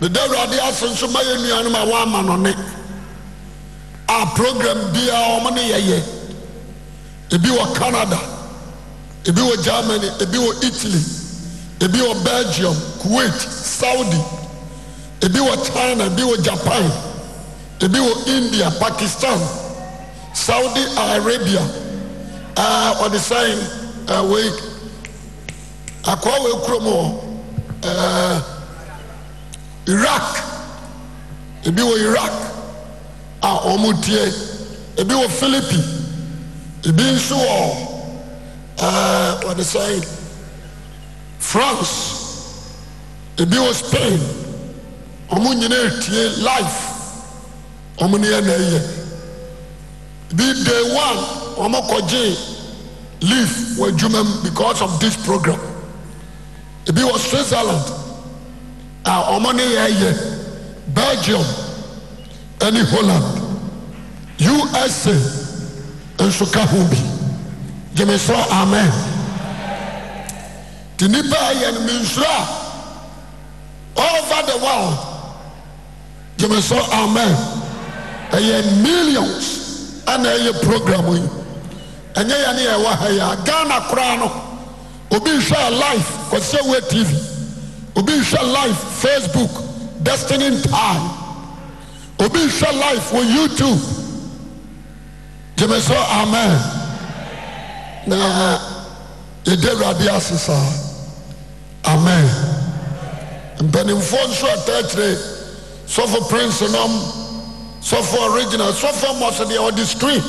deda awurade ase nso ma yɛ nuanom a wɔama no ne a program biara wɔn ne yɛyɛ ebi wɔ canada ebi wɔ germany ebi wɔ italy ebi wɔ belgium kuwait saudi ebi wɔ china ebi wɔ japan ebi wɔ india pakistan saudi arabia ɛɛ ɔde sign ɛɛ wei akɔwé kurom wɔ ɛɛ iraq ebi wɔ iraq a wɔn tie ebi wɔ philippi ebi nso wɔ ɛɛ wɔde sɛn france ebi wɔ spain wɔn nyinaa tie life wɔn ne yɛ na ɛyɛ ebi day one wɔn kɔgye leave wɔ adwuma mu because of this program ebi wɔ switzerland a wɔn ne yɛ yɛ belgium ɛne holland usa nso ka ho bi gyeme so amen te nipa yɛ no mensuro a over the world gyeme so amen ɛyɛ millions ana ɛyɛ program yi ɛnyɛ yɛ ne yɛwɔ ha yi a ghana koraa no obi nhwɛ life kɔsɛ wɔ tv obi nhwɛ live facebook destiny time obi nhwɛ live wɔ youtube gyeme sɛ amen na yɛde awurade ase saa amen mpanimfoɔ nso ɛtɛkyerɛ sɔfo prince nom sɔfo original sɔfo mmɔso deɛ ɔde screen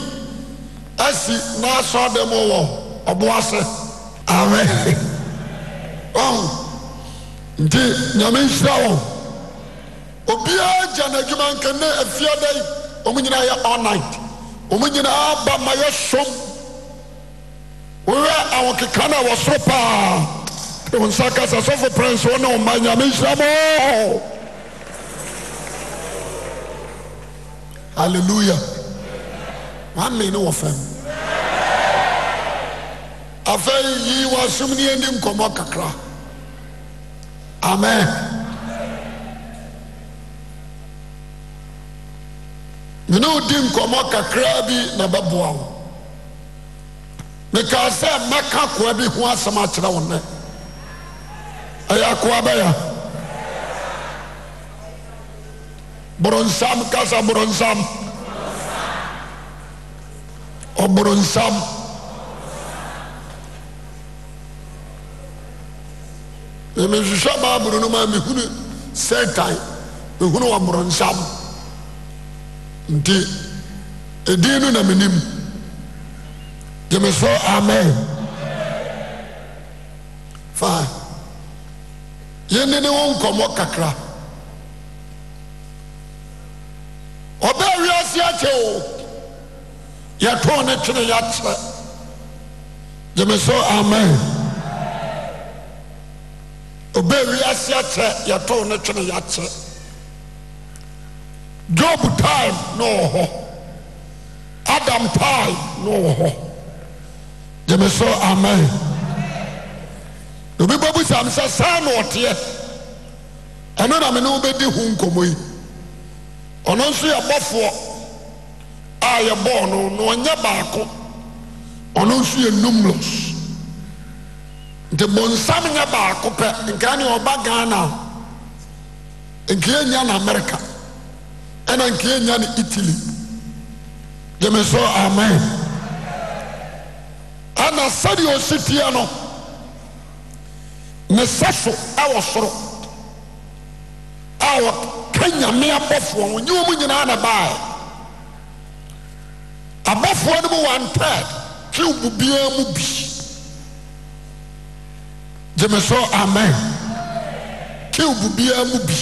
asi na asɔ dɛm wɔ ɔbo ase amen ɔn. Um, nti nyame nhyira wɔn obiara gya n'adwuma nkɛnɛ afiada yi wɔn nyinaa yɛ all night wɔn nyinaa ba ma yɛ som wɔyɛ a wɔsoro paa wɔn nsa kasa prince wɔn na wɔn ma nyame nhyira mo hallelujah wɔn ne wɔ fam afei yi wɔn asum ne yɛn di nkɔmɔ Amén. mene di nkɔmmɔ kakraa bi na bɛboa wo mekaa sɛ mɛka koa bi ho asɛm akyerɛ wo nnɛ ɛyɛ kasa bɛyɛ boronsam kasa boronsam nsam. mehuhwɛ baboronom a mehunu sekae mehunu wɔmoronham nti ɛdin no na mennim gyemeso amen faa yenne ne wo nkɔmmɔ kakra ɔbɛa wia se akyeo yɛtoo ne twene yɛakyerɛ gyemeso amen obenu yɛase akyɛ yɛtoo ne twene yɛakyɛ djob time na wɔ hɔ adam time ne wɔ hɔ dye me so amen na obibɔ bu sam sɛ saa no ɔteɛ ɛno na me no mobɛdi ho nkɔmmo yi ɔno nso yɛbɔfoɔ a yɛbɔɔno na ɔnyɛ baako ɔno nso yɛ numlos nti bonsam nyɛ baakopɛ nkra nea ɔba gha na nkaɛ anya ne amerika ɛna nkaɛ nya ne italy gyeme sɛ amen ana sɛdeɛ ɔsiteɛ no ne sɛ so a wɔsoro a wɔka nyame abɔfoɔ ho nyiwɔmu nyinaa ne baɛ abɔfoɔ no muwantɛ kew bubiaa mu bi gyeme so amen kew bubiara mu bi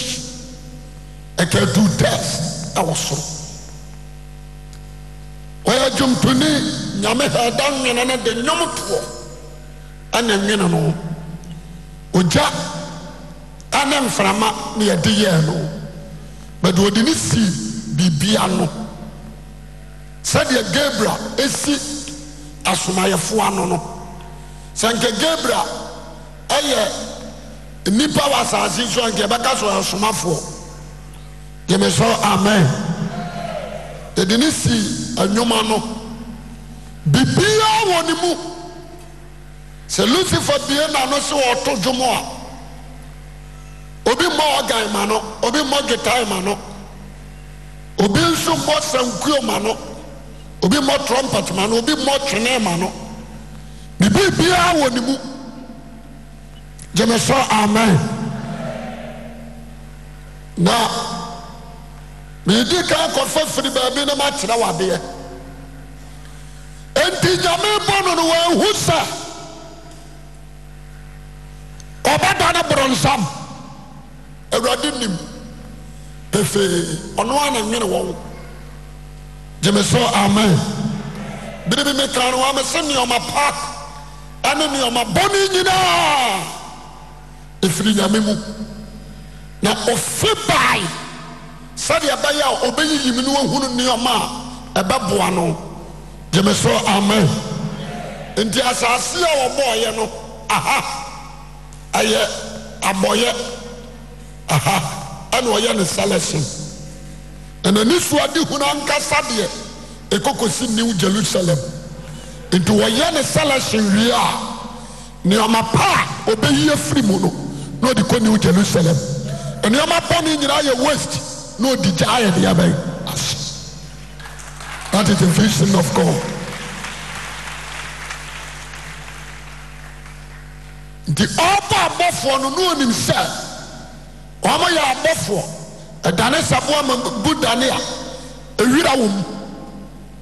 ɛka du des ɛwɔ soro ɔyɛ adwomtoni nyame hada nwene no de nwomtoɔ ɛne nwene no h ogya ɛne mframa na yɛde yɛɛ no bade ɔde ne sii biribia no sɛdeɛ gabriel ɛsi asomayɛfoano no sɛnka gabriel ɛyɛ nnipa wɔ asase so nke nka yɛbɛka so asomafoɔ gyeme amen yɛde ne si anwoma no biribiara wɔ ne mu sɛ lucifer bie na sɛ dwom a obi mmɔ ɔgan ma no obi mmɔ gitae ma no obi nso mmɔ sankuo ma no obi mmɔ trumpet ma no obi mmɔ twene ma no biribiara wɔ ne mu gyeme sɛ amen na meedi kan kɔfa firi baabi na makyerɛ wadeɛ enti nyame bɔ no no wɔahu sɛ ɔbɛda ne borɔnsam awurade nim pefee ɔno a ne nwene wɔn gyeme sɛ amen biribi mi no wa me se nneɔma pa ɛne nneɔma bɔne nyinaa ɛfiri nyame mu na ɔfe bae sɛdeɛ ɛbɛyɛ a ɔbɛyi yimno ahunu nneɔma a ɛbɛboa no gyeme sɛ amen enti asaase a wɔbɔɔyɛ no aha ɛyɛ abɔyɛ aha ɛne ɔyɛ ne sɛlɛhyen ɛna nisoade hunu ankasadeɛ ɛkokosi nniw yerusalem enti wɔyɛ ne sɛlɛhyen wie a nneɔma pɛ a ɔbɛyi afiri mu no na ɔde kɔ new jerusalem nneɛma bɔne nyinaa yɛ waste na ɔde gya ayɛ deɛ bɛn ase that is the vision of god nti ɔba abɔfoɔ no na onim sɛ wɔn yɛ abɔfoɔ ɛdane saboa ma bu dane a ewira wɔ mu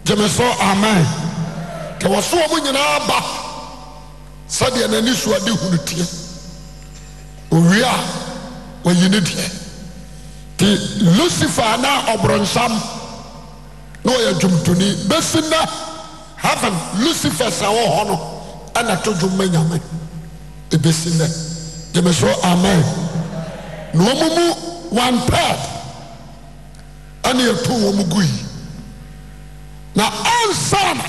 gyeme so amen kɛwɔ so wɔn nyinaa ba sɛdeɛ n'ani so ade hunu tie. owie a wɔayi ne deɛ nti lucifer na ɔboronsam na wɔyɛ adwomtoni bɛsi nɛ heaven lucifer sa wɔ hɔ no ɛna to dwom ma nyame ɛbesim nɛ deme so amen no ɔmomu wanpad ɛne yɛtoo wɔn m gu yi na ansana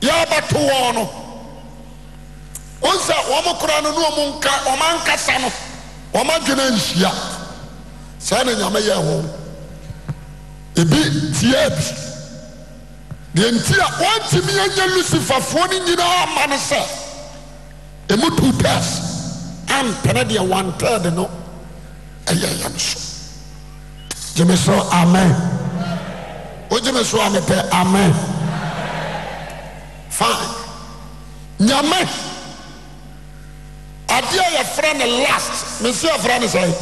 yɛabɛto wɔn no wonu sɛ wɔmo kora no ne ɔm ɔmankasa no ɔmadwene nhyia saa ne nyameyɛ hɔ ebi tiaad deɛ nti a wɔntumiɛnyɛ lusifefoɔ no nyinaa ama no sɛ ɔmotu pars ampɛne deɛ wontird no ɛyɛ yam so gyeme so amen wogyeme so amepɛ amen fine nyame adeɛ a yɛfrɛ ne last mesi yɛfrɛ ne sɛ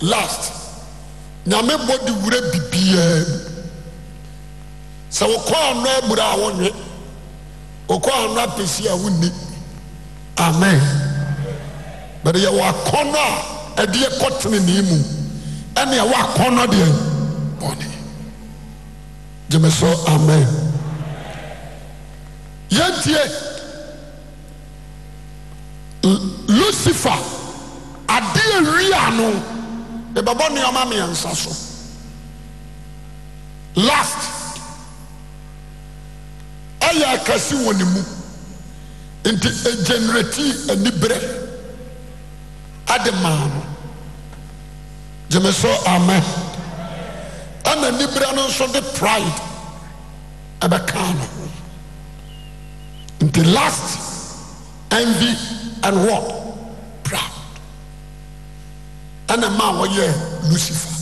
last nyame bɔ de wura bibiaa mu sɛ wokɔ ano abura a wonwe wokɔ ano apɛsi a wonni amen bɛde yɛwɔ akɔnnɔ a ɛdeɛ kɔtenenee mu ɛne ɛwɔ akɔnnɔ deɛ bɔne gyeme so amen yɛntie lucifer adeɛ ria no ɛbɛbɔ nneɛma mmiɛnsa so last ɛyɛ akɛse wɔ ne mu nti ɛgenerati aniberɛ ade maa no gyeme so amen ɛna aniberɛ no nso de pride ɛbɛkaa ne ho nti last envy n proud ɛna maa wɔyɛ lucifer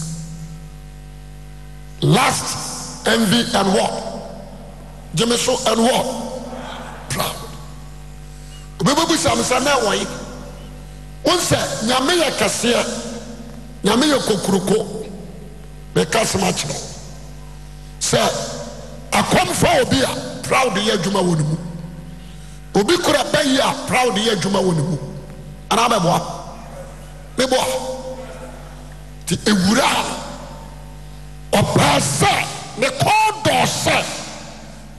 last nvi andwak gyemeso nwa proud obɛbɛbi same sanɛ wɔye wousɛ nyameyɛ kɛseɛ nyameyɛ kokuroko meka som akyerɛ sɛ akɔmfa obi a proud yɛ adwuma wɔ ne mu obi kura bɛ yi a proud yɛ adwuma wɔ ne mu anaa bɛboa meboa nti ɛwura a ɔpɛɛ sɛ ne kɔɔ dɔɔ sɛ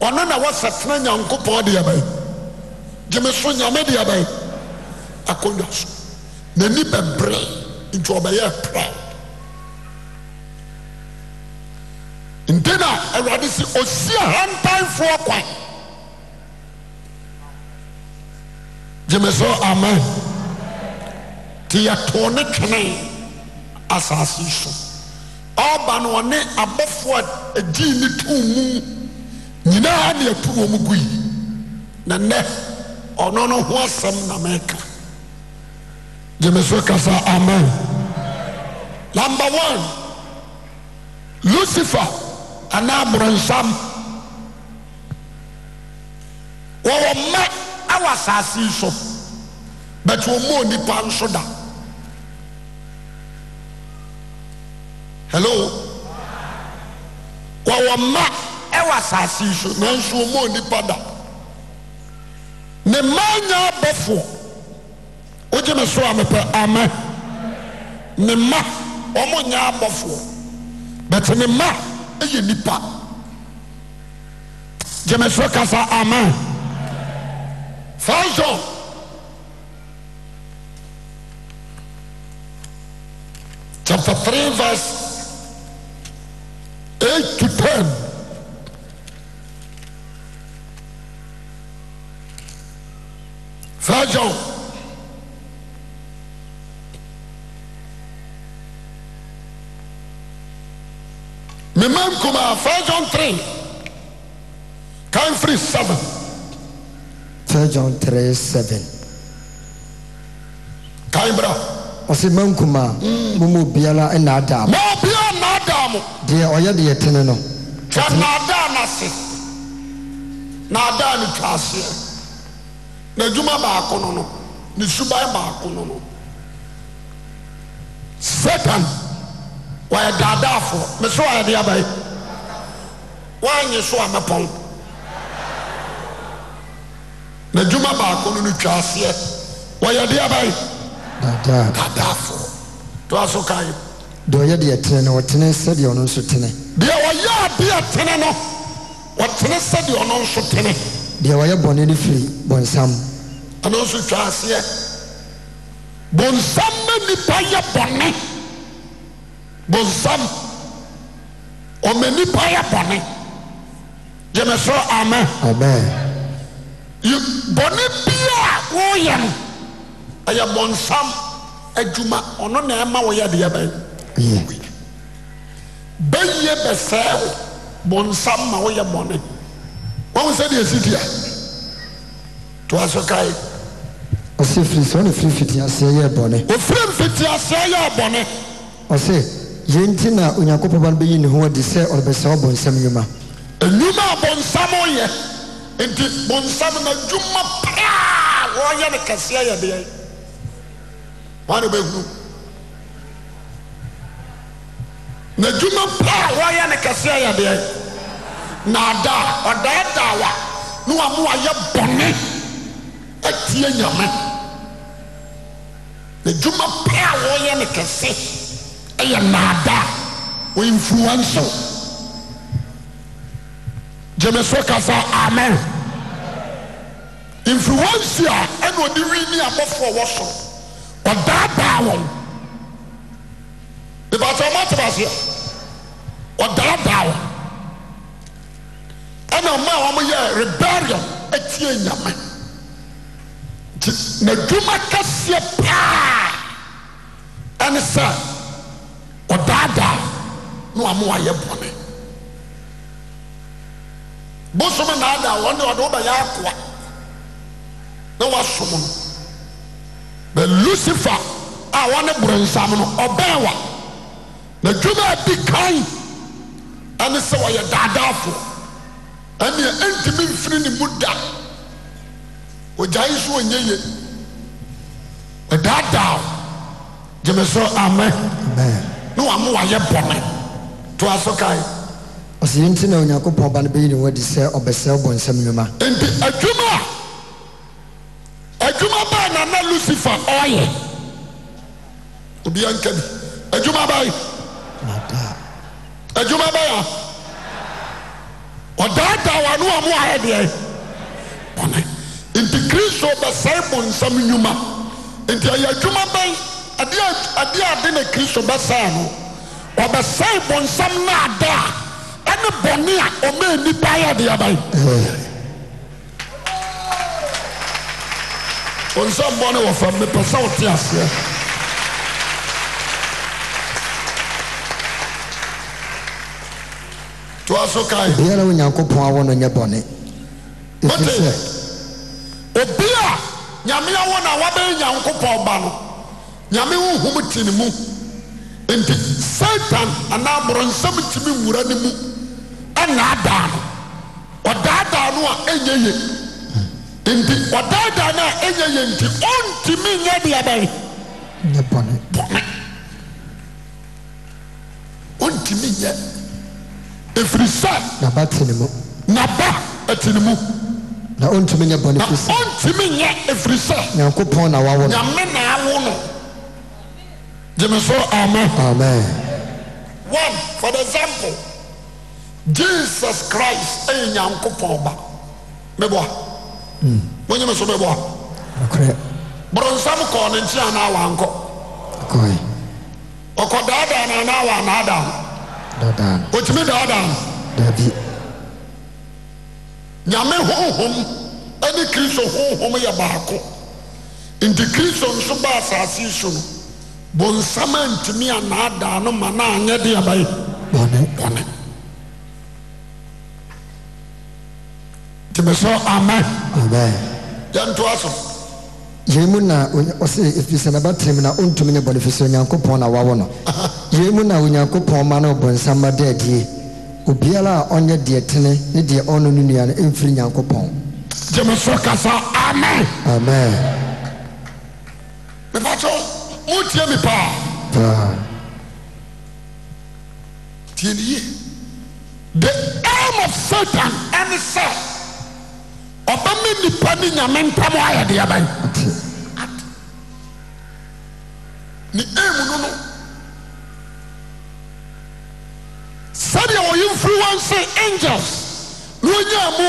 ɔno na wɔsɛtena nyankopɔn deɛbɛi gyeme so nyame deɛbɛi akondwa so nani bɛbrɛe ntwɛ ɔbɛyɛɛ proud nte na awurade sɛ ɔsiaha mpanfoɔ kwan gyeme amen nti yɛtoo ne twene asase so ɔba no ɔne abɔfoɔ a agyii ne too mu nyinaa ne atu wɔ mu gui na nnɛ ɔno no ho asɛm na mɛka kasa amen number one lucifer anaa aborɔnsam wɔwɔ ɔelowwɔ ma wɔ asase yi so nanso ɔ mɔnipa da ne ma yabɔfoɔ wogyeme so a mepɛ ama ne ma ɔmo nya abɔfoɔ bɛte ne ma ɛyɛ nipa gyeme so kasa aman fajon capta t vas etuta fajon meman coma fajon tre canfrisaba fi jon 37 kae brɛ ɔsɛ mankuma mm. a mom obiara nnaada nadaa mdeɛ ɔyɛ deyɛ tene no ɛ naadaa na se naadaa ne twaaseɛ naadwuma baako no no ne subae baako no no satan wyɛ daadaafoɔ mɛ so ayɛde abɛe waanye so a mɛpɔn na adwuma baako no no twa aseɛ wɔyɛ deɛ abae dadaafo toa so kae deɛ ɔyɛ deɛ tene no ɔtene sɛdeɛ ɔno nso tene deɛ ɔyɛ adeɛ tene no ɔtene sɛdeɛ ɔno nso tene deɛ ɔyɛ bɔne no firi bɔnsam ɛno nso twa aseɛ bɔnsam ma nnipa yɛ bɔne bɔnsam ɔma nnipa yɛ bɔne gyeme amen amen bɔne biaa woeyɛ n ɛyɛ bɔnsam adwuma ɔno ne ɛma woyɛ deɛ bɛn bɛye bɛsɛɛ wo bɔnsam ma woyɛ bɔne wowo sɛde asi fia towaso kae ɔsɛ firi sɛ wone frifitiaseɛ yɛ bɔne fifitiaseɛ yɛ bɔne ɔ sɛ ye nti na onyankopɔ ba no bɛyi ne hoadi sɛ ɔdebɛsɛ wo bɔnsam nnwuma nwuma a bɔnsam oyɛ nti bo nsa m naadwuma praa wɔyɛ ne kɛse yɛ deɛ woane bɛhuu nadwuma prɛ a wɔyɛ ne kɛse yɛ deɛ naada a ɔdaada wa ne wamowayɛ bɔne atie nyame nadwuma prɛ a wɔyɛ ne kɛse ɛyɛ naada a wo influense gyeme so kasa amen influence a ɛna ɔde wi ni abɔfoɔ wɔ so ɔdaadaa wɔn ìbàtà ɔmọ àti bàtà ɔdaadaa wɔn ɛna ɔmọ a wɔn yɛ rebellion etie nyame nti n'adwuma kɛseɛ paa ɛne sɛ ɔdaadaa na wɔn a wɔayɛ bɔnɛ. bosom naada ɔne wɔde wobɛyɛatoa ne woaso m no bɛt lucifa a wɔne boronsam no ɔbɛɛ wa na dwoma adi kan ɛne sɛ wɔyɛ daadaafoɔ ɛnua ɛntimi mfini ne mu da ɔgyae so ɔnyɛ ye ɔdaa dao gyeme sɛ ame ne wamowayɛ bɔne toaso kae ɔsɛ yɛn na onyankopɔn ɔba no bɛyi ne ho adi sɛ ɔbɛsɛ ɔbɔ nsɛm nnwuma nti adwuma a adwuma baa nana lucifer ɔyɛ obia nka bi adwuma baa yi adwuma baa a ɔdaadaa wɔ ano a mo ayɛ deɛ ɔne nti kristo bɛsɛe bɔ nsɛm nnwuma nti ɛyɛ adwuma bɛn adeɛ ade na kristo bɛsɛe no ɔbɛsɛe bɔ nsɛm no ada ɛne bɔne a ɔma nnipa yɛ de aban ɔnsɛmbɔ ne wɔfam mepɛ sɛ wote aseɛ toa so kae biara onyankopɔn awɔ no nyɛ bɔne ɛfiri obi a nyame no a wabɛyɛ nyankopɔn ba no nyame mu satan anaa tumi nwura ne mu nddaada nayɛy ni ɔdaadaa no a ɛyɛye nti ɔntuyɛ deɛbɛɛfɛnaɛn yɛ firi sɛanao n eme so m for example jesus christ ɛyɛ sọ ba mɛboa hmm. monyeme so mɛboa borɔnsam kɔɔ ne nkyi anaa ọkọ ɔkɔdaadaa no anaa waanaadaa no ɔtumi daadaa no nyame honhom ne kristo honhom yɛ baako nti kristo nso baa asase yi so no bonsam antumi anaadaa no ma na anyɛ de abayɛ bɔne bɔne ɛoenɛfirsɛnaba trimna ɔntum nyɛbɔne firi sɛ nyankopɔn na wawo no yeim na onyankopɔn ma ne ɔbonsama daadiɛ obiara a ɔnyɛ deɛ tene ne deɛ ɔno ne nuane ɛmfiri nyankopɔnao ai ɔbɛmɛ nipa ne nyame ntam ayɛ deɛban ne munu no sɛdeɛ wɔ infruense angels na ɔanya mu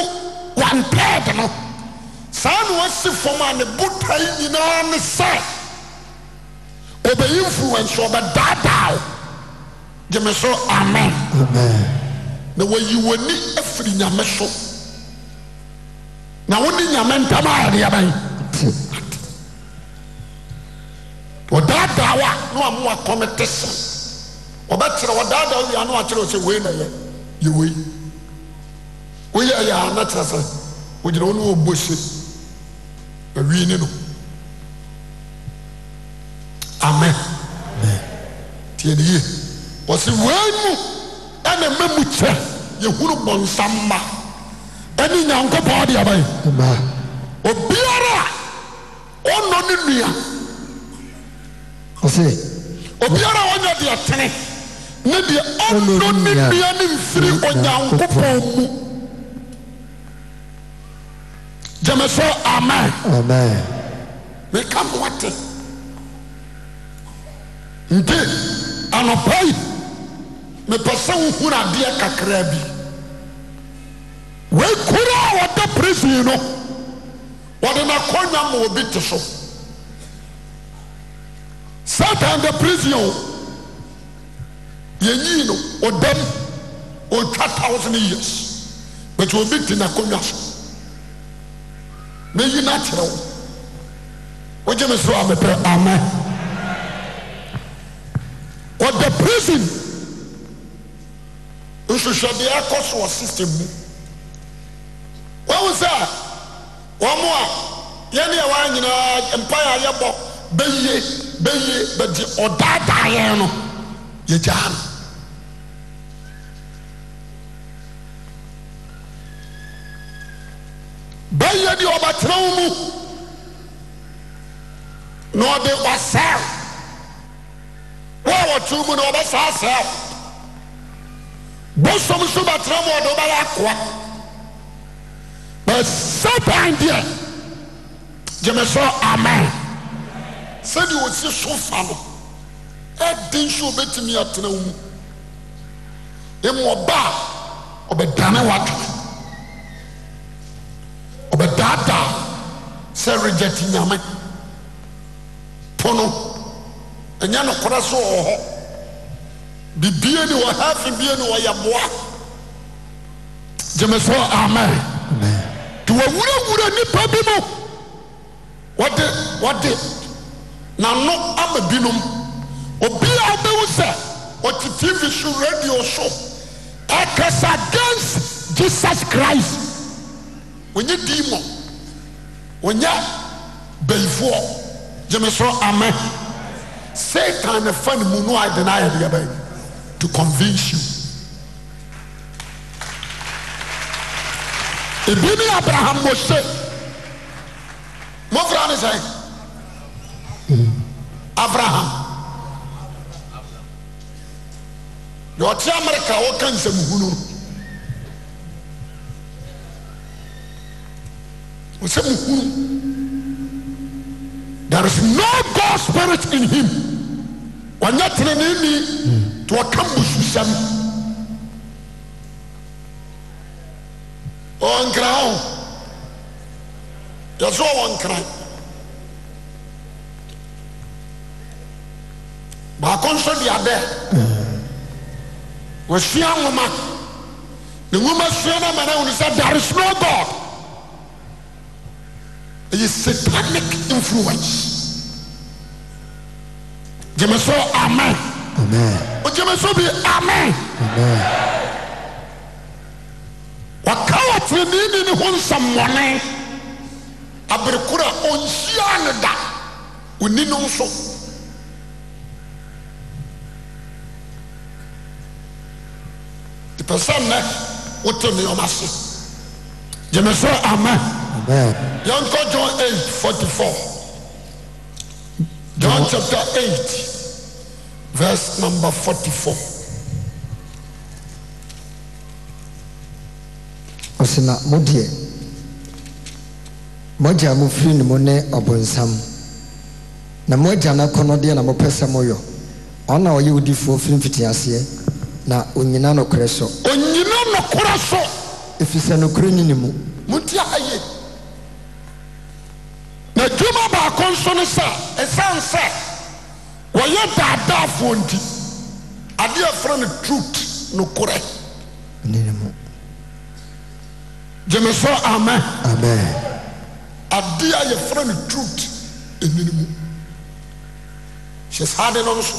wantaɛd no saa ne waasifam a ne bo tae nyinaa ne sɛe ɔbɛ influense ɔbɛdaada wo gye me so amen ne wayi wɔ ni afiri nyame so na wode nyamɛntam aadeabɛe ɔdaadaw a ne wamowakɔmete sɛ ɔbɛkyerɛ ɔdaadaw wiea ne wakyerɛ ɔ sɛ wei na yɛ yɛwei woyɛ yɛ a nakyerɛ sɛ wogyina wo ne wɔbɔ sɛ na wiini no amen ntiɛneyi wɔ sɛ wei mu ɛna mamu kyɛ yɛhunu bɔnsa ma ɛne nyankopɔn adeabaye obiara a ɔnɔ ne nua s obiara a wɔnyɛ deɛtene ne deɛ ɔnɔe nua ne mfiri onyankopɔn mu gyeme sɛ aman meka moɔte nti anɔpayi mepɛ sɛ wohu no adeɛ kakraa bi woikuraa wɔda prison no wɔde n'akɔnnwa ma wɔbi te so satan da prision yɛnyi no ɔdɛm ɔretwa tu0d years but wɔbi te n'akɔnnwa so mayina tyerɛ w wogyeme sro abɛprɛ ama wɔda prisin nhohwɛdeɛ kɔ soɔ system nu wɔwo a nyinaa mpae a yɛbɔ bɛye bɛye bɛde ɔdaadaa yɛn no no bɛyɛ deɛ ɔbɛtena wo mu na ɔde ɔsɛe wo a wɔtoo mu na ɔbɛsaa sɛe bosom so bɛtena mu but satan deɛ gyeme sɛ amen sɛdeɛ ɔsi so fa no ɛden sɛ ɔbɛtumi atena wo mu mmɔba a ɔbɛdane w'adwene ɔbɛdaadaa sɛ reject nyame po no ɛnyɛ nokorɛ so wɔ hɔ bibie ne wɔ hafe bie ne wɔyɛ boa gyeme sɛ amen wɔawurawura nnipa bi mu wɔde wɔde n'ano ama binom obiaa wobɛwu sɛ ɔte tv so radio so ɛkɛsɛ against jesus christ wònyɛ diimɔ wònyɛ bɛyifoɔ gyemisoro amɛ satan ne fa ne mu no a deny yɛ deɛ bɛyi to convince you. ibine abraham mohye mofra ne sɛn abraham yɛ ɔteɛ amerika a woka nsɛmhu no sɛmhu there's no gospirit in him ɔnyɛ terene ni ti wɔka mususɛm ɔwɔ nkra yɛ sɛ wɔ wɔ nkran baako nso diada wɔasua nnwoma ne nwomasua no amano wonu sɛ heres now gord yɛ satanic influence gyeme so amen gyeme sɛ bi amen ɔka ɔfrɛnebi ne ho nsammmɔne aberekora onsiaa ne da onino nso depɛ sɛ nɛ wotene ɔmase gyeme sɛ aman yɛnkɔ jon 844 jon chap 8 vs n 44 ɔsi na mo deɛ mo mo firi ne mu ne ɔbonsam na mo agya no deɛ na mopɛ sɛ moyɔ yɔ ɔyɛ odifoɔ firi mfiti aseɛ na onyina nokorɛ so onyina nokorɛ so ɛfiri sɛ nokorɛ ni ne mu monti aha na dwuma baako nso no sɛ ɛsiane sɛ wɔyɛ daadaafoɔ nti adeɛ frɛ no truth nokorɛ ne ne mu gyeme sɛ ame adea yɛfra no trut anino mu hyɛ sa de no nso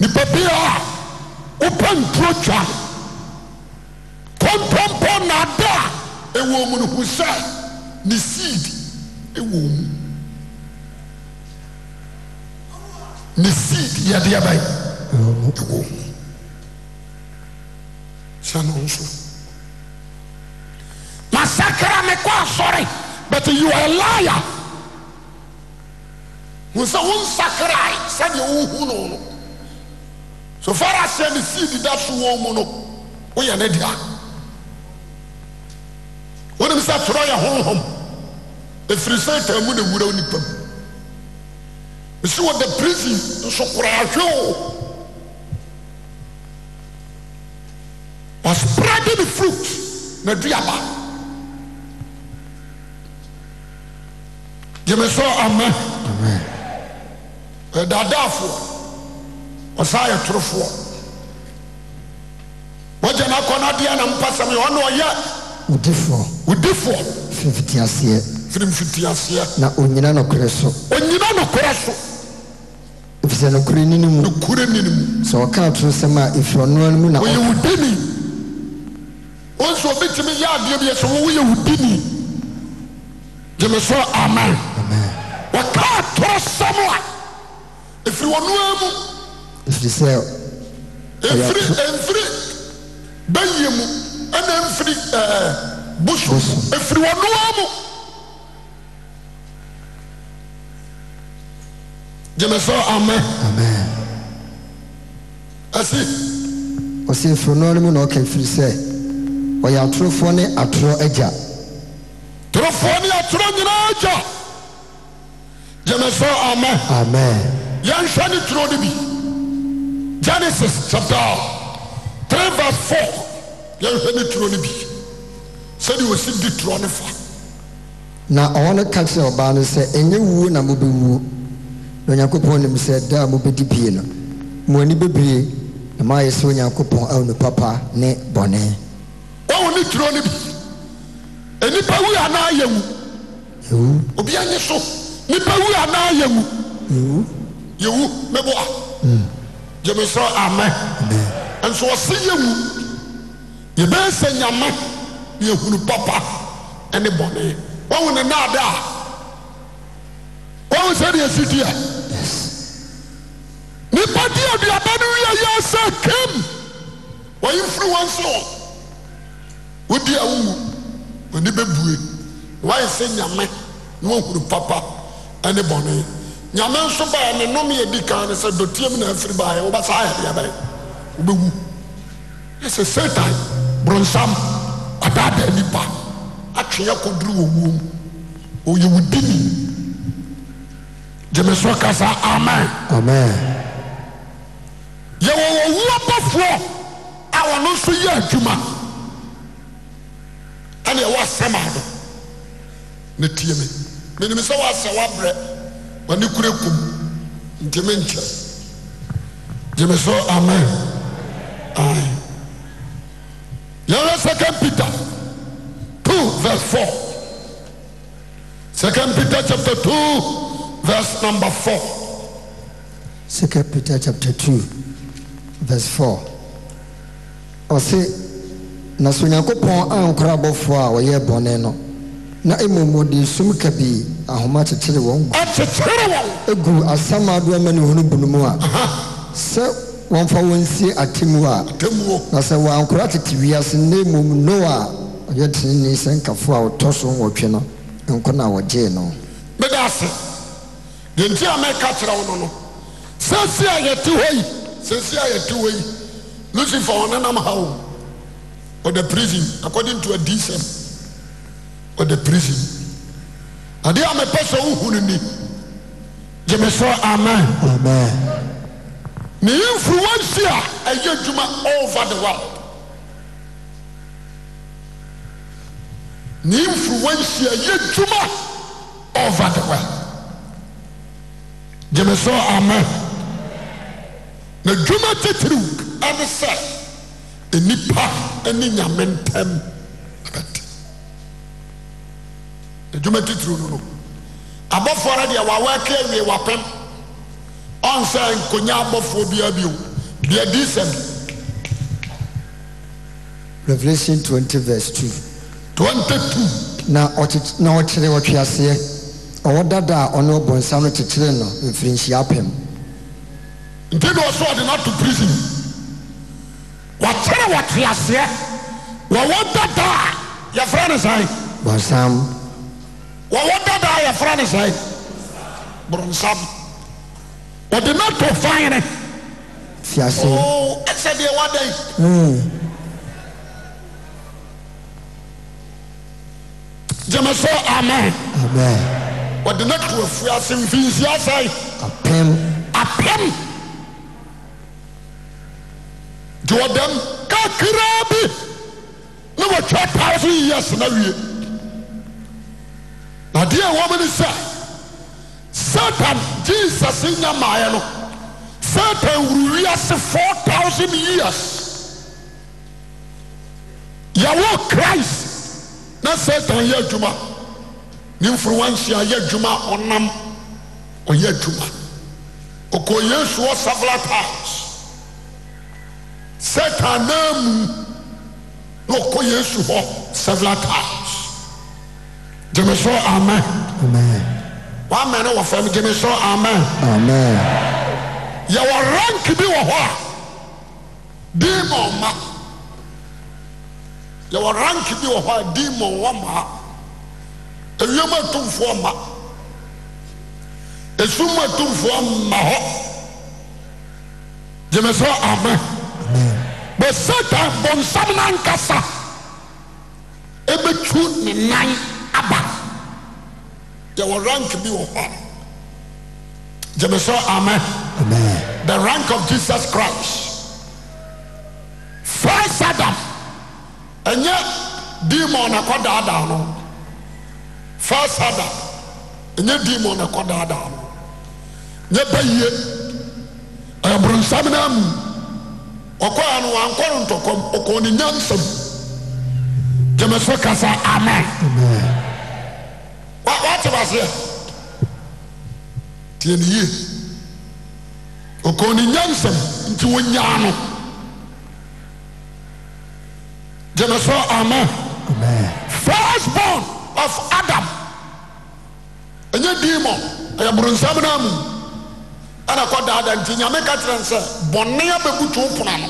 nipa bia a wopɛ nturotwae kɔmpɔmpɔn na ada a ɛwɔm mu ne hu sa ne siid wɔ mu ne siid yɛdeɛ bɛ m ɛ no nso nasakra mekɔ asɔre but youar lya hu sɛ wonsakrae sɛdeɛ wohu no sofar aseɛ ne sii dida so wɔn mu no woyɛ ne dea wonem sɛ tɔrɛ yɛ honhom ɛfirisan tamu ne wura wo nipam ɛsi wɔda preson nsokoraahwɛo wasopradine fruk na duaba gyeme sɛ aman ɛdaadaafoɔ ɔsa yɛ torofoɔ wogya ne kɔ no deɛ nampa sɛm yɛ ɔne ɔyɛ odfoɔ odifoɔ ffiiaseɛfifiaseɛ na yina nokrɛ so onyina nokrɛ so fisɛnokɛnimukoɛninmu sɛ ɔka torosɛmaɛfiɔnoanmyɛ odini osɛ obɛtumi yɛ adeɛ biɛ sɛ wowoyɛ wodini eme s amen wɔka atorɔ sɛm a ɛfiri wɔnoa mu ɛfiri sɛ ɛmfiri ɛmfiri bɛyɛ mu ɛna ɛmfiri ɛɛ bush ɛfiri wɔnoa mu gyeme sɛ amɛ ɛsi ɔsɛ ɛfiri noa no mu na ɔka ɛfiri sɛ ɔyɛ atorofoɔ ne atorɔ agya nyina gmsɛ amn yɛnhwɛ ne turɔ ne bi genesis chapta t vs f yɛnhwɛ ne turɔ no bi sɛdeɛ wɔsidi turɔ ne fa na ɔwɔ ne ka kyeɛ ɔbaa no sɛ ɛnyɛ wuo na mobɛwuo na onyankopɔn nim sɛ da a mobɛdi bie no mo ani babe na maayɛ sɛ onyankopɔn awnupa pa ne bɔne wowo ne turo no bi anipa wu anaa yɛwu ɛwu obia nyi so nipa wu anaa yɛwu yɛwu yɛwu mɛboa gyeme sɛ amɛ nso ɔse yɛwu yɛbɛyɛ sɛ nyame ne yɛhunu papa ne bɔne wahu ne naade a wahu sɛ deɛ si deɛ nipa di aduaba no wie yɛ sɛ kam wɔyimfiri wɔn so wodi a wowu wɔni bɛbue wayɛ sɛ nyame na wahunu papa ɛne bɔne nyame nso baa ne nom yɛ di kan ne sɛ dɔteɛ mu na afiri baa yɛ wobɛsa wobɛwu ɛsɛ satan borɔnsam adaadaa nipa atwea kɔduru wɔ wuo mu ɔyɛ wo dini gyemeso kasa amen amen yɛwɔ wɔ wuo bɔfoɔ a wɔno nso yɛ adwuma ɛne ɛwɔ asɛm ado ne tie me menim sɛ woasɛ woabrɛ w'ane kura kum ntimi nkyɛ gyeme so amen yɛhwɛ second peter 2 vers 4 second peter chapitre 2 vers numéro 4 second peter chapitre 2 vers 4 On sait, ɔse na sɛ onyankopɔn ankorabɔfoɔ a wɔyɛ bɔne no na mmom wɔde sum kabii ahoma kyekyere wɔn gu egu asam adoɔ ma ne hunu bunu mu a sɛ wɔmfa wɔn sie atemu a na sɛ wɔankora tete wiase na mmom noa a ɔyɛ tenene sɛ nkafo a ɔtɔ so nwɔtwe no nkɔ na wɔgyee no meda ase deɛ nti a mɛka kyerɛ wo no no sɛsi a yɛte hɔ yi sɛsi a yɛte hɔ yi lucifer ɔnenam ha o ɔda prison according to a decent othe prison adeɛ amɛpɛ sɛ wohu nuni gyeme sɛ amem neimfruansia ɛyɛ adwuma over the world neimfruansia yɛ adwuma over the world gyeme sɛ ame na dwuma titiriw ane sɛ nipa ani nyamentam edwuma titiri no no abɔfoɔ deɛ wawa ɛka awie wapɛm ɔnsɛ nkonya abɔfoɔ bia bio deɛ di sɛm revelation twenty verse two. twenty two. na ɔkye na ɔkyerɛ ɔtwe aseɛ ɔwɔ dada a ɔne ɔbɔnsam no kyekyere no mfiri nhyia apɛm. nti na ɔsɔ ɔde na to prison wɔkyerɛ wɔtwe aseɛ wɔwɔ dada a yɛfrɛ no sɛn. bɔnsam. wɔwɔdada ayɛfra ne sɛe boronsam ɔde noato fane ne oh, ɛsɛdeɛ wɔdɛn hmm. gyemɛ sɛ amen ɔde no tofasemfi nsiasɛe apɛm de ɔdam kakra bi ne wɔtwa ta so yiɛ sena wie adeɛ a wɔm ne sɛ satan jesus nya maaeɛ no satan wuru wiase four thousand years yɛwɔ christ na satan yɛ adwuma ne mfuruwanhyia yɛ adwuma ɔnam ɔyɛ adwuma ɔkɔ yesu hɔ several times satan naa mu na ɔkɔ yesu several times. gyeme so amɛ wɔamɛ ne wɔfɛm dgyemeso am yɛwɔ ranke bi wɔ hɔ a din mɔ ma yɛwɔ ranke bi wɔ hɔ a din mɔhɔ ma a awiam atomfoɔ ma asum atomfoɔ mma hɔ gyemeso ama bɛseta bonsam noankasa ɛbɛtu nenan aba yɛwɔ rank bi wɔ hɔ gyeme amen the rank of jesus christ first adam ɛnyɛ demon akɔdaadaa no first adam ɛnyɛ demon akɔdaadaa no nyɛ bayie ɛyɛ boronsam no amu ɔkɔa no wankɔre ntɔkɔm ɔkɔɔ ne nyansam gyemeso kasa ame watebaseɛ tianiyi ɔkɔ ninyansɛm nti wonya no gyeme so ama first born of adam ɛnyɛ dii mɔ ayɛboronsamno amu anakɔdaada nti nyame ka kerɛ n sɛ boneabɛmutoo pona no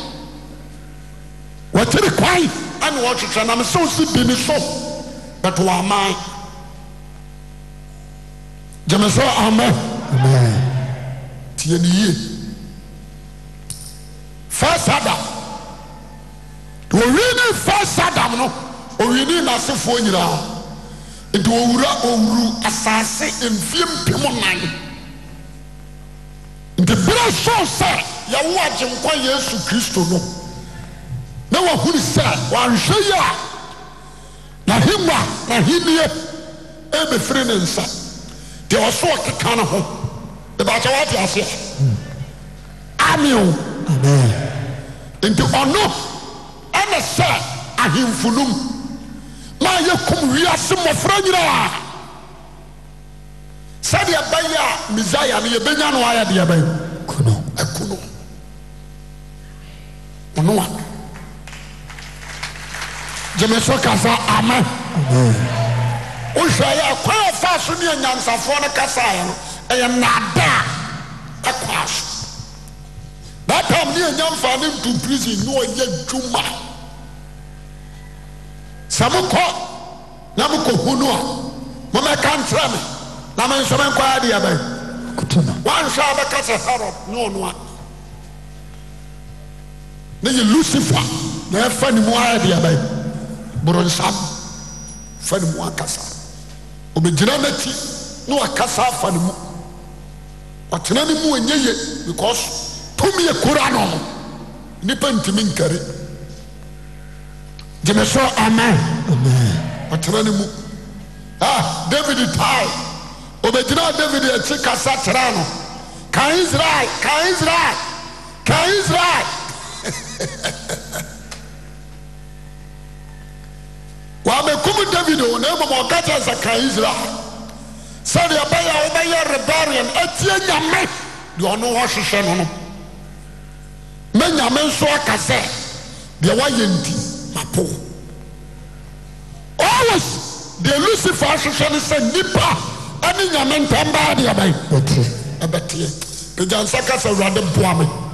watere kwai ne wɔtwetwerɛ namsɛo si bi ne so but wɔama gyeme sɛ ama nti yɛniyie first adam ɔwiine first adam no owiini nnasefoɔ nyira nti ɔwura ɔwuru asase mfie pim nan nti bere so sɛ yɛwoa gye nkwa yesu kristo no na wɔahuni sɛ wanhwɛ yi a naheua nahenie mɛfiri ne nsa de ɔsowɔ keka no ho debakya woateaseɛ ameo an enti ɔno ɛnɛ sɛ ahemfonom maa yɛkum wiase mɔfra nyinaraa sɛdeɛ ba yi a misaia no yɛbɛnya ne waayɛ deɛ bɛ yin akuno ɔnoa gyeme sɔ kasa ama wohwɛeɛ a kwaa faa so neanyansafoɔ no kasa eɛ no ɛyɛ nnaada a ɛkɔ a so datam ne anyamfa ne mto prisin ne ɔyɛ dwuma sɛ mokɔ na mokɔhu no a momɛkantrɛ ne na mɛnsɔmɛnkɔ rɛdeabɛn wonhwɛ a bɛka se haro nwɛno a ne ye lucifa na ɛfa ne mu arɛdeabɛn boronsam fa ne muaakasa obɛgyina n'ati na akasa fa ne mu ɔtena ne mu ɔnyɛ ye because tom yɛ kora no nnipa ntimi nkare dyeme so amenamn ɔtena no mu ah, a david tae obɛgyinaa david ɛkyi kasa tera no kan israel kan israel kan israel wɔamɛkum david o na mmama ɔka kya sɛ kae israel sɛ deɛ ɛbɛyɛ a wobɛyɛ rebelrion atiɛ nyame deɛ ɔno hɔ hwehwɛ no no mɛ nyame nso aka sɛ deɛ woayɛ nti mapoo ollos deɛ lucifer ahwehwɛ no sɛ nnipa ne nyame ntam baa deɛ bɛne ɛt ɛbɛteɛ agyansɛ ka sa awurade mpoa me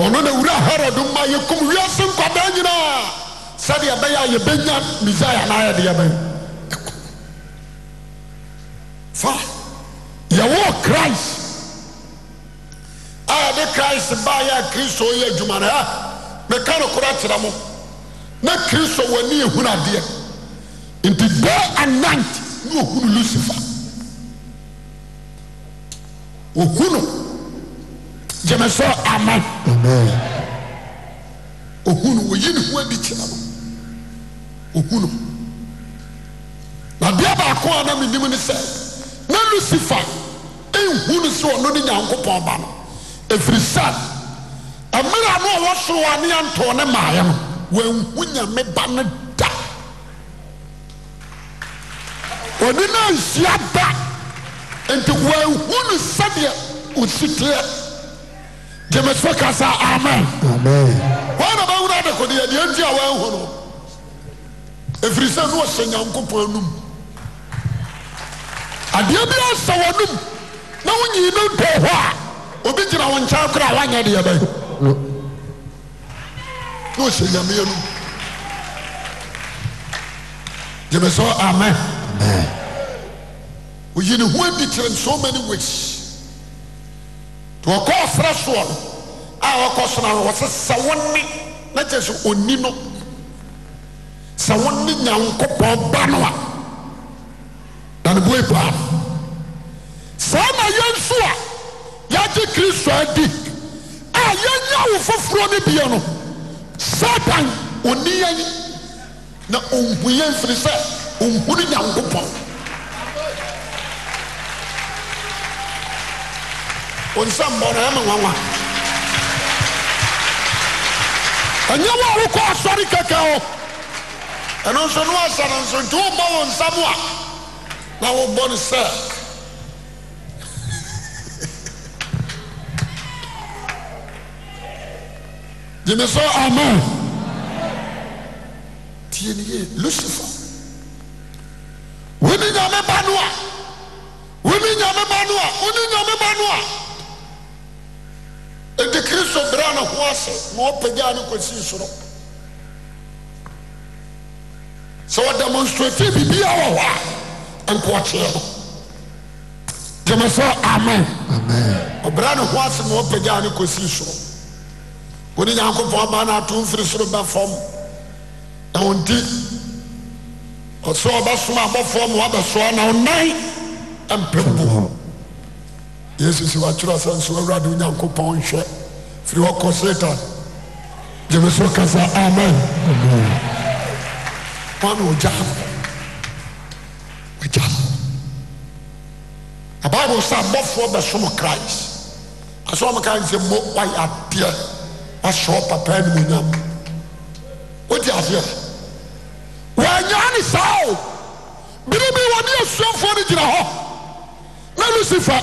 ɔno ne wura herod mma yɛkum wiɛse nkabaa nyinaa sɛdeɛbɛyɛ a yɛbɛnya messaiah nayɛde yɛ bɛɛ fa yɛwɔ christ a de christ bayɛ a kristo yɛ adwumane a meka no kora kyerɛ mo ne kristo wani yahunu adeɛ nti da anint ne ɔhu nu lucife u gyeme sɛ ama ɔbaɛ ohu nu oyi ne ho adi kyerɛ no ohu nu na deɛ baako a na menim ne sɛ ne lusifae nhu nu sɛ wɔno ne nyankopɔn ba no ɛfiri sa amera no ɔ wɔsooane antoo ne maayɛ no wanhu nyameba no da ɔde na ansua da enti wanhu no sɛdeɛ ɔsiteɛ emsɛ kasa amn ho anabahono adeko deɛdeandi a waho no ɛfiri sɛ ne wɔhyɛ nyankopɔn anom adeɔ bi ɔsɛ w'anom ne wonyino mpɛɔ hɔ a obi gyina wo nkyɛw kora a woanyɛ deɛbɛn ne ɔhyɛ nyame nom emɛsɛ amen oyine ho adi kyerɛn so many waks wɔkɔ ɔsra soɔ no a wɔkɔ so no wɔsɛ sɛ wone na kyerɛ sɛ ɔni no sɛ wone nyankopɔn ba no a na ne bue paa saa na yɛn nso a yɛagye kristo adi a yɛnya wo foforɔ no bie no satan ɔni yɛn na ɔnhu yɛn firi sɛ ɔnhunu nyankopɔn onsa mbɔra ɛma nwanwa ɛnyɛ wo a wokɔ asɔre kɛkɛ o ɛno nso ne wasa no nso nti wommɔ wo nsam a na wobɔ no sɛ gyeme sɛ amen tie ne ye lucifer wone nyame ba no a wone nyame ba no a wone nyame ba no a enti kristo brɛ ne ho ase ma ɔpagya ne kɔsii soro sɛ wɔdemonstrati birbia w hɔ a nkɔ ɔkyeɛ no dyamɛ sɛ amen ɔbra ne ho ase ma ɔpagya ne kɔsii soro wɔ ne nyankopɔn abaa naato mfiri soro bɛfa m na wɔnti ɔsɛ ɔbɛsom a bɔfɔ mo abɛso a na ɔnan mpɛ bu hu yesu sɛ watwerɛ sɛ nso awurade onyankopɔn nhwɛ firi wɔkɔ satan gyeme so kasa amen wane ɔgya ɔgya a bible sɛ abɔfoɔ bɛsom christ asɛ ɔm kae sɛ mo wayɛ adeɛ wahyɛ papa animonyam wodi aseɛ wɔanyaa ne saa o biribi wɔne asuafoɔ no gyina hɔ na lucifer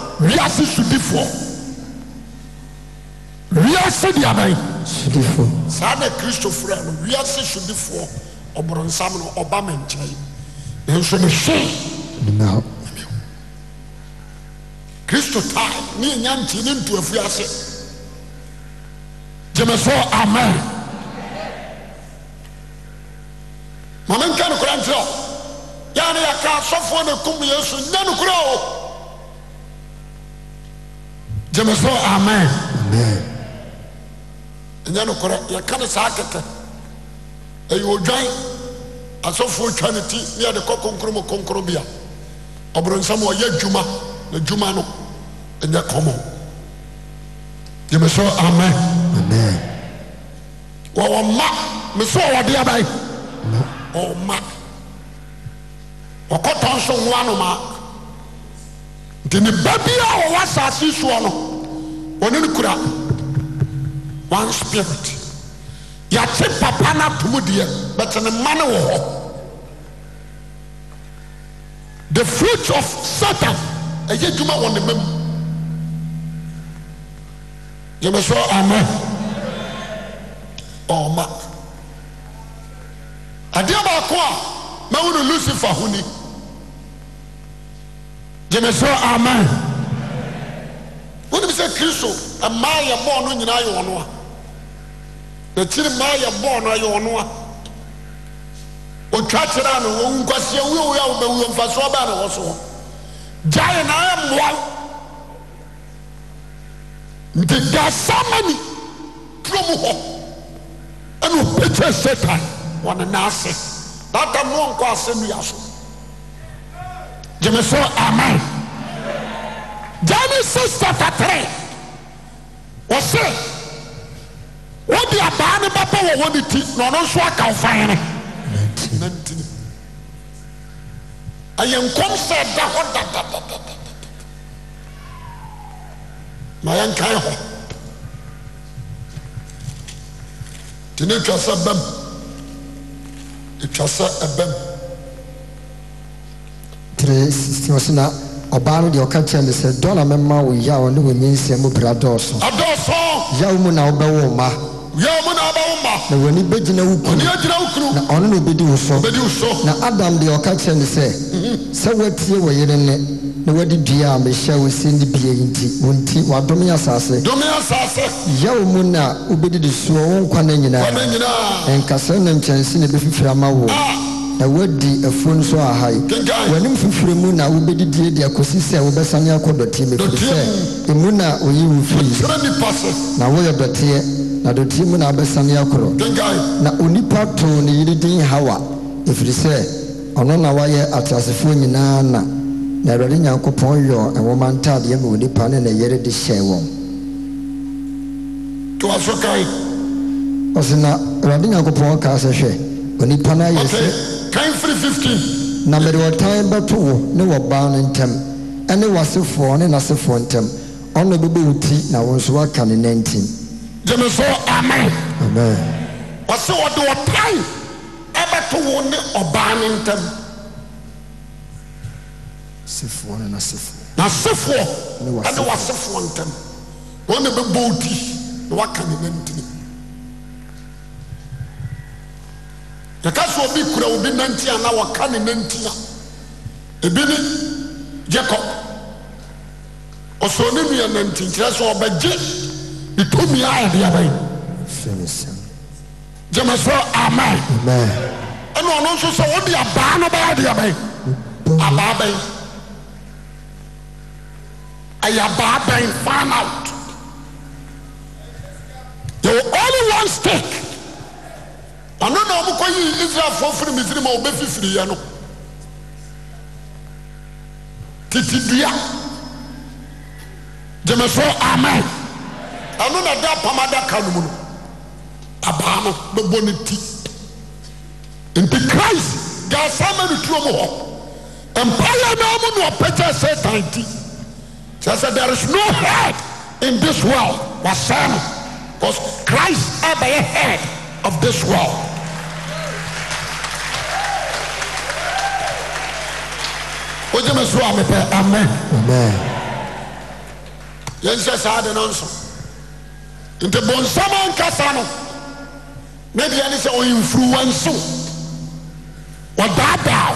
se soifoɔɛ saa na kristo frɛɛ no wiase sodifoɔ ɔborɔnsam no ɔba me nkyerɛe enso ne so kristo taa ne ɛnya nti ne ntu afuase gyemɛsoɔ aman mamɛnkɛ nokora nteɛ yɛa na yɛka asɔfoɔ no tom yɛ so nyɛ nokora o gyeme sɛ amen ɛnyɛ nokorɛ yɛka ne saa kɛtɛ ɛyɛ ɔdwan asɔfoɔ twa no ti ne yɛde kɔ konkron mu kronkro bia ɔboronsɛm ɔyɛ dwuma na dwuma no nyɛ kɔmɔh gyeme sɛ amenn wɔwɔ mma mesɛ wɔwɔde ɛbae ɔɔ ma ɔkɔtɔ nso nwoanomaa nti ne ba bi a wɔwɔ asase soɔ no wɔne no kura one spirit yɛate papa na atom deɛ bɛte ne mma ne wɔ hɔ the fruit of satan ɛyɛ adwuma wɔ ne ma mu yɛmɛ sɛ amen ɔma adeɛ baako a mahu no lucifer ho ni gyeme so aman wone mi sɛ kristo maa yɛ bɔɔ no nyinaa yɛɔ no a nakyiri maa yɛ bɔɔ no ayɛɔ no a ɔtwakyerɛ a no ɔwu nkaseawiewie a wɔbawuɔ mfaso ɔbɛa ne hɔ so hɔ gya ɛ na mmoa nti gasa mani tuom hɔ ɛne ɔpɛkya setan wɔne naasɛ daata moɔnkɔ asɛ nuya so gyeme so aman genesis c3 wɔ sɛ wodi abaa ne bapɔ wɔ wɔbe ti na ɔno nso akafanene ayɛnkom sɛ da hɔ da mayɛnkan hɔ nti ne waɛbɛm wasɛ bam three sixteen ɔsi na ɔbaa no deɛ ɔka kyerɛ mi sɛ dɔla mɛma wo yaw ne wo nyinsɛn mu bira dɔɔso. adɔɔso. yaw mu na ɔbɛwo ma. yaw mu na ɔbɛwo ma. na wɔn ani bɛgyina wo kunu. wɔn ani agyina wo kunu. na ɔno na obedi wo so. obedi wo so. na adam deɛ ɔka kyerɛ mi sɛ. sɛ wɔatie wɔ yere ne na wɔde dua a mehyɛ wo si ne bie nti wo nti wadome asase dome asase yawo mu na wobɛdidi soɔ wo nkwa no nyinaa ɛnkasɛ no nkyɛnse na ɛbɛfifiri ama wo ah. na woadi afuo nso ahae w'anim fifiri mu na wobɛdidie de akɔsi sɛ wobɛsane akɔ dɔteɛ efiri sɛ emu na oyi wo yi na woyɛ dɔteɛ na dɔteɛ mu na wobɛsane akorɔ na onipa too ne yere din hawa efiri sɛ ɔno na wayɛ ateasefoɔ nyinaa na na awurade nyankopɔn yɔ nwoma ntadeɛ ma onipa ne ne yere de hyɛe wɔn to aso kae ɔse na awurade nyankopɔn kaa sɛ hwɛ onipa na ayɛ sɛ kan firi fifteen. na mede ɔtan bɛto wo ne wɔbaa no ntɛm ɛne w'asefoɔ ne n'asefoɔ ntɛm ɔno bɛbɛ wo ti na wo nso waka ne nantin. jẹmi sọ amen. amen. ɔsɛ ɔde ɔtan ɛbɛto wo ne ɔbaa no ntɛm. sefoɔ ne n'asefoɔ. n'asefoɔ ɛne w'asefoɔ ntɛm wɔn na bɛbɔ wo ti na waka ne nantin. yɛka sɛ obi kura obi nanti a na wɔka ne nanti a ebi ne jacob ɔsoro ne nua nanti kyerɛ sɛ ɔbɛgye ne tumi a yɛde abɛn gyama sɛ amen ɛna ɔno nso sɛ wode abaa no bɛyɛ de abɛn abaa bɛn ɛyɛ abaa bɛn find out there were only one stake ɔno na ɔmokɔyii israelfoɔ firi misiri ma wɔbɛfifiriyɛ no tete dua gyeme so amen ɛno na da apam adaka no mu no abaa no bɛbɔ ne ti nti christ gaasama no tuo mu hɔ mpaeɛ no mu na ɔpɛkyɛ satan ti kyerɛ sɛ there is no head in this world wasɛe no because christ ɛbɛyɛ head of this world wogye me so a mepɛ amen yɛnhyɛ saa de no nso nti bonsam ankasa no ne deɛ ne sɛ ɔinfluenso ɔdaadaa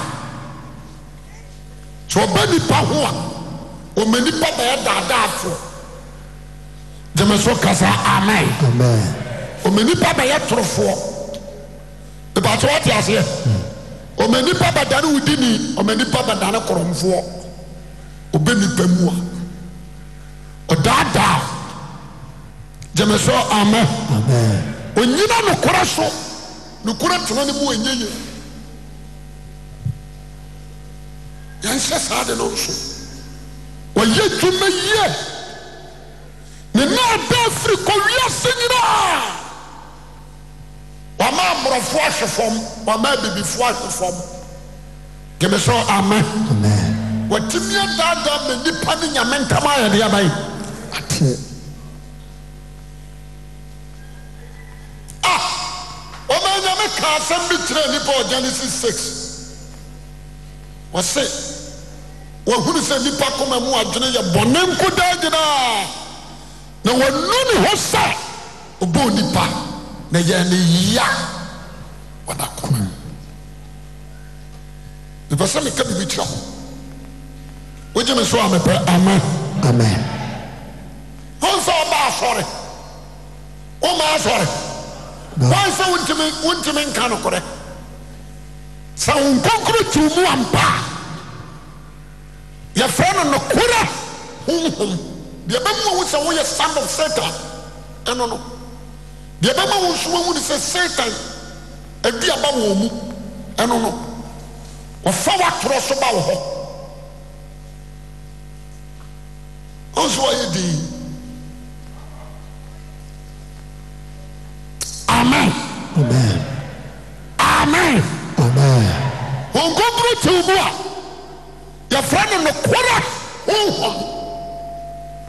sɛ ɔba nipa ho a ɔma nipa bɛyɛ daadaafoɔ gye me so kasa amen ɔma nipa bɛyɛ torofoɔ nipa sɛ wɔte aseɛ ɔmɛ nipa badane wo dini ɔmɛ nipa badane korɔmfoɔ ɔbɛ nipa mu a ɔdaadaa gyeme sɛ amɛ onyina nokorɛ so nokorɛ tena ne mu ɔnyɛ ye yɛnhyɛ saa de no nso wɔyɛ dwuma yie ne na ɔbɛɛ firi kɔwiase nyinaa wamaamorɔfo ahwefɔm wamaa bibifoɔ ahwefɔm de me sɛ ame wɔate biadaadaa ma nnipa ne nyame ntama ayɛdeabaye ate ah, a wɔmaa nyame ka sɛm bi tyera a nnipa wɔ yenesis 6 wɔ se wahunu sɛ nnipa koma mowadwene yɛ bɔne nko daa gyinaa na wɔanu ne ho sɛ ɔbɛɔ nnipa ayɛ ne yia wnak ifɛ sɛ meka bibit h wogyeme so a mɛpɛ ama amen ho sɛ obaa sɔre womaa sɔre wae sɛ wontimi nka nokorɛ sɛ wo nkonkuro tu mu ampaa yɛfɛ no nokorɛ homhom bia bɛmoa wo sɛ woyɛ sanof satan ɛno no deɛ ɛbɛma wo ho wahu ne sɛ satan aduaba wɔ mu ɛno no wɔfa watorɔ so ba wɔ hɔ ɔnso wayɛ di an amen hɔnkonkuru te mu a yɛfrɛ ne no kora honhɔm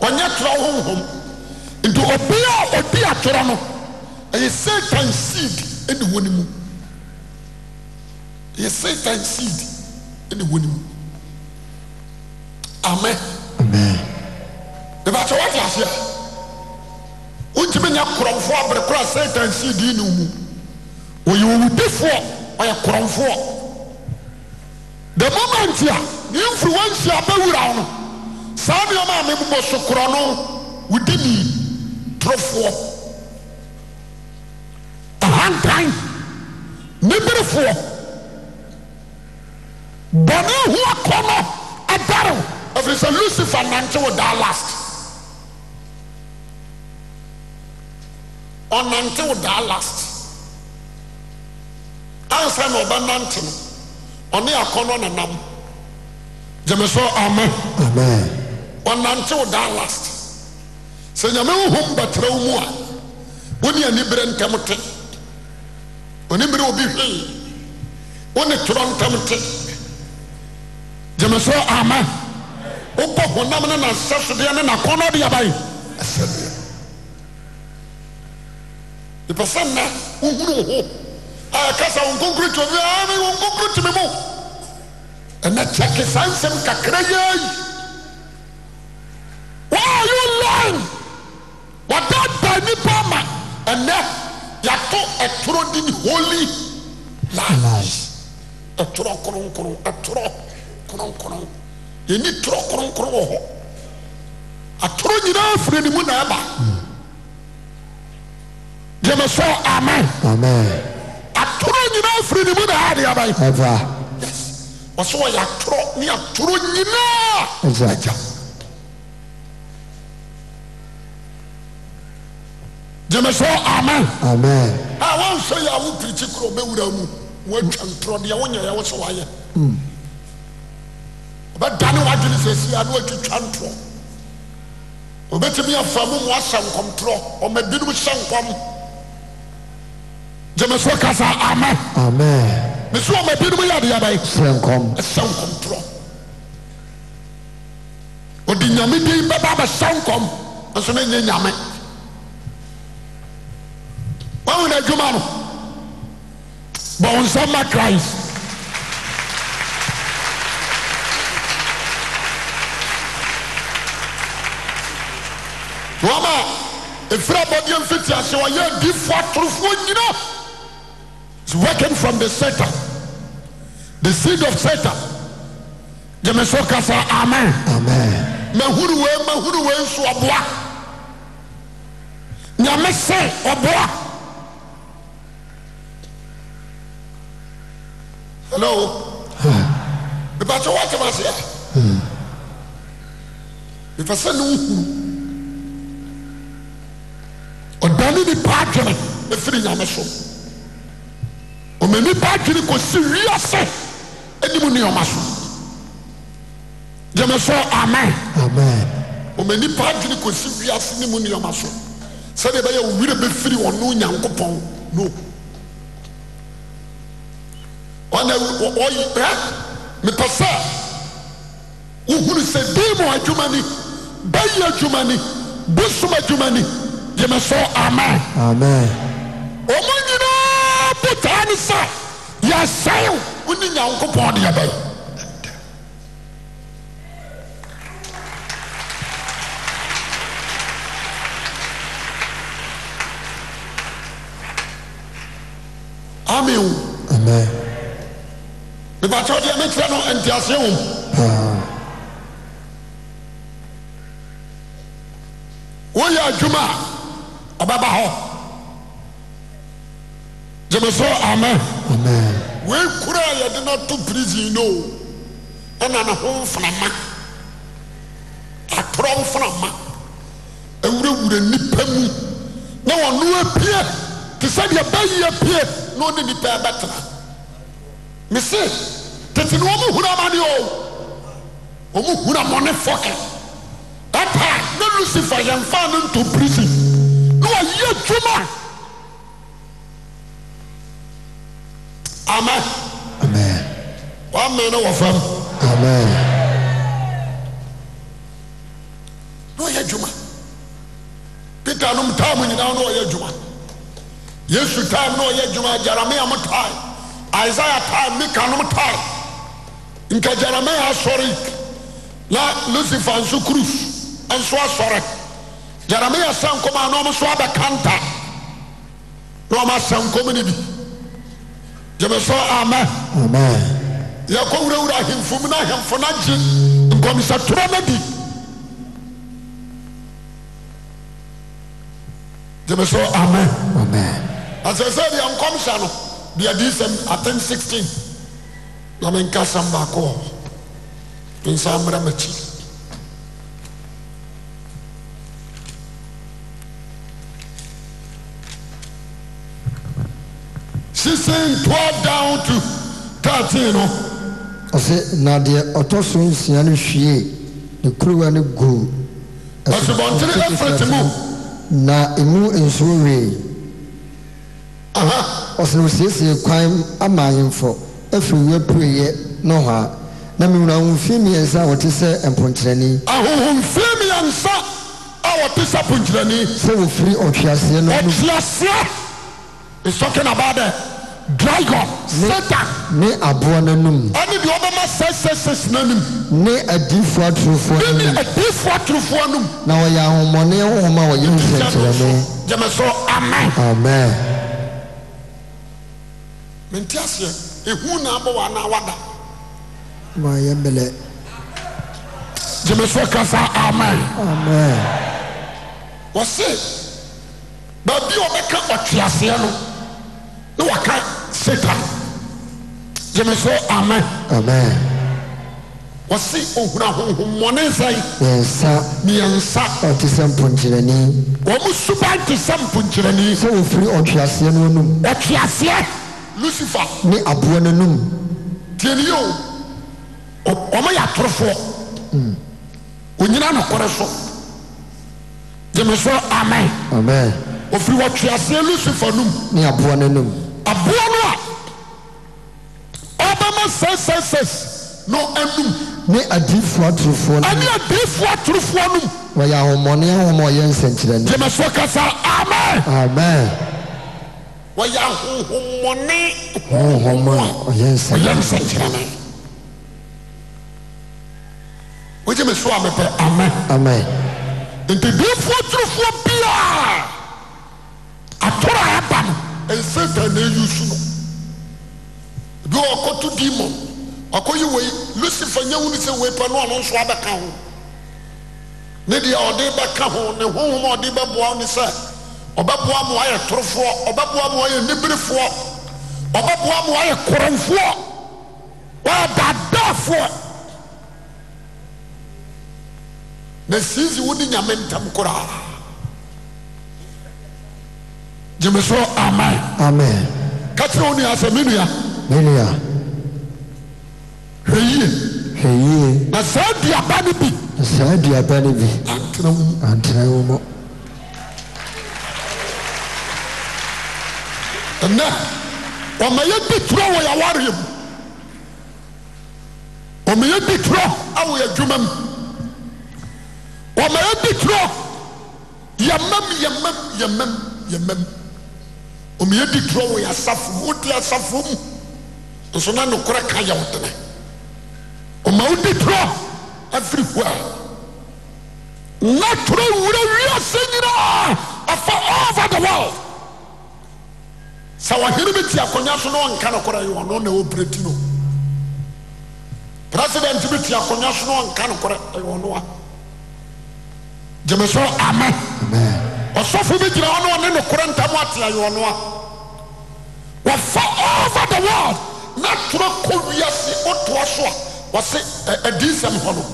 ɔnyɛ tora w honhɔm nti ɔbea ɔdi atora no ɛyɛ satan seed ɛna wɔ ne mu ɛyɛ satan seed ɛna wɔ ne mu amen ìbàtí wọ́n ti àṣẹ wọ́ntìmí nyɛ kurɔnfo abirikura satan seed yi ni mu òyì òwúdifoɔ ɔyɛ kurɔnfoɔ the moment a ní influence abɛwura no saa nneɛma a mi bɔ so kurɔ no wò di ni torofoɔ. oɛfi sɛ lusife nantewo daalas ɔnantewo daa las ansa ne ɔbɛnante no ɔne akɔ nɔ nenam dyame sɔ ame ɔnante wo daa last sɛ nyame wohom batra wo mu a wonneaniberɛ ntɛm te onemmerɛ wobi he wo ne torontamte gyeme sɛ ama wobɔ ho nam ne nansɛsedeɛ ne nakonodeabae ɛɛɛ ipɛ sɛ nnɛ wuhuruo ho ayɛka sa won konkriti ɔs m wɔnkonkuriteme mo ɛnɛ tyɛke sansɛm kakra yɛi oayolan wada ta nnipa ma ɛnɛ yatʋ ɛtorɔ di holi ɛtrɔ k ɛtrɔ kkron yɛni torɔ kronkron wɔ hɔ atorɔ nyinaa firinimu na ɛba deɛmɛsɛ aman atorɔ nyinaa firinimu naɛade aba wɔ sɛ wɔyɛtʋrɔ ne atorɔ nyinaa gyamɛsoɔ am wonsɛ yɛ a wo piriki koro ɛwura mu woatwa ntrɔ deɛ wonyɛ ɛwo sɛ wayɛ mm. ɔbɛdane wadwene sɛsia na watwitwa ntoɔ ɔbɛtuiyɛfamu moasɛ nkɔmtrɔ ɔma binom syɛnkɔm gyemasoɔ kasa amɛ mi so ɔma binom yɛdeabɛe sɛ nkɔmtrɔ ɔde nyame bɛba bɛsɛ nkɔm nso ne nyɛ nyame wawonoadwuma no bɔo nsam ma christ wamaa ɛfiriabɔdeɛ mfitiahe ɔyɛ adifo torofɔ nyina s woken from the satan the seed of satan gye me so kasa amen mahunu mahunuwei so ɔboa nyame sɛ ɔboa hello mipatɛ wɔte ma seɛ mipɛ sɛ ne wohuru ɔdane nipa adwene ɛfiri nyame so ɔma nipa adwene kɔsi wiase anim nneɔma so gyeme sɛ amen ɔma nipa adwene kɔsi wiase ne mu nneɔma so sɛdeɛ ɛbɛyɛ wo werɛ bɛfiri ɔno nyankopɔn no ɔa mepɛ sɛ wohunu sɛ di mɔ adwuma ne ba yɛ adwuma ne bosom adwuma ne yemɛsɛ aman ɔma nwino potaa ne sɛ yɛsɛew woni nya nkopɔn deyɛbɛ ame baodeɛ mɛkirɛ no ntiaseɛ ho woyɛ adwuma a ɔbɛba hɔ deme so ama wei kuraa yɛde no to priseno o ɛnane ho mfonama atorɔ mfonama awurawura nnipa mu ne wɔnoa pue te sɛdya bɛyɛ pie na wode nnipa ɛbɛtena me se tete ne ɔ mohunama ne ɔo ɔmohuna mɔ ne fɔkɛ dataa ne lusifa yɛmfaa no ntɔ prisi ne ɔyɛ adwuma ama me ne wɔ fam ne ɔyɛ adwuma pita nom taa m nyinaw ne ɔyɛ adwuma yesu taa m ne ɔyɛ adwuma agyaramea mo tae isaia taa mi kanom taa nka yaremia sɔrei na lusife nso kurus nso asɔre yaremia sɛnkom a na ɔmso abɛkanta na ɔma asɛnkɔm no bi gyemɛsɛ amɛ yɛkɔ wurawura ahemfom no ahemfo nogye nkɔmsɛ torɔ na di gyemɛso amɛ ɛ sɛɛ sɛ deɛ nkɔmsɛ no deɛ di sɛm atɛn sixteen na me nka sam baako wɔ me nsa mmra m'akyi sixteen twelve down to thirteen no. ɔsɛ na deɛ ɔtɔ so nsia no hwie ne kuruwa no gu asubɔntene ɛfrɛte mu na emu nsuo wee ɔsene osiesie kwan ama ahemfo afiri wia pureɛ no hɔ a na mewura ahomfie mmiɛnsa a wɔte sɛ mponkyerɛni ahohomfie mmiɛnsa a wɔte sɛ ponkyerɛni sɛ wɔfiri ɔtweaseɛ no ɔtweaseɛ is talking about the dragon satan ne aboɔ n'anom ɛne deɛ ɔbɛma sɛsɛsɛs n'anim ne adiifoɔ atorofoɔ n'anim ne adiifoɔ atorofoɔ anom na wɔyɛ ahomɔne honhom a wɔyɛ nsɛnkyerɛnne gyeme so amen amen menteaseɛ hu naa bɔaanaa wdamayɛɛ gyeme so kasa amn ɔse baabi ɔmɛka ɔtweaseɛ no ne waka sea eme so amn ɔse ɔhunahohommɔne nsɛeɛ neɛnsaɛokeɛnmsuba nte sɛ mokyeɛnisɛɔfiitwaeɛ lucifer ne aboɔ n'anum tiɛni yio wɔn yɛ atorofoɔ onyina nokɔre so gyeme so amen amen ofiri wɔtweaseɛ lucifer num ne aboɔ n'anum aboɔ no a ɔbɛma sɛsɛsɛs no anum ne adiifoɔ atorofoɔ no ɛne adiifoɔ atorofoɔ nom wɔyɛ ahomɔne ahoma ɔyɛ nsɛnkyerɛnne gyeme so kasa amen amen wɔyɛ ahohomne oɛmsɛkyerɛne wogyemeso a mɛpɛ nti dinfoɔ turofoɔ bia atɔroaba no ɛy satan neayu su no bi ɔkɔto di mɔ ɔkɔ yɛ wei lusifa nyɛ wo ne sɛ wei pɛ no ano nsoa bɛka ho ne deɛ ɔde bɛka ho ne honhom ɔde bɛboa wo ne sɛ ɔbɛboa moayɛ torofoɔ ɔbɛoa moayɛ neberefoɔ ɔbɛboa moayɛ koromfoɔ yɛdadaafoɔ na siesi wone nyame ntam koraa gyeme so aman amen ka kerɛ wo nua sɛ menua enua hwɛ yiewɛi na saa duaba ne bisaaan banta antna m mu ɛnɛ ɔma yɛdi torɔ wo yɛawareɛ mu ɔma yɛdi torɔ a woyɛ adwuma mu ɔma yɛdi torɔ yɛmam yɛmam ymam ymam ɔma yɛdi torɔ wo yɛ asafo odi asafoɔ mu nso no nokorɛ ka yɛwo dena ɔma wodi torɔ afirihɔ a nnatoro nwura wiasɛnyinaa afa over the world sɛ wɔhere bɛti akɔngua so no ɔnka nokorɛ yɔno na wɔbrɛ di no presidɛnti bɛti akɔnnua so no ɔnka ne korɛ yɔno a gyeme so ama ɔsɔfo bɛgyina ɔ ne ɔ ne nokore ntam ate ayɔɔno a wɔfa ovada waa na torɔ kɔwia se otoɔ so a wɔse adinsɛm hɔ no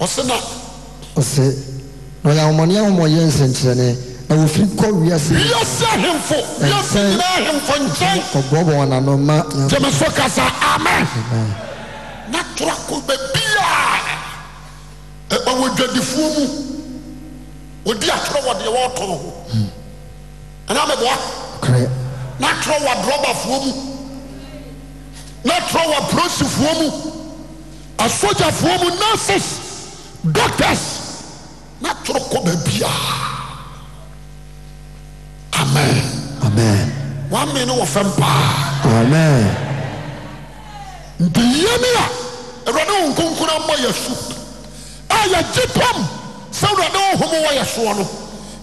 ɔ se na ɔse na ɔyɛ homɔne ahomɔ yɛ sɛnkyerɛ ne fiasɛ hmfo iasɛ nyina hemfo nkyɛndɛmɛ so kasa ama na torɛ kɔ babia ɛbawɔ adwadifoɔ mu ɔdi atoro wɔdeɛ wɔɔtɔroho hmm. ɛna mɛboa na toro wɔ adrɔbafoɔ mu na toro w aprosifoɔ mu asogyafoɔ mu narsis doctas na toro kɔ ba bia wme no wɔ fɛmpaa nti yeni a awurade wo nkonkunu ma yɛsu a yɛgyepɔm sɛ wrade ohom wɔyɛ soɔ no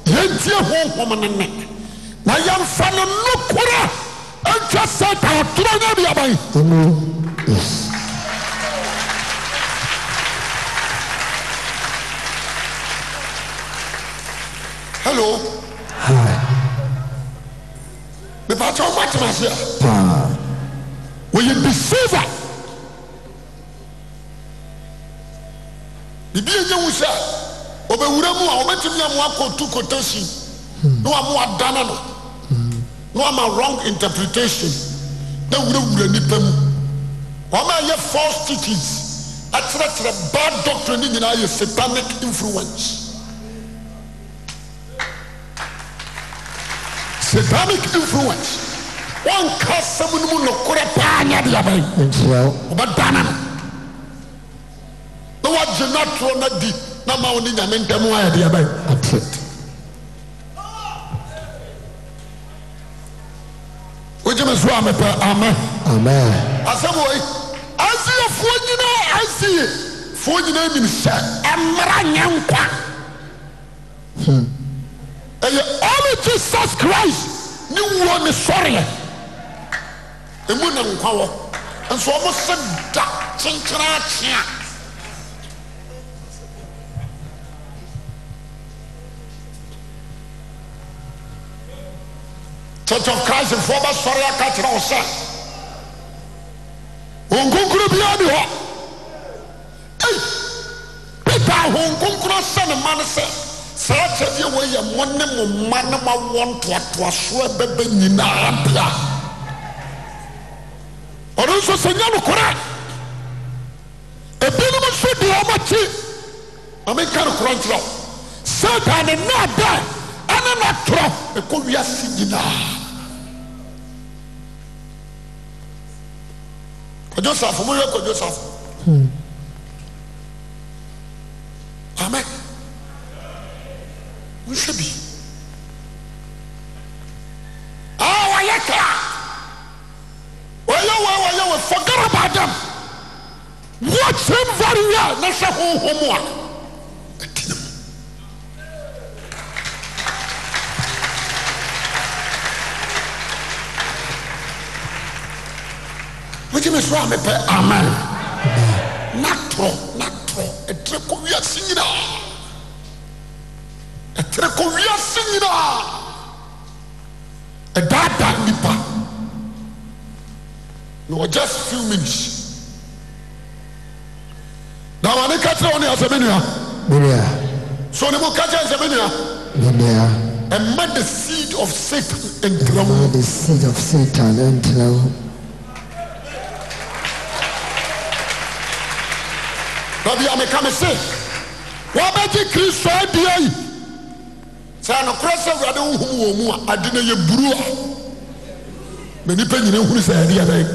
yɛntie ho nhom no nne na yɛmfa ne mo kora ntwɛ sɛtatoraɛbiabane mepatɛ ɔmo atena ase a wɔyɛ deceiver bibi enye wu sɛ ɔbɛwura mu a ɔbɛtumi amu akɔtu quotation hmm. na wamu adana no hmm. na ma wrong interpretation na wurawura nipa mu wɔn a yɛ false teachings akyerɛkyerɛ bad doctrine ne nyinaa yɛ satanic influence. synamic influence wnka sɛm no mu nokorɛ taa nyɛ deabaeobɛ nn ne waagye natorɔ no di na ma wo ne nyame ntɛmayɛdeabɛe a wesoa mɛɛ ama asɛmi anseyɛ foɔgyina anseye foɔgyinaa nim sɛ ɛmmara nyɛnkwa ɛyɛ ɔne jesus christ ne wuo ne sɔreɛ ɛmu ne nkwa wɔ nso ɔmose da kyenkyera akye a church of christ foɔ bɛsɔre ɛ ka kyerɛ wo sɛ a wonkonkno biaa bi hɔ petar hoo nkonkuno sɛne ma ne sɛ saa kyɛdeɛ wɔyɛ mo ne mo ma ne mawɔ ntoatoaso bɛbɛ nyinaa bea ɔne nso sɛ nya nokorɔ obinom nsode ɔmɔkyi amɛnka nokorɔ nkyerɛ wo satan na bɛɛ ane noatorɔ ɛkɔ wiase nyinaa kɔdwosafo mowɛ kɔwosafo hmm. amɛ hwɛ wyɛ kra fɔ garabaadam akɛmvarwia na hwɛ hohoa eeso a meɛ a ntɔ natrɔ drɛ kɔ wiasia ɛtrɛ kɔwiase nyinaa ɛdaada nipa na wɔ just few minutes dama ne ka kerɛ wo ne asɛmɛnua so ne muka kerɛ nsɛmɛnua ɛma de seed of satan ntram na bia meka me se woabɛgye kristo adiayi sɛ anokora sɛ wurade wohom wɔ mu a ade no yɛ buruu a ma nipa nyina nhuu saadeaban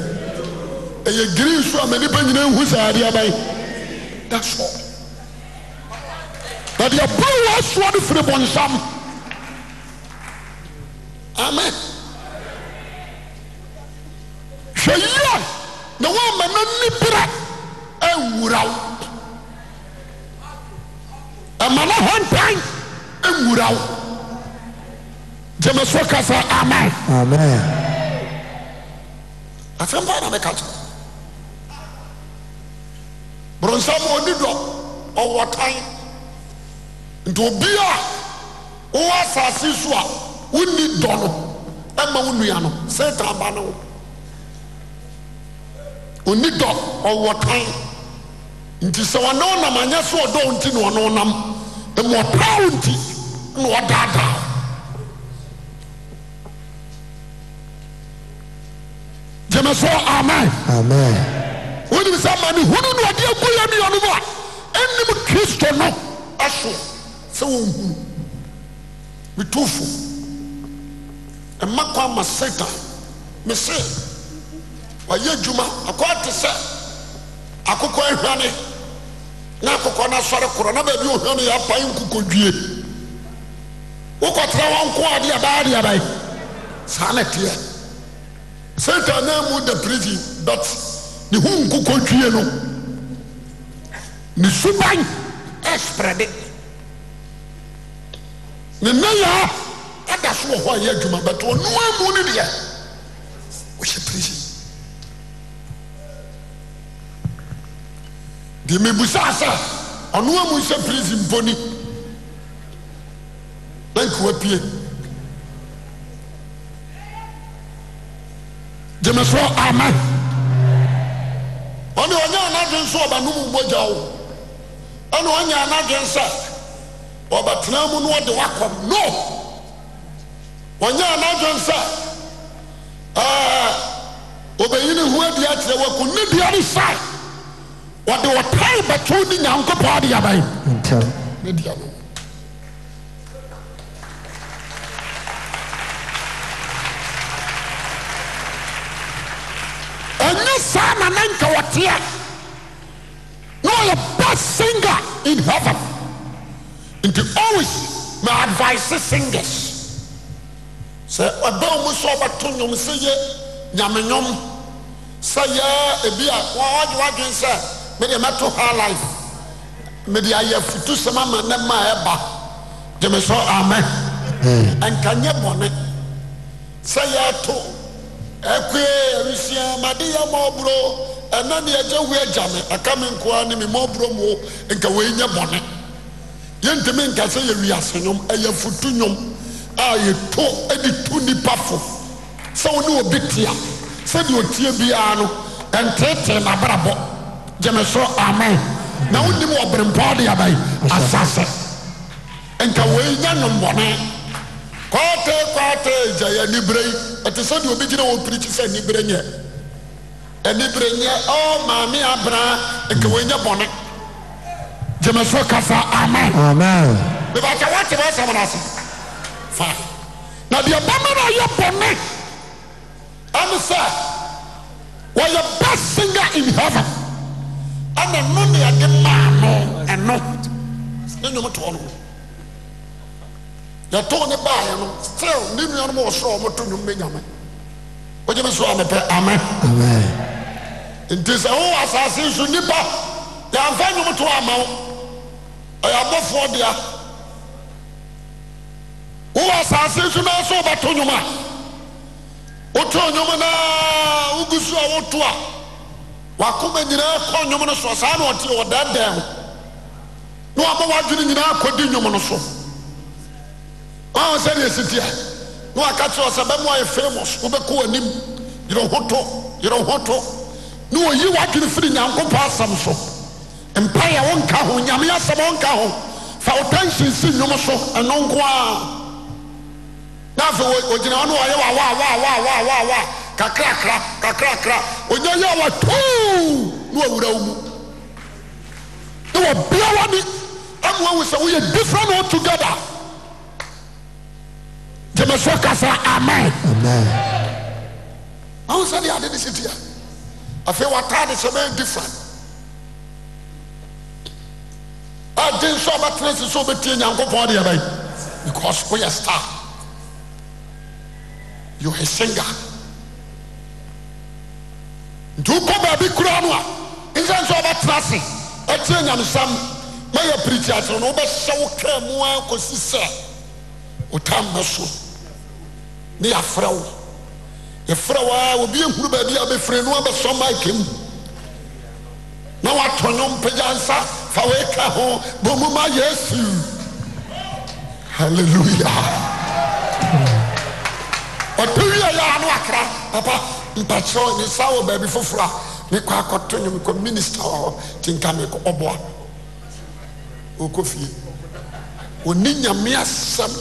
ɛyɛ giri nsu a manipa nyina nhuu saaadeabɛn da so bat yɛburuu a asoɔ no firibo nsam ama hwɛ yiɔ ne woama noniprɛ awuraw ɛma no hɔntan ɛwura wo Jemeso ka sɛ amen asɛm pa na meka kyerɛ borɔnsam ɔni dɔ ɔwɔ tan nti obi a wowɔ asase so a wonni dɔ no ɛma wo nua no satan ba ne wo ɔni dɔ ɔwɔ tan nti sɛ wɔne wo nam anyɛ so ɔdɔ wo nti na ɔne wo nam moɔpawo nti ne ɔdada gyamɛso amen wɔnim sɛ mane hunu noade akoya nyɔno mo a nim kristo no soɛ sɛ wɔnhunu metofo ma kw ama satan mese ayɛ adwuma akɔɔte sɛ akokɔ ahwane na akokɔ no sɔre korɔ na baabi ohano yɛapae nkokɔ dwue wokɔtra wo nko ade abaa de abɛe saa ne teɛ sata na amu da presin but ne hu nkokɔ dwe no ne suban aɛsprɛde ne nɛyaa ɛda so wɔ hɔ ayɛ adwuma bɛto ɔnomamu no deɛ wohyɛ prisin deɛ mebusa sɛ ɔno amu sɛ prison mponi na nkuwa pie gyeme so amen ɔne ɔnyɛ anadwen so ɔba no mu mogya wo ɛne ɔnyɛ anadwen sɛ ɔbɛtena mu na ɔde wakɔm no ɔnyɛ anadwen sɛ ɛɛ ɔbɛyi ne ho adi akyerɛ wakɔ ne deɛ ne sae ɔde ɔtae bɛtwɔde nyankpa deab ɛni saa na ne nkɛ wɔteɛ ne ɔyɛbɛ singer in heaven nti always ma advise singers sɛ ɔbɛ mu sɛ ɔbɛto nnwom sɛ ye nyame nnwom sɛ yɛa bi a wɔwɔdye w'dwen sɛ mede mɛto ha life mede ayɛ futu sɛm ama ne ma ɛba gyeme sɛ amen hmm. ɛnka nyɛ bɔne sɛ yɛto ɛkoe ɛresua made yɛ ma ɔboro ɛna ne yɛgya wo agya me ɛka me nkoa ne me ma mo nka wei nyɛ bɔne yɛntumi nka sɛ yɛwi ase nwom ɛyɛ futu nwom a yɛto de tu nnipa fo sɛ wo ne obi tea sɛdeɛ ɔtie biara no ɛntetee n'abrabɔ gyemɛ so amen na wonim wɔberempaw deaba ye asasɛ nka wɔinya nombɔne koatɛ kaatɛ agyae anibera yi ɛte sɛ deɛ ɔbɛgyina wɔ kirikyi sɛ anibere nyɛ anibere nyɛ ɔr maame abraa nka wɔinya bɔne gyemɛ so kasa amen mebakyɛ wotebɛɛsɛmanesɛ fa na deɛ bamarɛ yɛ bɔne ame sɛ wɔyɛ bɛsinga in have ɛna ɛno ne yɛde maa no ɛno ne nnwom toɔ no yɛtɔɔ ne baayɛ no still ne nuanom wɔ soro a wɔto nnwom ne wogye me so a mepɛ amen nti sɛ wowɔ asase so nnipa yɛamfa nnwom toɔ ama wo ɛyɛ abɔfoɔ dea wowɔ asase so naa sɛ wobɛto nnwom a woto nnwom naa wogu so a woto wakoma nyinaa kɔ nnwom no so saa na ɔte ɔdaadaa ho na wama w'adwene nyinaa di nnwom no so ɔho sɛdeɛ sitia na waka kyerɛ ayɛ famous wobɛkɔ w'anim yerɛ ho to yerɛ ho to na ɔyi w'adwene firi asam so ho nyame ho fa nnwom so ɛno nko a na afei hɔ ɔyɛ kkra ɔnya yɛawatou ne wawura wo mu ne wobiawa ne moawu sɛ woyɛ different al together dameso kasa aman na wo sɛde ade ne siti a afei woataa de sɛmɛya different ade nsɛ ɔmɛtena se sɛ wobɛtie nyankopɔn adeɛdɛn because woyɛ star yo ɛ singa nti wokɔ baabi koraa no a nsɛ nsɛ obɛtena ase atiɛ nyam sam mɛyɛ piritiase na wobɛhyɛ wo kramoara kɔsi sɛa wotammɛ so ne yɛafrɛ wo yɛfrɛw ara obienhuru baabi a bɛfiri no a bɛsɔmma akem na woatɔnompagyansa fa woɛka ho bomuma yɛ asi alleluya bɔt pɛ wia yɛa no akra apa mpakyerɛ ne n'isa wɔ baabi foforɔ a mekɔ akɔto nwom kɔ minista wɔ hɔ nti nka mekɔ ɔboa ɔkɔ fie ɔni nyame asɛm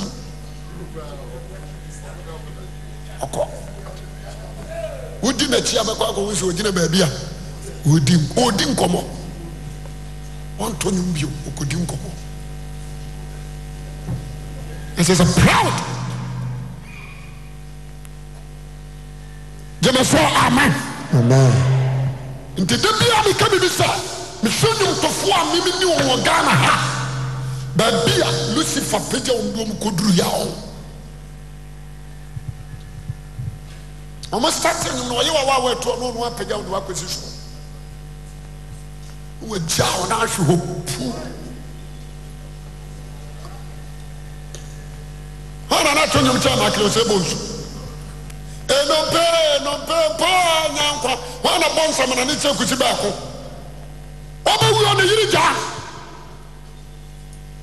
ɔkɔ wodi n'akyi a bɛkɔ akɔwo sɛ ɔgyina baabi a ɔdi ɔdi nkɔmmɔ ɔntɔ nwom bio ɔkɔdi nkɔmmɔ It is proud gyeme sɛ nti da bia meka bibi sɛ mehwɛ nnwomtofoɔ a meme wɔ wɔ ghana ha baabi a lucifer pagya wo mdoɔ kɔduru yɛ ɔ ɔma starte nwom na ɔyɛ wa waa waatoɔ no ɔno apagya wo ne wakɔsi soɔ wɔagya wo na ahwe hɔ pu hɔ na na atɔ nwom kyɛ na akerɛ sɛ bɔ Enope, enope, paa nyankwa wọn na bọ nsọmọ na ne kyɛ kusi baako wọn bɛ wura ne yiri gya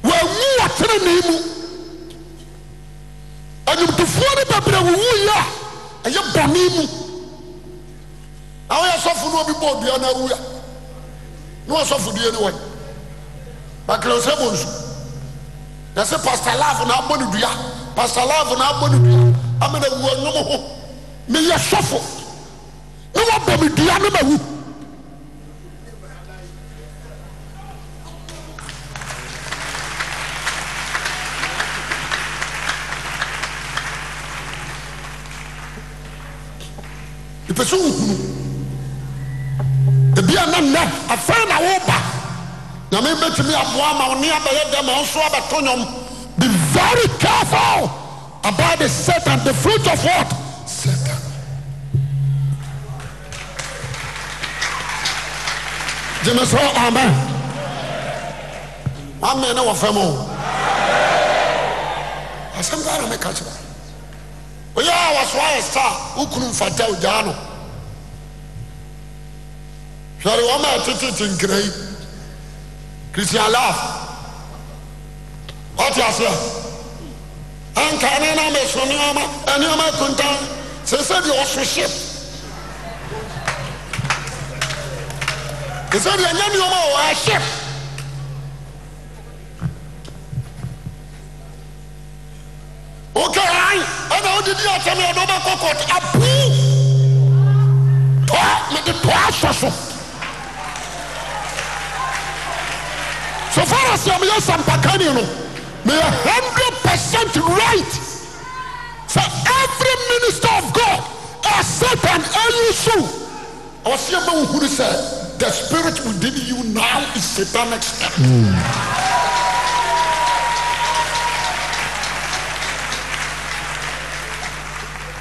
wọn wu wɔ tene ne mu anyimtufoɔ ne bebree wɔ wu yɛ a ɛyɛ bɔ ne mu àwọn yɛ sɔfo no obi bɔ dua na awura ne wɔn sɔfo dua ne wɔn bakere ɔsɛ bɔ nsu na sɛ pastor laafo na abɔ ne dua pastor laafo na abɔ ne dua amena wuo nom ho. meyɛ sɛfo ne wobɔ medua no mahu ianannɛ afae na woreba nyame bɛtumi aboa ma wone abɛyɛ dɛ manso abɛto nwom be very careful about the satan the friagh of gyeme so amen maame ne wɔfɛ mu asɛm paa na meka kyerɛ oyɛ a wasoa yɛ sa wokunu mfata ogyaa no hwɛre wɔma ɛtetete nkira yi christian laf ɔte aseɛ anka ne na mesone ɔma ɛneɔma akuntan sɛ sɛ deɛ ɔso hyep sɛde nyɛneɔm ɔahyɛ okan ana ode diakɛmeɛdɔɔma kɔkɔ apou meetoa sɛ so sofarsia meyɛ sampakane no meyɛ 100rd percent right fo every minister of god a satan oyu so ɔsiɛ pa wohuri sɛ the spirit within you now is satanic spirit. Mm.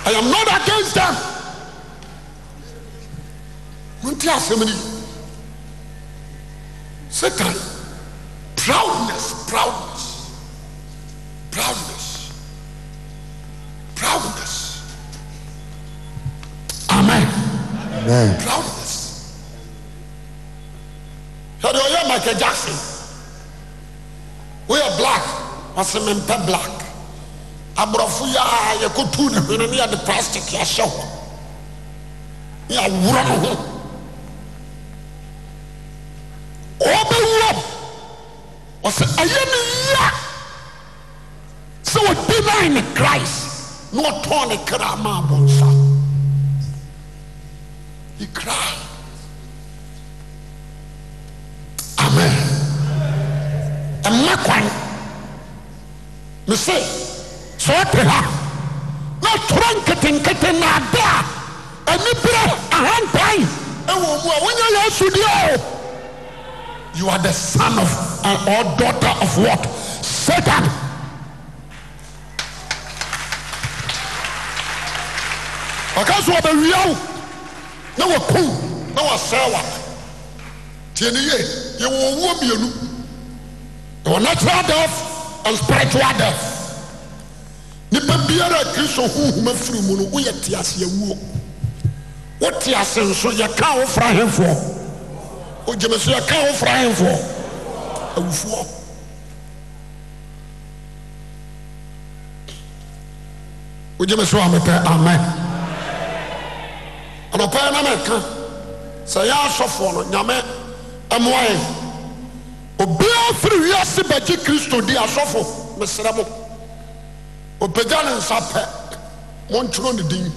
I am not against them. Won't you ask somebody? Satan, proudness, proudness, proudness, proudness. Amen. Amen. Proudness. sɛdeɛ ɔyɛ micael jackson woyɛ black ɔse mempɛ black aborɔfo yɛa yɛkɔto ne he no ne yɛde prastic yɛahyɛ hɔ ne yɛworɔ no ho ɔbɛwuo wɔ sɛ ɛyɛ meya sɛ ɔde man ne christ ne ɔtɔɔne kra maabɔnsa ikra ɛma kwan mise sɛoteha ne toro nketenkɛte naada a aniberɛ ahanpae wɔmu a wonya loasudeɛ o youare the son uh, daughter of wat satan bkasowabawiawo ne wɔko ne wasewa tiɛne ye yɛwɔ wuo bienu yɛwɔ natural death and spritual death nnipa biara a kristo hohuma firi mu no woyɛ te ase awuo wo tease nso yɛka wofra hemfoɔ ogyeme so yɛka wofra hemfoɔ awufoɔ wogyeme so wamɛpɛ amen amɔpɛɛ namaɛka sɛ yɛ asɔfoɔ no nyame ɔmoae obea firiwiase bɛgye kristo di asɔfo mesrɛ mo ɔpagya ne nsapɛ monkyoro ne din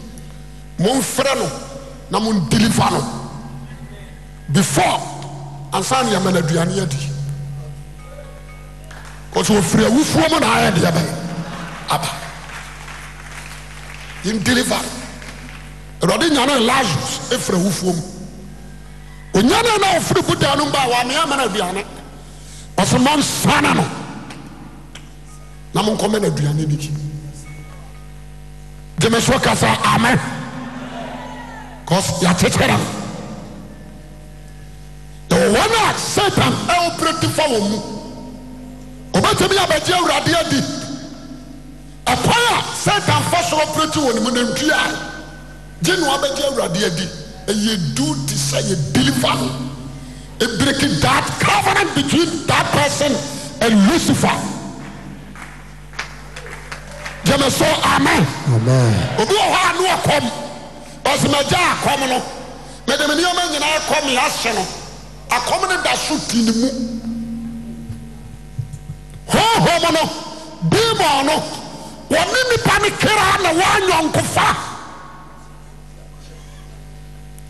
momfrɛ no na mondili fa no before ansaneɛmane aduane adi cause wɔfiri awufuo m naayɛ deɛ bɛn aba yendili fa no awuɔde nyane lage ɛfiri awufuo m ɔnya ne na ɔfiri buda no ba a wɔamea mana aduane ɔso mɔnsana no na monkɔmɛ no aduane no ki gyeme so ka sɛ amɛ cause yɛakyekyerɛ no yɛwɔ wɔn a satan ɛwoprɛti fa wɔ mu ɔbɛtumi abɛgye awurade adi ɛkwan a satan fa so ɔprɛti wɔ ne mu nantwie a gye no abɛgye awurade adi yɛdu te sɛ yɛ deliver no breaking that covenant between that person and lucifer gyeme so amen obi wɔ hɔ a ɔkɔm ɔsemagya akɔm no mede me nneɔma nyinaa kɔm yɛahye no akɔm no da so ti ne mu honhom no demon no wɔne nnipa no kra na wɔanyɔnkofa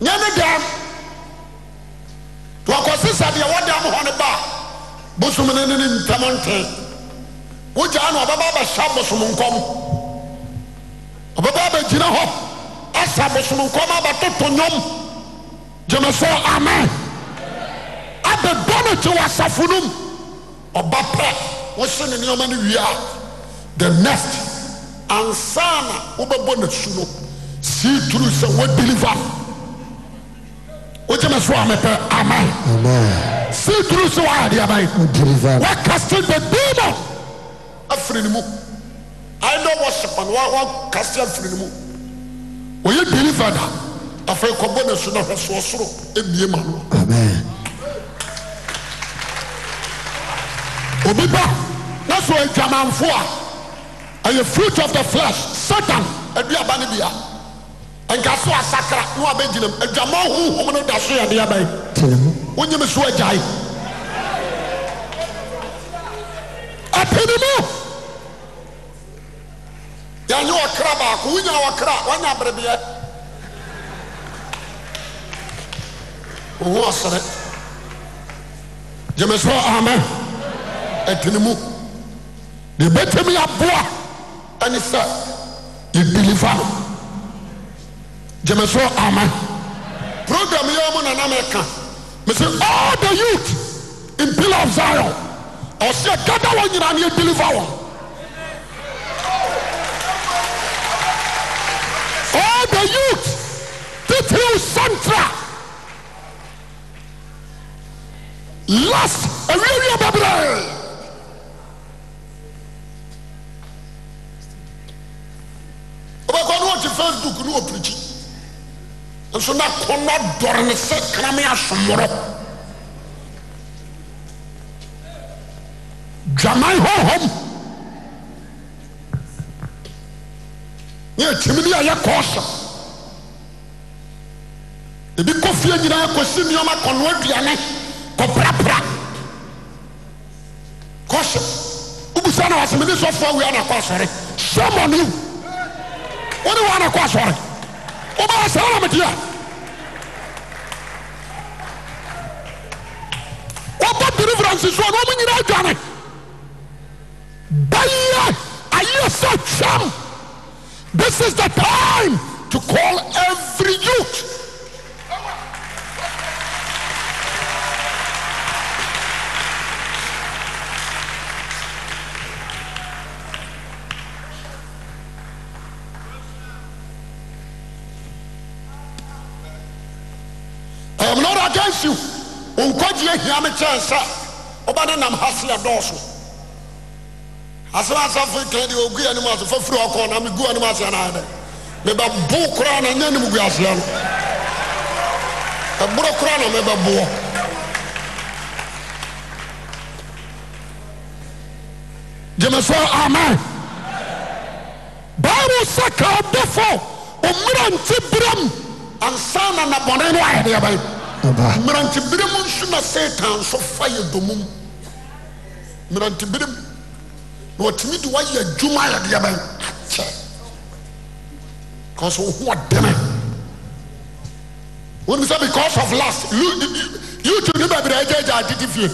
nyɛ ne dam wɔkɔse sɛ deɛ wɔdam hɔ ne ba bosom no ne ne ntam nte wogyaa na ɔbɛba bɛhyɛ bosom nkɔm ɔbɛba bɛgyina hɔ asa bosom nkɔm abɛtoto nnwom gyeme so amen abɛdɔ no kye wɔ asafo no m ɔba pɛ wohye ne nneɔma no wie a the next ansa na wobɛbɔ n'asu no sii turu sɛ wɔdeliver no wogyame so a meɛ m se dr sɛ wyadeɛ ama wakastɛ da bi mɔ afiri no mu aɛdɛwɔ sepanowa wɔ kase afiri no mu wɔyɛ deliverda afɛi kɔbɔ na so ne hɔsoɔsoro miema no obibɔ na so adwamanfoɔ a ɛyɛ fruit of the flesh satan aduaba n bia ɛnka so asakra ne wabɛgyinam adwama hohom no da soyɛdeɛbɛ woyeme so agyae ɛtenemu yɛnye ɔkra baako wonya wɔkra wanya aberebeɛ wo hosere gyeme so amen ɛtinimu deɛ bɛtemi ɛboa ɛne sɛ idilifa es m rogamymnanamɛka mesɛ all the youth in pill of xion ɔsiyɛ kɛdawo nyira ne yadilifa wɔhe youth tt centra las wiwibɛbrɛk facebookn nso na kɔnɔ dɔre ne sɛ kname asomorɔ dwaman homhom nea kɛmini ayɛ kɔɔso ɛbi kɔfia nyinaa kɔsi nneɔma kɔnoa aduane kɔprapra kɔso wobu sa na wasɛmene sɛfo wi ana kɔ asɔre sɛ mɔne wone wɔ ana kɔ asɔre wobɛwɔ saa na deliverance so adwane this is the time to call every youth ɔnkɔgyi ahia me kyɛ n sɛ wɔbɛ ne nam ha seɛ dɔɔ so asɛm asamfo kan deɛ ɔgu anim asɛ fafiri ɔkɔ na megu anim asea noayɛ dɛ mebɛbo kora na ɛnyɛnim gu aseɛ no ɛborɔ kora na mebɛboɔ gyemɛ so aman bible sɛ ka ɔdofo ɔmmirɛ nti birɛm ansan na nnabɔne no wyɛdeɛbɛ mmirante birem nso na setan so fa yɛ adɔmum mmirantebirem na ɔtumi de wayɛ adwuma yɛdeɛbɛn akyɛ cause wohoɔdema wonem sɛ because of last youtube ne baabirɛa agyagya teti fie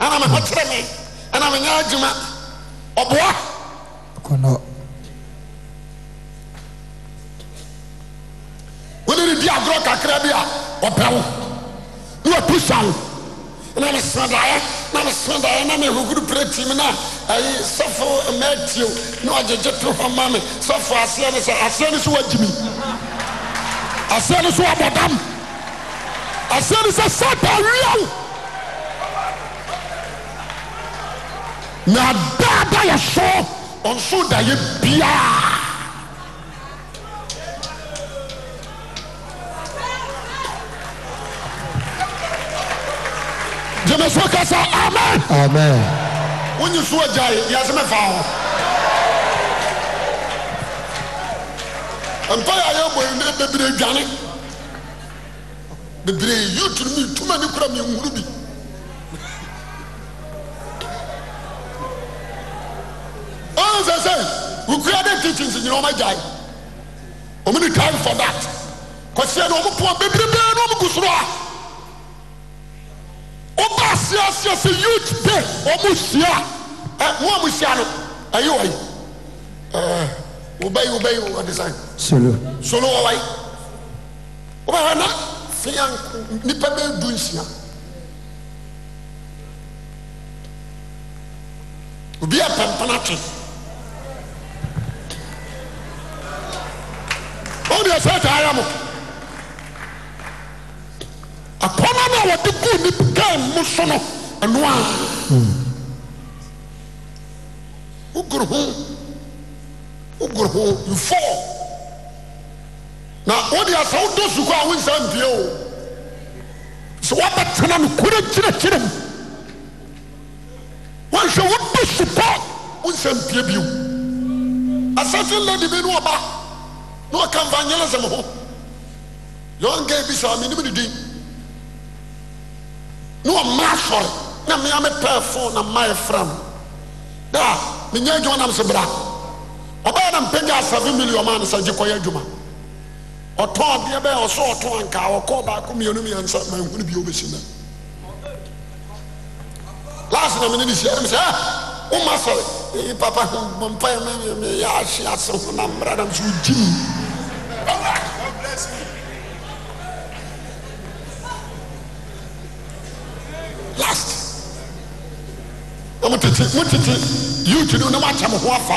aname hɔ kyerɛ me anamenyɛ adwuma ɔboa wonenedi adorɔ kakra bi a ɔpɛwo ne atu sa wo na mesadaɛ na mesadaeɛ na mehuhuro prɛ ti m na ɛ sɛfo maatio ne ɔgyegyetoro hɔ ma me sɛfo aseɛ ne sɛ aseɛne so wagyini aseɛne so wabɔdam aseɛne sɛ sɛta awiawo na adaa da yɛso ɔnso da yɛ biaa gyamɛ o as n wonye so gyae ɛsemɛfaɔ mɛyyɛr ga eyɛrmane amhur isɛsɛ oɛnksi nyenaɔagyae omenetm fothat ɛne bere oba siasia sɛ de omosia woamusia eh, no ayiyi eh, eh. wobywobayis solo ɔwaye wobaɛna fa nnipa bɛdu nsia obia pɛmpante ɛneɛsɛtaara m akɔ nnɔ ne a wɔde gu nni kae mmo so no ɛnoa wo goro ho wo goro ho mfoɔ na wode asa wodɔ sukɔ a wonsa mpie o sɛ woabɛtena no koro kyirɛkyirɛ m wonhwɛ wobi sukɔ wo nsa mpia bim asa sɛnnadimi ne wɔba ne wɔka mfanyelesɛm ho yɔwnka abi so a menim nedin No wɔmmra na na mea mepɛɛ fo na my yɛ fra m da menya adwuma nam sɛ bra ɔbɛyɛ na mpɛgya asave million maa ne sɛ gye kɔyɛ adwuma ɔtɔn adeɛ bɛyɛ ɔsɛ ɔtɔn ankaa ɔkɔɔ mi mmienu mmiɛnsa manhunu bi wobɛsi na last na mene ne hyia m sɛ woma sɛ papa mpaɛ mɛyɛ ahye ase aso na mmra nam sɛ wogyim motete ugin ne woakyɛ mo ho f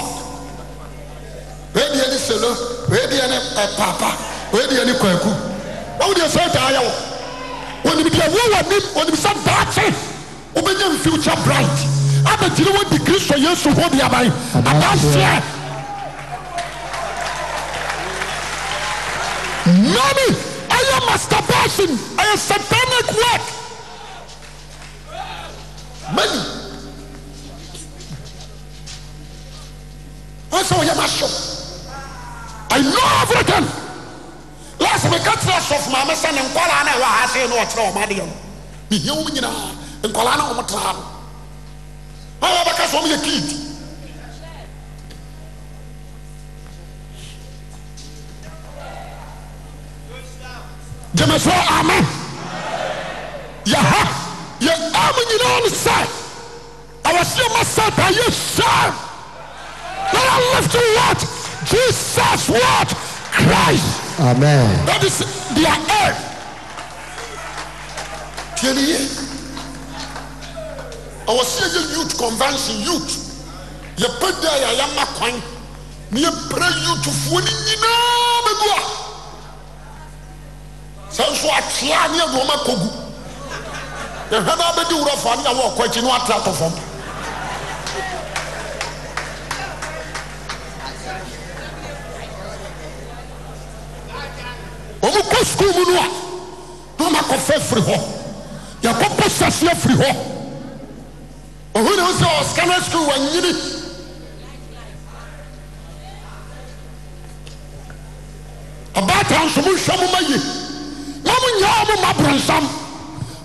ideɛ ne sɛlo ɛdeɛ ne papa deɛ ne kwakuwodeɛsɛtaayɛwonimdeɛonim sɛ daakye wobɛgya mfiwka brit abɛtinɛ wodi kristo yesu hode abae abaɛ no ɛyɛ masterbation ɛyɛ atanic asyams i no avran lsme kataso ma mesn nnsnramd hwoy nmtr abakas mykide a yɛn amu nyinaa ne sɛ awɔhyɛ ma satan yɛ hyɛn let us lift to what jesus what christ amen that is their aim tiɛni yɛ awɔhyɛ yɛ youth convention youth yɛpɛ dɛ yɛ ayama kwan ne yɛpɛrɛ youthfoɔ ne nyinaa bɛ gu a sɛ nso atwea ne yɛ nneɛma kɔ gu. hwɛn bɛdi wurɔ fa ne awɔɔkɔakyi ne ata tɔfɔm ɔmokɔ sukuu mu no a duoma akɔfɔ firi hɔ yɛkɔpɔ sɛ seno firi hɔ ɔhenem sɛ ɔseka no sukuw wa anyini abaata nsomonhwɛ mo ma ye momonya o moma borɔnsam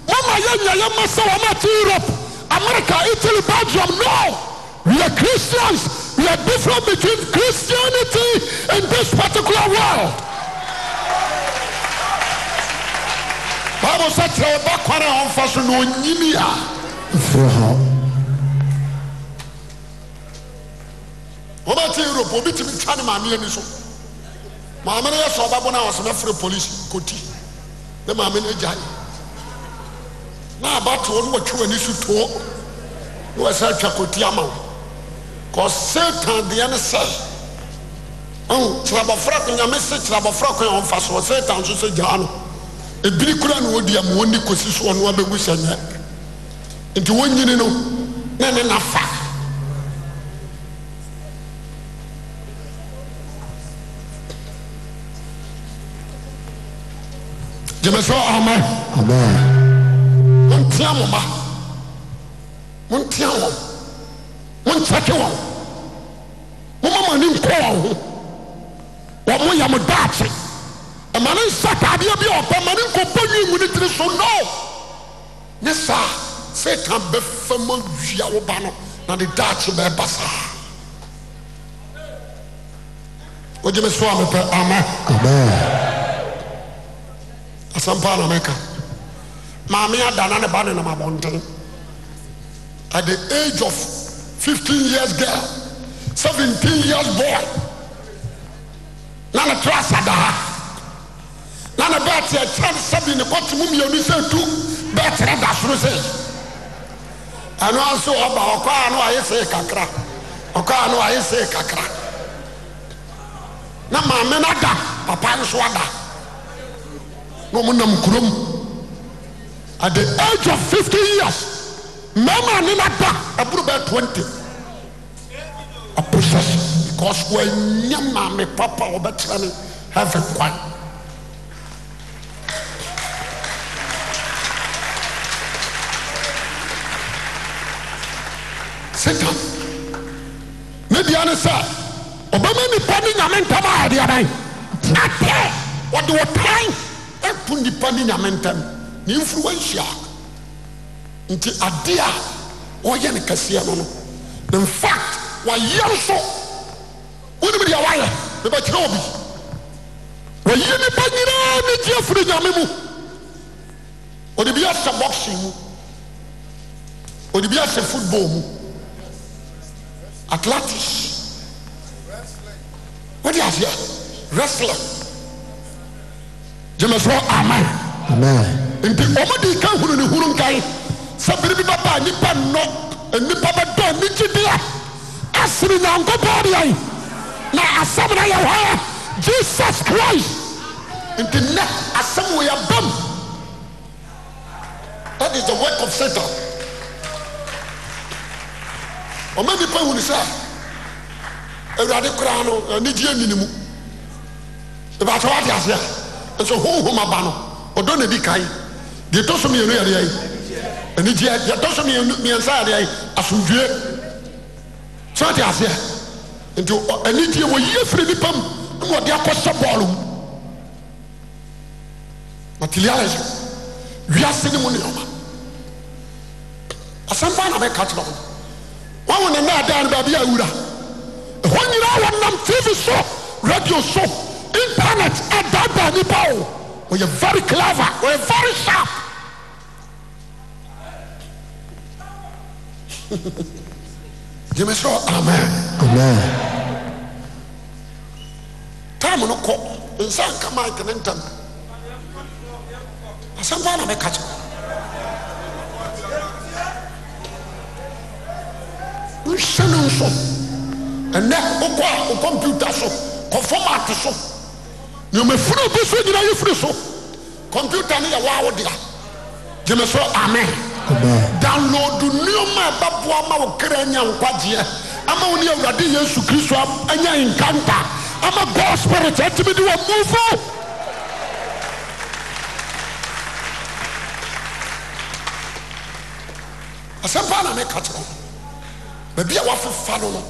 mama yɛnya yɛma sɛ wɔmate europe america italy belgium no we are christians we are different between christianity and this particular world bible sɛ kyerɛ wɔba kwan a ɔmfa so na a mfiri hɔ wobɛte europe obi tumi twa ne maame ani so maame no yɛ sɛ ɔbɛbo no a ɔsɛ mɛfrɛ polisi nkɔti ne maame no agyae na abatoɔ no wɔtwe w'ani so toɔ na wɔsɛ atwa kɔti ama wo kɔ seetan deɛ ne sɛ kyerɛ abɔfra ko nyame se kyerɛ abɔfra ko a ɔmfa soɔ seetan so sɛ gyaa no ebiri kura na wɔdi ama wɔnni kɔsi so ɔno abɛgu sɛ nyɛ nti wɔnyini no ne ne nafa gyeme sɛ amen amen montia mo ma montia wɔn monkyɛke wɔn moma mo ani nkɔ wɔn ho wɔn mo yɛ mo daakye ɛma ne nsa taadeɛ bi a ɔpɛ ma ne nkɔbɔ nwi ngu ne tiri so no ne saa seetan bɛfa mu awia wo ba no na de daakye bɛɛba saa wogyeme so a mepɛ amen amen asɛmpa meka maame adana ne ba ne nam abɔnten at the age of fifteen years girl seventeen years boy na ne tra asada ha na ne bɛɛte ɛkyɛn sɛbi ne kɔte mu mmienu sɛ tu bɛɛtere da soro sɛ ɛno nso ɔba ɔkɔa no ayɛ sɛ kakra ɔkɔa ano ayɛ se kakra na maame no ada papa nso ada na ɔmo nam kurom at the age of fifty years mmarima ne na da ɛburu bɛ twenty appreciation because wɔanya maame papa wɔbɛkyerɛ ne heaven kwan. sika ne deɛ ne sɛ ɔbɛma nipa ne nyame ntam a ɛdeɛ bɛn na deɛ wɔde wɔ tan ɛto nipa ne nyame ntam ne influensia nti adeɛ a wɔyɛ no kɛseɛ no no na infact wayɛ nso wonim deɛ wayɛ mebɛkyerɛ obi wɔyɛ nipa nyinaa ne gye afiri nyame mu ɔde bi ahyɛ boxing mu ɔde bi ahyɛ football mu athletics wọ́n di aseɛ wrestling jẹ́mẹ̀sọ́ amen. amen. nti ɔmade ka hunu nehunu nkae sɛbiri bi bɛ baa nnipa nnɔ nipa bɛdɔ nigyebeɛ asminyankopɔn beae na asɛm no ayɛwhɔ a jesus khrist nti nɛ asɛm wo yɛbam ais work of satan ɔma nipa hunu sɛa awurade koraa no anigye anino mu ɛbɛaka wɔatease a nsɛ hom hom aba no ɔdɔ ne bi kae deɛ ɛtɔ so mmienu yɛ deɛ anigyeɛ deɛ ɛtɔ so mmiɛnsa yɛ deɛ asomdue so ate aseɛ nti anigyeɛ wɔyi afiri nipa mu na wɔde akɔhyɛ bɔɔlo mu materialism wiase ne mu nneɛma asɛm baa na mɛka kyerɛ ho wɔn ne nna adan no baabi a awura ɛhɔ nyinaa wɔnam tv so radio so internet ɛdaadaa nipa o wɔyɛ very clever wɔyɛ very sharp. jimmy sọ amen. amen. táàmù no kọ nsa nka maik ne ntam asɛmpa na mɛka kyɛ nhyɛ no nso ɛnɛ wokɔ a wo kɔmputa so kɔfɔmaate so nneɔmafiri bi so nyina yɛfiri so kɔmputa no yɛwaa wo dea gyeme so amen download nneɛma a ɛbɛboa ma wo kra anya nkwagyeɛ ama wo ne awurade yesu kristo anya nkanta ama god spirit atumi de wɔ mufo asɛm paa na meka kyerɛ wo baabi a woafefa no no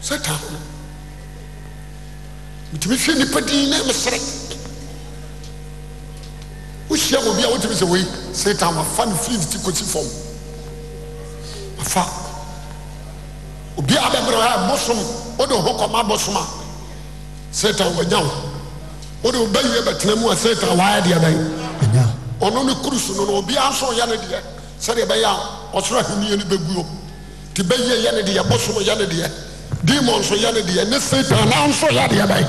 satan ho metumi hwɛ nnipa din na mesere wohyia wo bi a wotimi sɛ ei satan wfa no firifti kosi fam afa obiaa bɛbrɛbosom wode ɔhokɔmabosom a satan ɔanyaw wode ɔbɛ yie bɛtenamu a satan wyɛdeɛ bɛn ɔno no kurus no n obiaa nsoyɛnedeɛ sɛdeɛ bɛyɛ a ɔsorɛ aheniɛ n bɛguo nti bɛyɛ yɛnedeɛ bosom yɛnedeɛ dimɔ so yɛnedeɛ ne satan nanso yɛdeɛ bɛn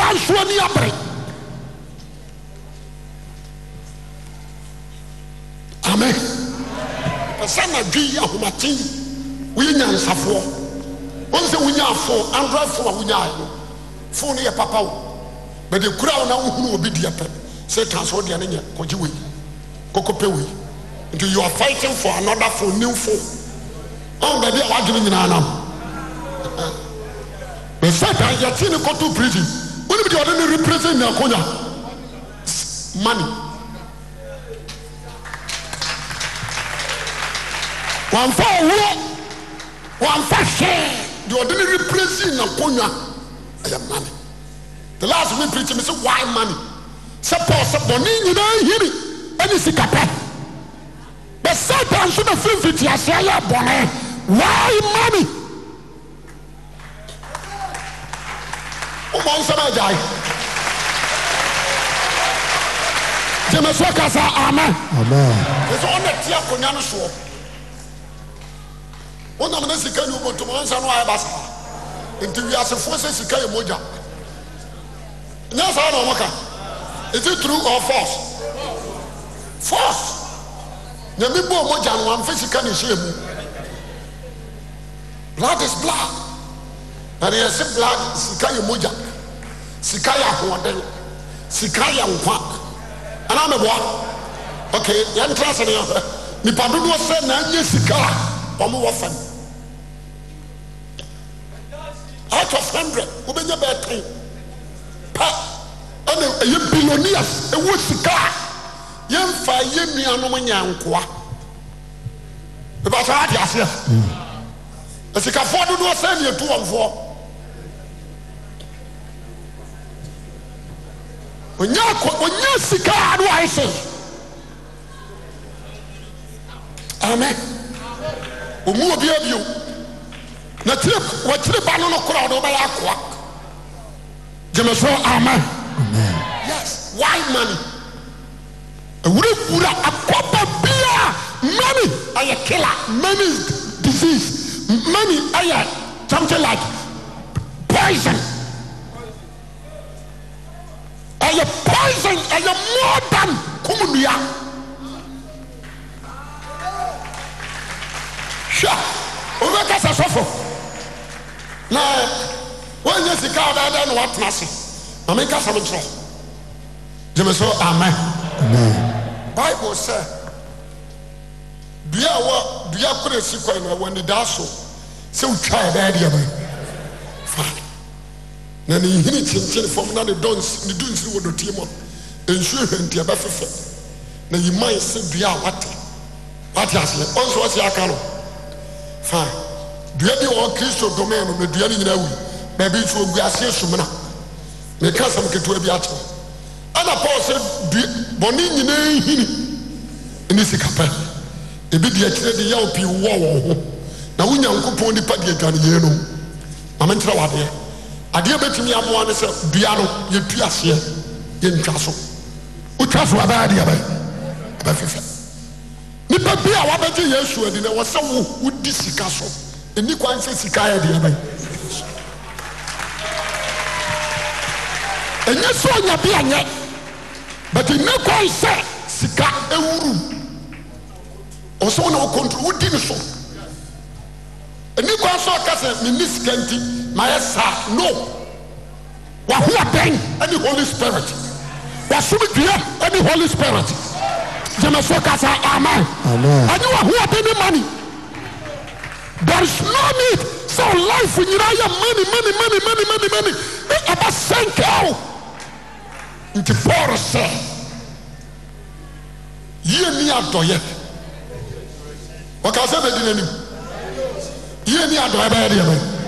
biara nso ani abere amen ɛsɛ anadwo yi ahomaten woyɛ nyansafoɔ wɔn sɛ wonya afo android phone a wonya ayɛ no phone no yɛ papa wo bɛde kura wo na wohunu obi deɛ pɛ sɛ transfer deɛ no nyɛ kɔgye wei kɔkɔpɛ wei nti you are fighting for another phone new phone ɔn baabi a wadwene nyinaa nam bɛsɛ ta yɛte ne kɔto prison wonem de ɔde ne represinakonua mone wamfa ɔwuro wamfahwɛɛ deɛ ɔde ne represin nnakongua ɛyɛ mane de last we pritim sɛ wi mone sɛ pau sɛ bɔne nyinaa hini anɛ sikapɛ bɛsɛipa so no fimfitiasea yɛ ɔbɔne mone wobɔ nsɛm agyae gyeme so kasa ama ɛ sɛ ɔna te akonnwa no soɔ wonam ne sika ne wobɔntom ɔnsa no ayɛ basaa nti wiasefoɔ sɛ sika yɛ mogya nyɛ saa na ɔmo ka is it true or false false nyame bɔɔ mogya no wamfa sika ne hyɛɛ mu blood is blood ɛneyɛse blak sika yɛ mɔgya sika yɛ ahoɔden sika yɛ nkwa ɛna mɛboa ok yɛntra sɛneɛɛ nnipa dodoɔ sɛ naanyɛ sika a fɔ mowɔ fɛm out of 100red wobɛnya bɛɛten pa ɛne ɛyɛ bilonius ɛwɔ sika a yɛmfa yɛ nnuanom yɛ nkoa ɛbɛsarade ase ɛ mm. asikafoɔ donoɔ sɛ ane ɛtoɔnfoɔ ɔnya sikadaisɛ ame omoabiabio nawakirɛ banono kʋrade wobɛyɛakoa gemɛ sɛ ama wy mone ɛwurogura akɔba bia man ayɛ kila many disease mone ayɛ sumtin like poison ɛyɛ poison ɛyɛ more than kum nua hwɛ obɛkasa sɔfo na woanya sika adaadaa na woatena ase ma menkasa me nkyerɛ gyeme so amen bible sɛ dua a wɔ dua kora si kwan na wɔanidaa so sɛ wotwa ɛbɛyɛ deɛ bɛ fine na ne nhini kyenkyen fam na ne dɔns ne dunsini wɔ dɔteɛ mu a nsuo hwɛnti ɛbɛfefɛ na yi man sɛ dua a wate wate aseɛ ɔnso ɔsi aka no fine dua bi wɔ kristo domain no na dua no nyinaa wuli baabi nso ogu aseɛ sumina na ɛka asɛm ketewa bi akyerɛ ɛna paul sɛ dua bɔnne nyinaa nhini ne sika pɛ ebi deɛ kyerɛ de yaw pii wɔ wɔn ho na wo nyankopɔn nipa deɛ dwaneyɛ no maame nkyerɛ wadeɛ. adeɛ bɛtumi amoa no sɛ dua no yɛtuaseɛ yɛntwa so wotwa so abayadeɛ bɛ bɛffi nnipa bi a woabɛgye yɛasuadi na wɔ sɛ wo wodi sika so nnikwan sɛ sika ɛdeɛ bɛ ɛnyɛ sɛɔnya bi anyɛ bɛt nni kwan sɛ sika awuru ɔ sɛ wo ne okonto wodi ne so ani kwan sɛ ɔka sɛ menni sika nti na yɛ sa no waho a bɛn any holy spirit wasomegiɛ any holy spirit zɛme so ka sa aman anye wahoa bɛne many there is no ned sɛ life wyira ayɛ m abɛ sɛnkɛo nti pɔr sɛ yieni adɔyɛ aka sɛ medinnim yieni adɔyɛbɛyɛdeyɛmɛ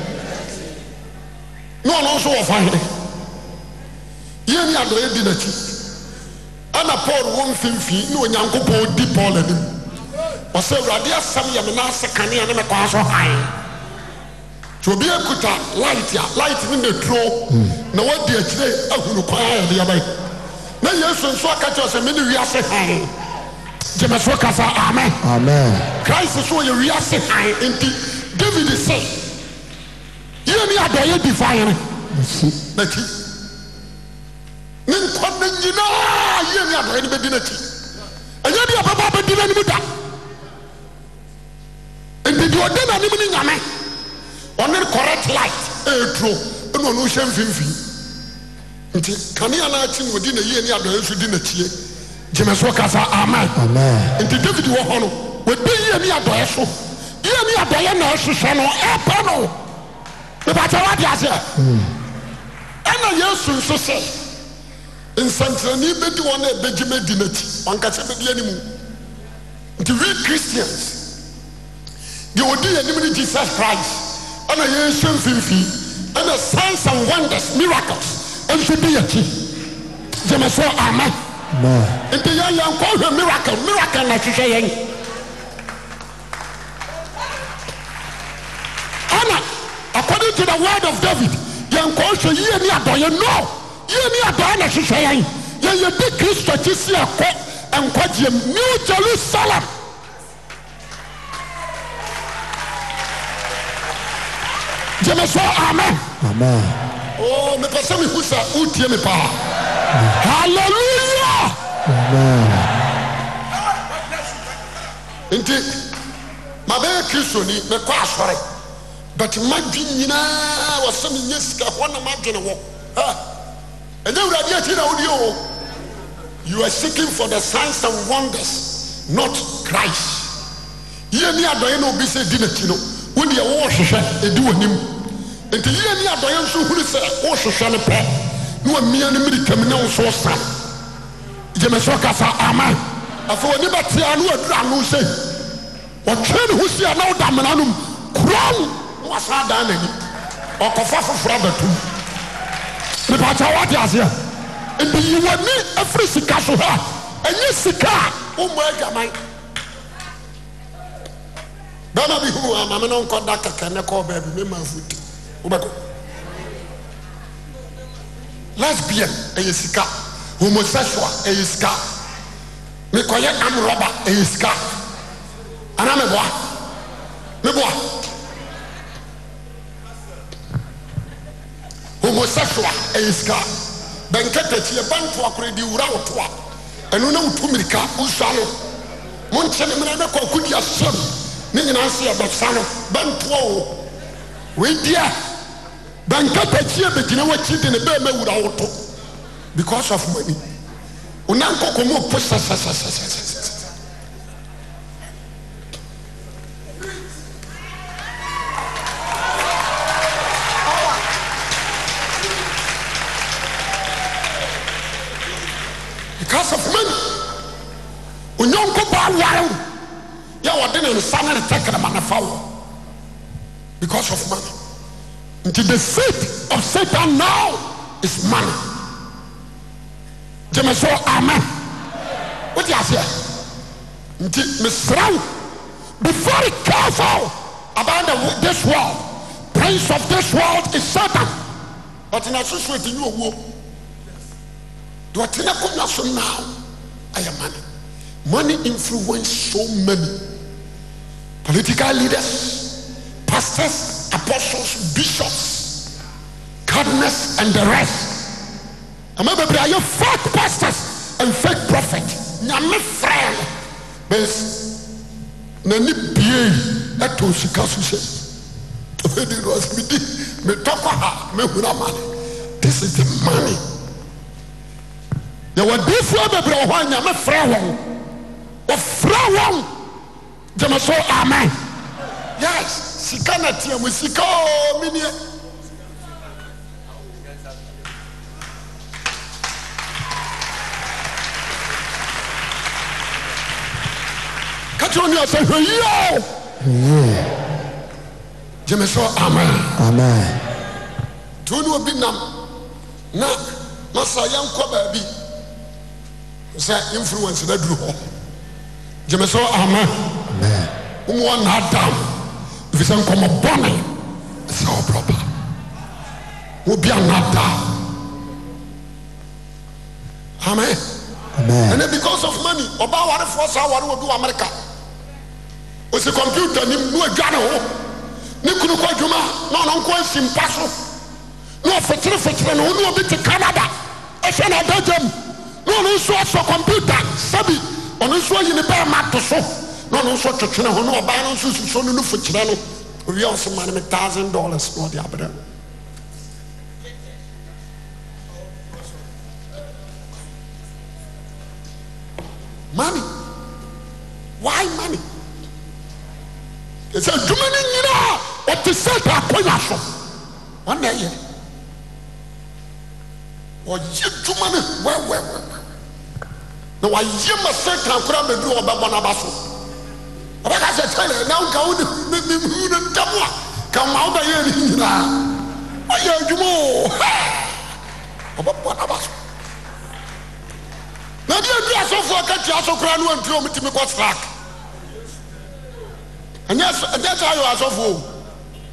ne ɔno nso wɔ fa hene yɛni adrɔɛdi nakyi ana paul wɔn finimfii ne onyankopɔn di paul adim ɔ sɛ awuradeɛ asɛm yɛ me na asekanea ne mɛkɔa so ae tyɛ ɔbi ɛkuta ligt a light ne dɛturo na woadi akyirɛ ahunukwa ayɛdeɛbɛe na yesu nso ka kyerɛ ɔ sɛmene wiase hae kyemɛso kasa ame christ so wɔyɛ wiase hae nti david se yie mi adɔyɛ di fa yɛrɛ n'akyi ne nkwa ne nyinaa yie mi adɔyɛ ni bɛ di n'akyi ɛnyɛ bi ɔbɛbɔ bɛ di n'anim da ndidi ɔde n'anim ni nyame ɔne correct light ɛɛturo eh, ɛna ɔno hyɛ mfimfin nti kanea n'akyi na odi na yie ni adɔyɛ nso di n'akyie jẹmẹsọ kasa amen nti david wɔ hɔ no wɔde eh, yie ni adɔyɛ so yie ni adɔyɛ na ɛhyehyɛ no ɛɛpɛ no ìbàjẹ́ wa di aseɛ ɛna hmm. yesu nso sɛ nsɛnkyerɛni bɛ di wɔn a ɛbɛgye mɛ di n'akyi wankasa bɛ di mu. nti real christians deɛ odi yɛn anim ne jesus christ ɛna yɛn hyɛ mfimfini ɛna signs and wonders miracles nso di yɛn akyi gyeme so amen nti yɛn yɛn kɔ hwɛ miracle miracle na hwehwɛ yɛn ɛna. yɛnkɔ hwɛ ieniadɔeɛ no yieni adɔɛ na hwehwɛ ɛn yɛyɛde kristo akyisiakɔ nk gyeɛ me jerusalem gye meso amnpɛ sɛmehu sa wori e pnti mabɛyɛ kristoni mekɔ asɔr but madwe nyinaa wɔsɛne nyɛ sika hɔ ne madwene wɔ ɛnyɛ awurade ati na wodu hɔ you are sieking for the sciens and wonders not christ yiani adɔe no wobi sɛ di noti no wodiɛ ɛwowɔ hwehwɛ ɛdi 'anim nti yiani adɔe nso huru sɛ worɔhwehwɛ no pɛ ne wamia no mirekaminew nso wosano gyama sɛ kasa aman afo 'ani ɛtea no w aduruano sɛ wɔtwe ne ho siana woda mena nomu kuro wasa dan n'ani ɔkɔfa foforɔ abɛto mu nipakyɛ wate aseɛ nti yiwani afiri sika so hɔ a ɛnyɛ sika a wɔmmɔ adwaman bɛma bi huu a mame no nkɔda kɛkɛ ne kɔɔ baabi mema afuti wobɛkɔ lesbian ɛyɛ sika homosexual ɛyɛ sika mekɔyɛ amrɔba ɛyɛ sika anaa meboa meboa woho sɛ so a ayisika bɛnkɛtakyiɛ bɛntoakorade wura woto a ɛno na woto mmirika wosuano monkyɛ ne mena bɛ kɔɔkoduasɛm ne nyina nsɛ yɛbɛsa no bɛntoa o woidia bɛnkɛ takyie bɛgyina woakyide ne bɛa ma wura woto because of moni wonankɔkɔmɔ ɔpo sɛsa because of money. Until the faith of Satan now is money. Jẹ́mi sọ amen. Wọ́n ti àṣẹ. Nti mesraw be very careful about the, this world. Prince of this world is Satan. But in a situation, in your Deɛ do I kó na so now am money. Money influence so many political leaders. pastes apostles bisops cardness and dhe res ama babree yɛ fik pasters and fik prophet nyame frɛɛ no b nanibie tɔ sika so sɛ mɛdinsmedi metɔkɔ ha mehuna man disisde mane yɛwɔdesoa babre wɔ hɔa nyame frɛ wɔn ɔfrɛ wɔn gyeme so ame yes sika nateɛm sika o miniɛ e. kakyɛ niasɛ hwɛyi gyemesɛ ama tu ne wobinam na masa yɛnkɔ baabi sɛ influense ne duru hɔ gyemesɛ ama womoɔnaadam efisɛ nkɔmɔ bɔne ɛsɛ ɔbrɔba wobi anada amen ɛnɛ because of money ɔba awarefoɔ saa aware wɔ bi wɔ amerika osi kɔmpiuta nim ne adwa ne ho ne kunu kɔ adwuma na ɔno nkɔ asi mpa so na ɔfekyerefekyere ne ho ne obi te canada ɛhwɛ ne adagya mu na ɔno nso asɔ kɔmpiuta sabi ɔno nso ayi ne bɛɛ ma to so no no nso ɔtwetwena ho ne ɔbaa no nso susuo no no fo kyerɛ no ɔwie ɔ somane me tousand dollars naɔde abeɛ o mone y mone ɛsɛ adwuma no nyinaa ɔte seta akɔnya sɔ ɔnɛ yɛ ɔyɛ dwuma ne www na wayɛ ma sɛnkan kora baabire a ɔbɛbɔ no aba so ɔbɛka sɛ sɛre na woka wode ni no ntam a ka ma wobɛyɛ ne nyinaa woyɛ adwuma o ɔbɛbɔ naba so na deɛ bi asɔfoɔ ka tua so koraa ne wantiri ɔmtumi kɔ strak ɛnyɛ sɛ ayɛ asɔfoɔ o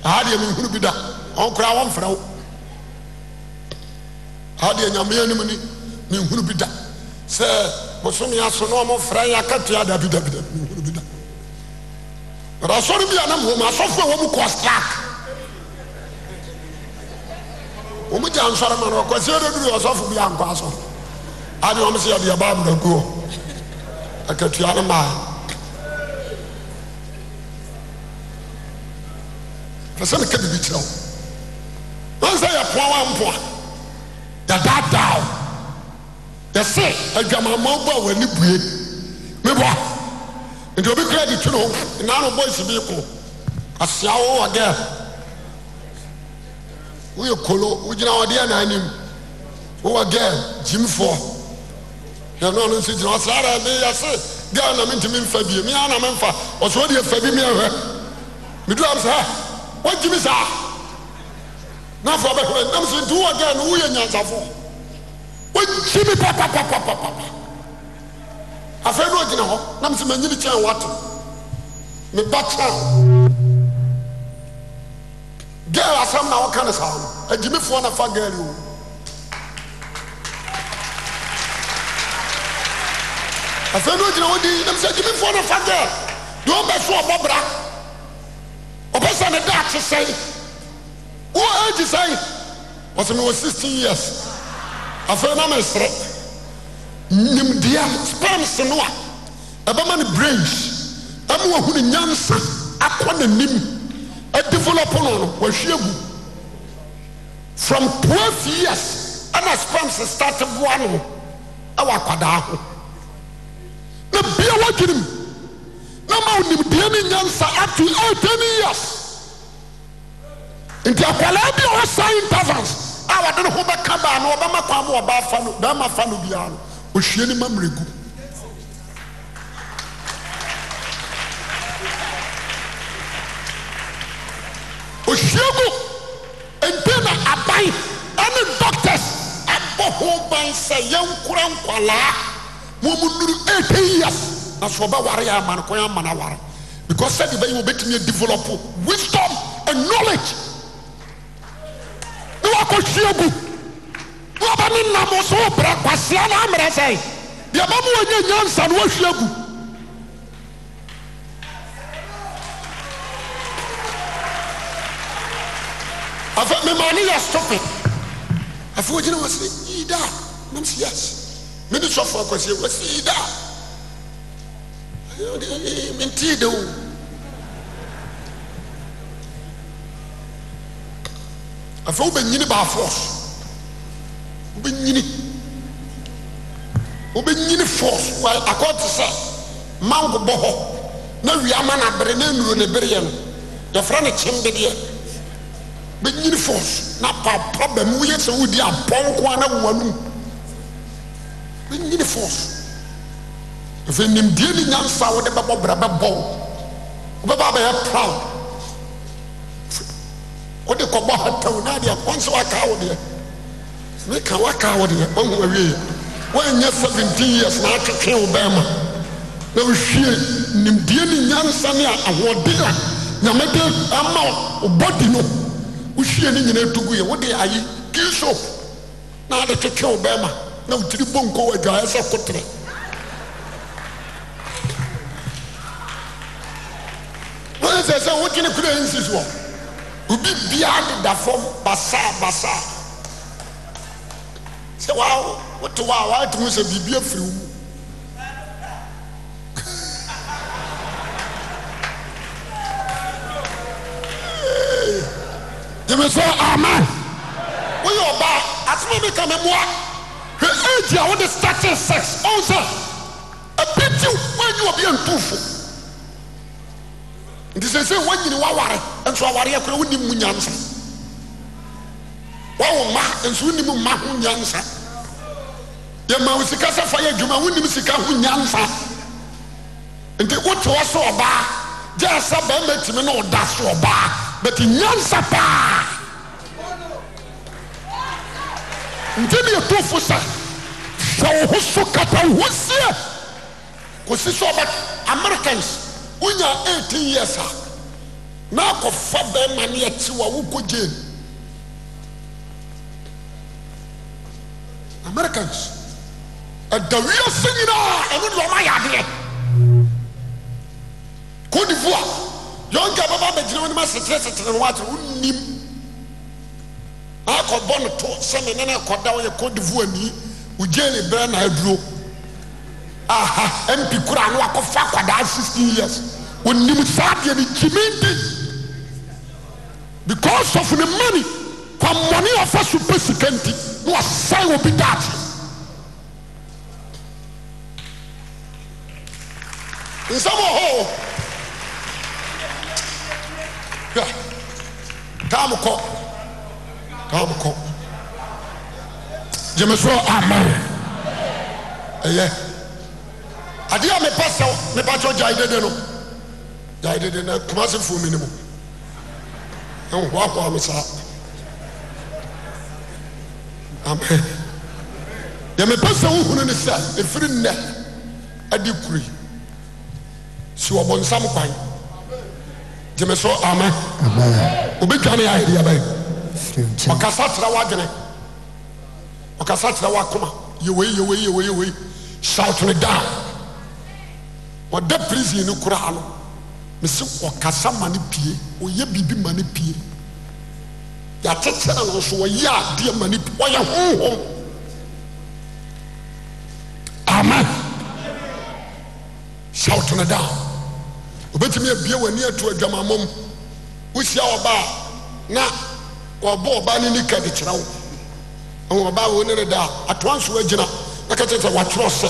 aha deɛ menhunu bi da ɔnkoraa wɔmfrɛ wo aha deɛ nyame anim ne menhunu bi da sɛ bosome aso ne ɔmfrɛ yɛ akatua dabidabidabi but asɔre bi a nam wɔm asɔfo a wɔn kɔ stark wɔn gya nsɔre ma no kwasi ɛdɛduru asɔfo bi ankɔ asɔ ani wɔn si yɛde ɛbaa mu naguo akatua no maa pɛsɛ ne ka bibi kyerɛw wɔn sɛ yɛ poa wa mpoa yɛdaadaa yɛsɛ adwamamaw bɔ a wɔn ani bue mebɔ. nti wobi kurade twi ne ho nna no bɔ sibiko asea wowɔ ga woyɛ kolo wogyina wɔdeɛ na anim wowɔ gɛ gyimfoɔ neno nsigyina ɔseadaeyɛ se gal na mentimemfa bie meana memfa ɔsɛ wɔde afa bi meahɛ meduua m sɛ wogyimi saa nafo bɛhɛ m so nti wowɔ ga no woyɛ nyansafo wokyimi pa afei no ogyina hɔ nam sɛ manyini kyɛn wato meba kyɛn girl asɛm na wɔka ne saa no agyimifoɔ na fa girl o afei no ogyina hɔ di nam sɛ agyimifoɔ na fa girl deɛ ɔbɛ so ɔbɔ bra ɔbɛ sɛ ne daakye sɛn wo age sɛn ɔsɛ mewɔ 16 years afei na mesere nimdea spɛms no a ɛbɛma no brance ɛma woahuno nyansa akɔ nenim adifelɔpono no wahweabu from 12 years ana spams starte boa no ho ɛwɔ akwadaa ho na bia w'adwenem na mawonimdeɛ ne nyansa ato 8n years nti akwadaa bia hɔ scint avance a wɔde ne ho bɛka baa no ɔbɛma kwan ma wɔ bɛfanobɛama fa no bia no n ɛg h gu ntina aban ɛne doctars abɔhɔ bansɛ yɛnkora nkwalaa womnur 8 years na sɛ ɔbɛware yɛmano koyɛmane aware because sɛdevaye wɔbɛtumiadevelopo wisdom and knowledge ne wakɔ hg woba mi nnamosow brɛ kwaseɛ no amrɛ sɛ diɛ bɛ mo waanyanyansa no wahwabufema neyɛ sop af wagyina wsɛ yda nos mene sfoksɛ wsɛyida nte d wo af wobɛnyini bafos ɛwɛii fors akɔte sɛ ma wo bɔbɔ hɔ na wiama no bere na ɛnuone bereɛ no yɛfra no kyem bereɛ bɛyini fors na pa probem woyɛsɛ wodi abɔw ko ana wanom bɛyini fors ɛf nideɛ ne nyansa wode bɛbɔ brɛ bɛbɔ w wobɛbɛ a bɛyɛ pra wode kɔbɔ aao nadeɛkɔsɛ wka wodeɛ meka waka wo deɛ awie woanyɛ 17 years na atwetwe wo na wohwie nimdeɛ ne nyansa ne a ahoɔden a nyame ama wo no wohwie ne nyina atugu yɛ wode ayi gii na ade twetwe wo na wotiri bɔ nkɔ wɔ adwaeɛ sɛ kotere wone obi sɛ waa wote waa waa ti ho sɛ biribi afiri wo mu dèmí sọ amen wọ́n yẹ ọba asọ́mọ́ mi kà mí mu a hẹ éèjì àwọn de starting sex ọ̀hún sẹ ẹbí tí wọ́n yẹ ọbí yẹn ntúfò ntisese wọ́n nyini wá wàrẹ̀ ẹ̀ nsọ́ wàrẹ̀ yẹ kúrẹ́ wọ́n ní mu nyansa. wowo ma nso wonim mma ho nyansa yɛma wo sika sɛ fa yɛ adwuma wonim sika ho nyansa nti wotewo soɔbaa gyaa sɛ baima timi no woda soɔbaa but nyansa paa nti ne yɛtoofo sɛ sɛ wo ho so kata wo ho sie kɔsi sɛ ɔba americans wonya 18 yeas a na kɔfa baima no yɛtewa wokɔgyen americans ɛdawiase nyinaa ɛno deɛ ɔma yɛ adeɛ kodifo a yɔnka bɛba bɛgyina wɔn aseteresetere no wakyerɛ wonnim akɔbɔ no to sɛne ne no ɛkɔda woyɛ kodifo ani wogye ne berɛ na aduro aha mp kura no akɔfa akwadaa 16 years onim saa deɛ ne gyimindi because of ne money kwammɔne ɔfa so pɛ sika nti na wɔsɛn obi daakye nsɛm ɔhɔ hwɛ taam kɔ taam kɔ gyeme so amen ɛyɛ adeɛ a mepɛ sɛ mepɛ kyɛ gyae dede no gyae dede na kumasi fuo mi ni mu ɛnhoahoa me saa yɛmepɛ sɛ wohunu ne sɛ ɛfiri nnɛ adi kurei si wɔbo nsam kwan deme so ama ɔbɛdwane ɛereabɛɛ ɔkasa kyerɛ wagene ɔkasa kyerɛ wakoma yeiiiei syawtone daa ɔda prisin no koraa no mese ɔkasa ma ne pie ɔyɛ biribi ma ne pie yɛatetena no nso wɔyɛ adeɛ ma nip wɔyɛ honhom ama shout no down wobɛtumi abie w'ani ato adwamammɔ mu wohyia ɔba a na wɔbɔ ɔba ne nika de kyerɛ wo ɛwɔ ɔba a wɔne ne da a atoa nso agyina na ka kyerɛ sɛ wɔatwerɛ sɛ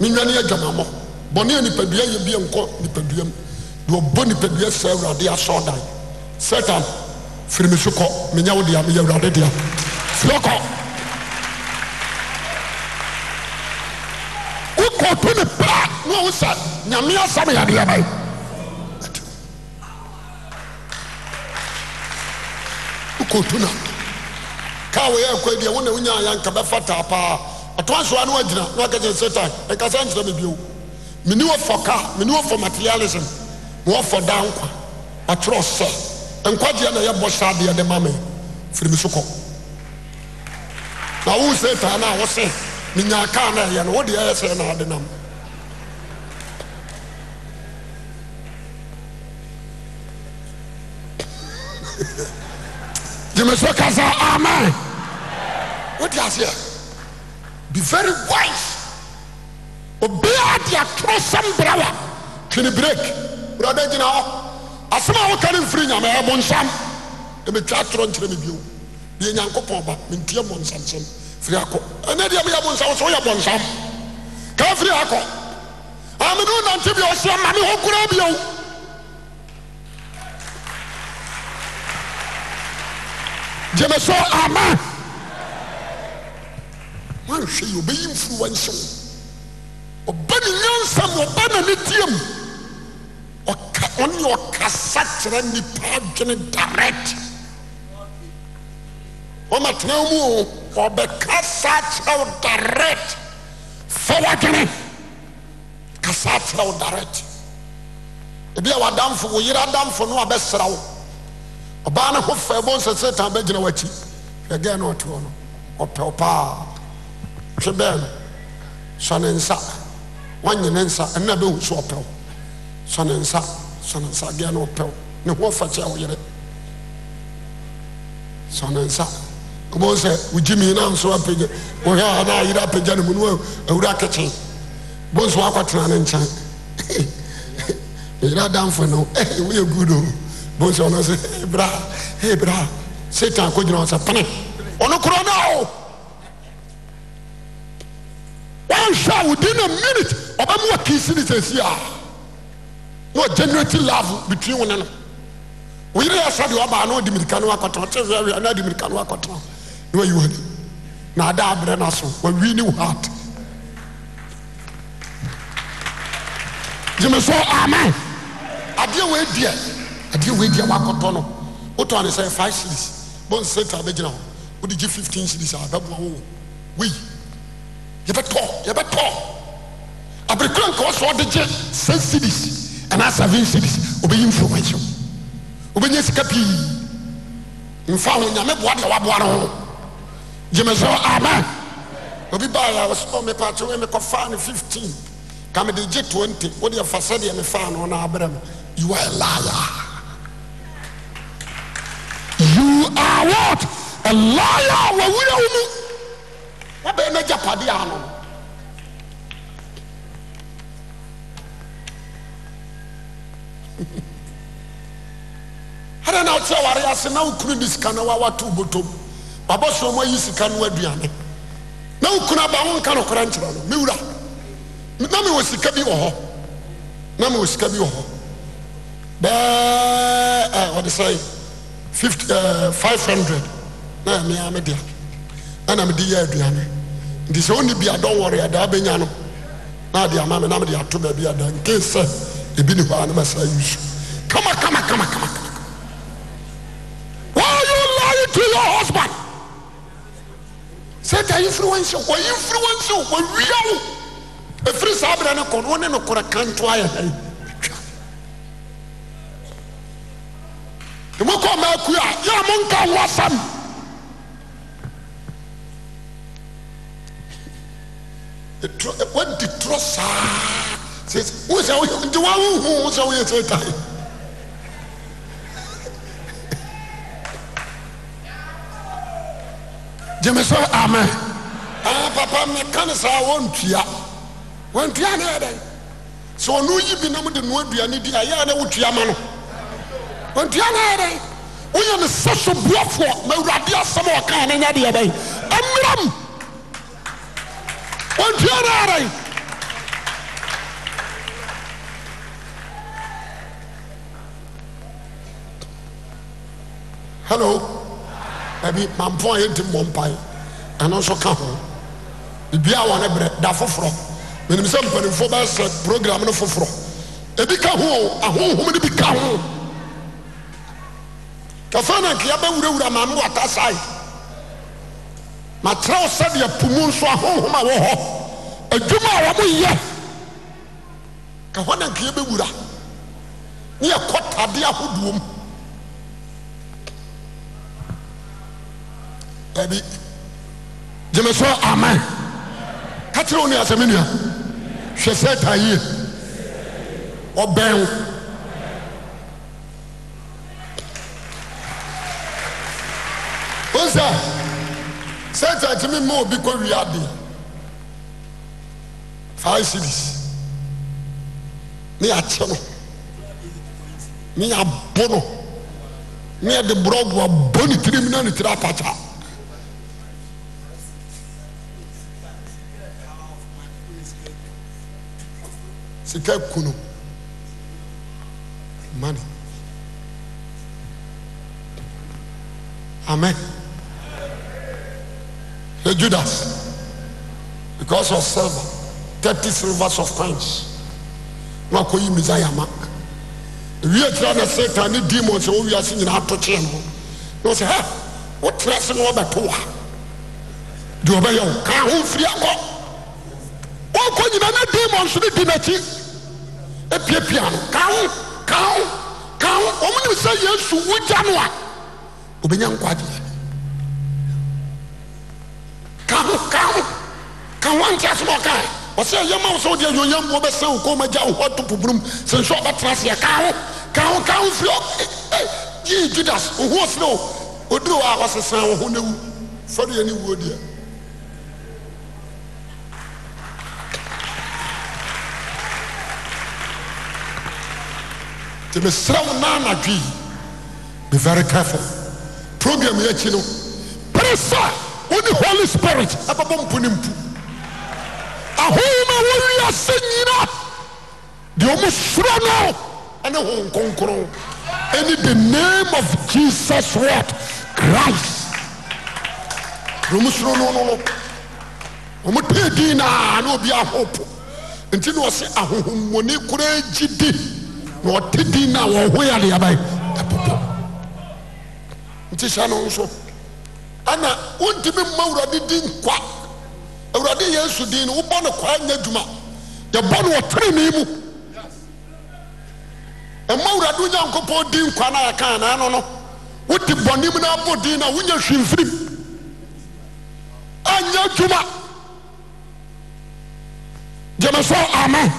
menwane adwamammɔ bɔne a nipadua yɛ bia nkɔ nipadua mu deɛ ɔbɔ nipadua sɛ awurade asɔɔdan satan firi mi so kɔ menya wo dea meyɛ awurade dea firi kɔ wokɔto ne pra ne ɔwo sɛ nyame asɛm yɛdeɛ bae wokɔto na kaa wɔyɛ akwa deɛ wo na wonyaa yɛ nka bɛfa taa paa ɔtoa soa ne wagyina ne wakɛgye satan ɛnkasa nkyerɛ me bio mene wɔfɔ ka mene materialism na wɔfɔ daa nkwa atwerɛ sɛ nkwagyeɛ na yɛbɔ hyɛ adeɛ de ma me firi mi so kɔ na wo seetan no a wo se kaa no ɛyɛ no wode ɛyɛ sɛ na ade nam gyeme ka sɛ amen wode aseɛ be very wise obiaa de atorɔ sɛm brɛ wa twene break wurade gyina hɔ asɛm a woka ne mfiri nyame ɛbonsam ɛmɛtwa atorɔ nkyerɛ me bio deɛ nyankopɔn ba mentie bɔnsamsɛm firi akɔ ɛnɛ deɛ meyɛ bonsam wo sɛ woyɛ bɔnsam kaa firi akɔ amene wo bia ɔsɛ ma me hɔ koraa bio gyeme so ama woanhwɛ yi ɔbɛyi mfuru wanhye wo ɔba ne nyansam ɔba na ne tie ɔnneɛ ɔkasa kyerɛ nnipa adwene direct oma tenawo muo ɔbɛka saa kyerɛ wo diret fa wadwene kasa kyerɛ wo direct ebia w'adamfo wo yere adamfo no a bɛsra wo ɔbaa ne ho fɛ bɔsɛ setan bɛgyina woaki hw gae ne ɔte hɔ no ɔpɛw paa twe bɛɛ no sɔne nsa woanyene nsa ɛna bɛhu so ɔpɛw sne nsa sne nsa d ne wopɛw ne ho ɔfakɛ wo yere sne nsa ɛoye paan munwueke bowteae nknyeɛdamnooyɛɔn satan kgyinao sɛ pee ɔno korɔ no o onhwɛodina minut ɔmamo wakisi ne sɛsi a wọ́n generate love between wọn nínú wọ́n yẹ́rẹ́ ẹ̀sọ́ de ọba àná ọ̀dìmìrìkà ni wọ́n akọ̀tọ̀ ọ̀tí ẹ̀sọ́ ẹ̀rẹ́ ẹ̀ná ọ̀dìmìrìkà ni wọ́n akọ̀tọ̀ ni wọ́n yí wọn ni na adá abẹ́rẹ́ náà so wọ́n wí ní heart jìmì sọ amen adeɛ wo ediɛ adeɛ wo ediɛ wakɔtɔ no wotɔ anisɛ five series bɔn sèta abɛgyina hɔ wodi gye fifteen series a abɛboa wo wei yɛbɛtɔ yɛbɛtɔ abirikura nkɔsɔ ɔde gye six series anaa seven cities obɛyi mfuom akyi obɛnya sika pii mfa ho nyame boa deɛ waboa no ho gyeme so amen obi baayɛ a wɔsɛ mepaakyɛ wei mekɔfaa no 15 ka mede gye 20 wodeɛ fa sɛdeɛ mefaa no na abrɛ m you are a liar you are what a liar wawura wo mu wabɛyɛ no agyapadeɛ ano adɛ na ɔterɛ ware ase na wokunu ni sika no wawoato obotɔm babɔ so m ayi sika noaduane na wokuna ba wonka nokora nkyerɛ no mewura na mewɔ sika bi ɔhɔmɔ sika bi ɔ hɔ ɛɛ ɔde eh, eh, sɛ 500 ɛeaɛnayɛ nisɛ onnbiaadaadɛɔs ma killyo husband sɛtaimfriwɛ imfriwansɛw ɔ wiawo ɛfiri saa bra ne kɔno o ne no korɔ kanta yɛ mokɔmaku a yɛ monkawa samn trɔ saantwoohuwo sɛwoyɛ sɛt gyeme Amen. amɛ ah, papa meka ne saa wɔntua wɔntua ne ɛdɛn sɛ ɔno yi bi nam de noa aduane di a yɛa ne wotua ma no wɔntua ne ɛdɛn woyɛ ne sɛ so buafoɔ ma na asɛm a ɔkaa ne nyɛ deɛ bɛn ɛmmeram wɔntua ne ɛdɛn hello baabi mampo a yɛntim mmɔ mpae ɛno nso ka ho bibia wɔ ne berɛ da foforɔ menim sɛ mpanimfoɔ bɛsɛ program no foforɔ ebi ka ho ahohom no bi ka ho kɛfa na nkea bɛwurawura maame wata sae matrɛw sɛdeɛ po mu nso ahohom a wɔ hɔ adwuma a wɔmoyɛ ɛhɔ na nkea bɛwura ne yɛkɔ tadeɛ ahodoɔ mu dabi gyeme amen ka kyerɛ wo ne asɛm nua hwɛ sɛ ta yie ɔbɛn wo wo sɛ sɛta tumi ma obi kɔ wie adeɛ five cities ne yɛakye no ne yɛabo no ne yɛde borɔgo abɔ ne tirim na ne tiri apakyaa sika kunu money amen hey judas because of silver thirty silvers of coins na akɔyi mizaya ma ewie tira na satan ne demons a wɔwia se nyinaa ato kyeɛ no na ɔsɛ ha wotena se na ɔbɛto wa deɛ ɔbɛyɛ wo kaa ho mfiri akɔ wɔnkɔ nyina na demons no di n'akyi apiapia no ka ho ka ho ka ho wɔmonim sɛ yesu wogya no a obɛnya nkwadeɛ ka ho ka ho ka ho ante asɛm ɔkae ɔsɛ ɛyɛ ma wo sɛ wode anuonyam boɔ bɛsɛ wo kɔm agya wo hɔ to poburum sɛ nso ɔbɛtena aseɛ ka ho ka ho ka ho firi eh, eh, gyee judas wo ho ɔsene o ɔduro a wɔsesena wo ho no wu fɔre yɛ ne wuo ti mesrɛw naanadwei be very careful program yɛakyi no pere sɛ wone holy spirit ɛbɛbɔ mpo ne mpu ahohona wowiasɛ nyina deɛ ɔmu sorono ne hohom kronkron ɛni the nam of jesus wod christ de ɔmusurono no no ɔmotɛ dinnaa na obiahopo nti ne ɔse ahonhommmɔne koraa agyidi na ɔte din na wɔn ho yɛ adeaba ɛpopɔ nti hyɛ no nso ɛna wontumi mma awurade din kwa awurade yesu din no wobɔ no kwa nyɛ adwuma yɛbɔ no ɔtenene mu ɛma awurade onyankopɔn din kwa no a yɛka anaa no no wote bɔnem no abɔ din no a wonya hwimfirim anyɛ adwuma gyeme amen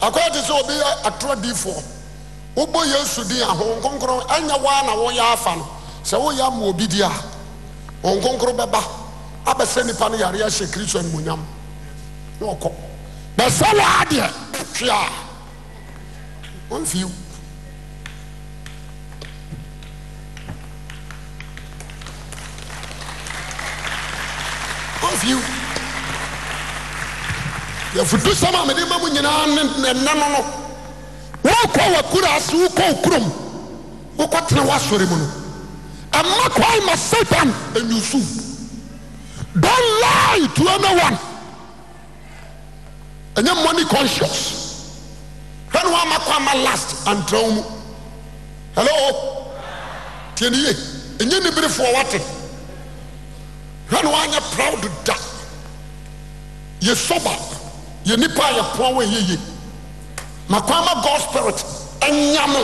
akwaa te sɛ obɛyɛ atorɔdiifoɔ wobɔ yesu din a honhom kronkron ɛnyɛ woa na woyɛ afa no sɛ woyɛ ama obi di a honhom kronkron bɛba abɛsɛ nnipa no yare ahyɛ kristo animonyam ne ɔkɔ bɛ sɛ woa deɛ hwe a wɔmfiw wɔmfiw yɛfudusɛm mede ma mu nyinaa ne nɛɛnanono wo kɔ wakuraase wokɔo kurom wokɔtena woasɔre mu no amakwan ma satan anwuso don li toamɛ on ɛnyɛ mɔni constiense hwɛn woama kwa ma last antraw mu helo tiani ye ɛnyɛ neberɛfoɔ wate hwɛn woanyɛ proude da yɛ so ba yɛ nnipa a yɛ poa wa ɛyeye makwa ma god spirit ɛnyamo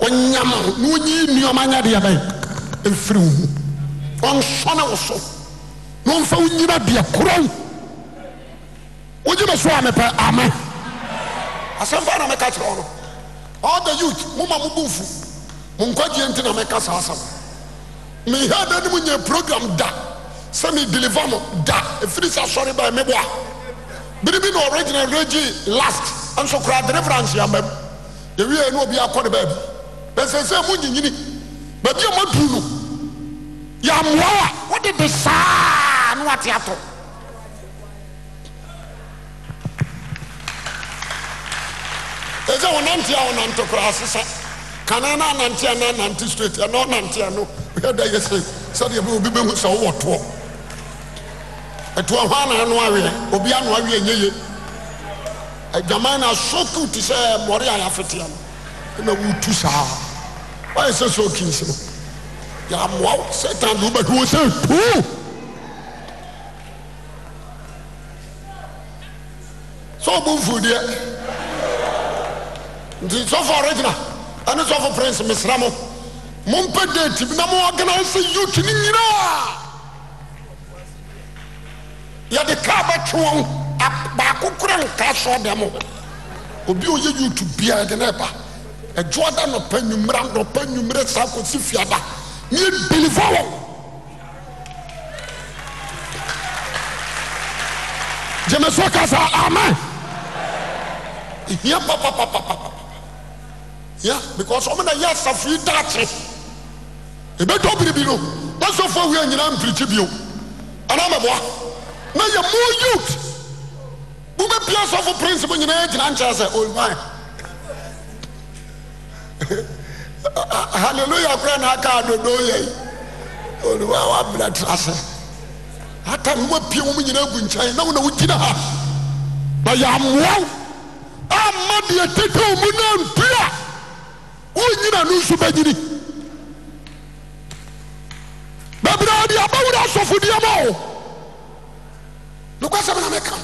ɔnyamo ne wɔnyi nnuɔma anyadeadɛn mfiri wo hu ɔnsɔne wo so ne ɔmfa wo nyina bia kuron wogyemɛso a mɛpɛ amɛ asɛmfa na mɛka kyerɛ wo no al the youth moma mobumfu monkwadiɛ nti na mɛka sawasa m meha dɛ no munya program da sɛ mediliva no da ɛfiri sɛ asɔre ba mɛboa biri bi na original regi last nso kura deliverance yam bɛm ewie na obi akɔ ne baabi bɛsɛsɛ mu nyinyini baabi a mo atu no yamuwa wa wɔde de saa na wate ato. ɛsɛ wɔnante a wɔnante koraa sesa kane na anante a na anante straight ɛna ɔnante a no yɛda yɛ sɛ sɛdeɛ bɛ obi bɛhu sɛ wowɔ toɔ atahɔ nanoaweɛ obi anoaweɛ nyɛye agwaman na so to te sɛ mmɔre ayɛafitea m na wutu saa wayɛ sɛ sɔkinsi m yaamoawo sɛ tradowobakiwo sɛ tuu sɛ ɔbo mfuu deɛ nti sɔfo ɔre gyina ɛne sɔfo prinse mesra mo mompɛ da tim na moɔkenasɛ yokini nyinaa yɛde kaa bɛtwo wɔn bɛakokora nka sɔɔ bɛmo obi oyɛyirtu biaa gene ɛba adwoada nɔpa nwumira nɔpa nwumirɛ saa kɔsi fiada miɛbilifo wɔ gyemeso ka sa amen hia pa hia because ɔmɛna yɛ asafoi da ate ɛbɛdɔ biribi no na sɛfo ahia nyinaa mpirikyi bio anaa mɛboa nɛ yɛ mo yot womɛpia asɔfo prinsiple nyina yɛ gyina nkyɛɛ sɛ oma haleloya kora na aka a dɔdoɔ yɛ ou woabrɛ tra sɛ ata womapie womu nyina agu nkyae na wona wogyina ha na yɛ amoa ama deɛ tete wo munantua wonyina no nso banyini bɛberɛwadeɛ abawora asɔfo diɔm o nokwasɛm na meka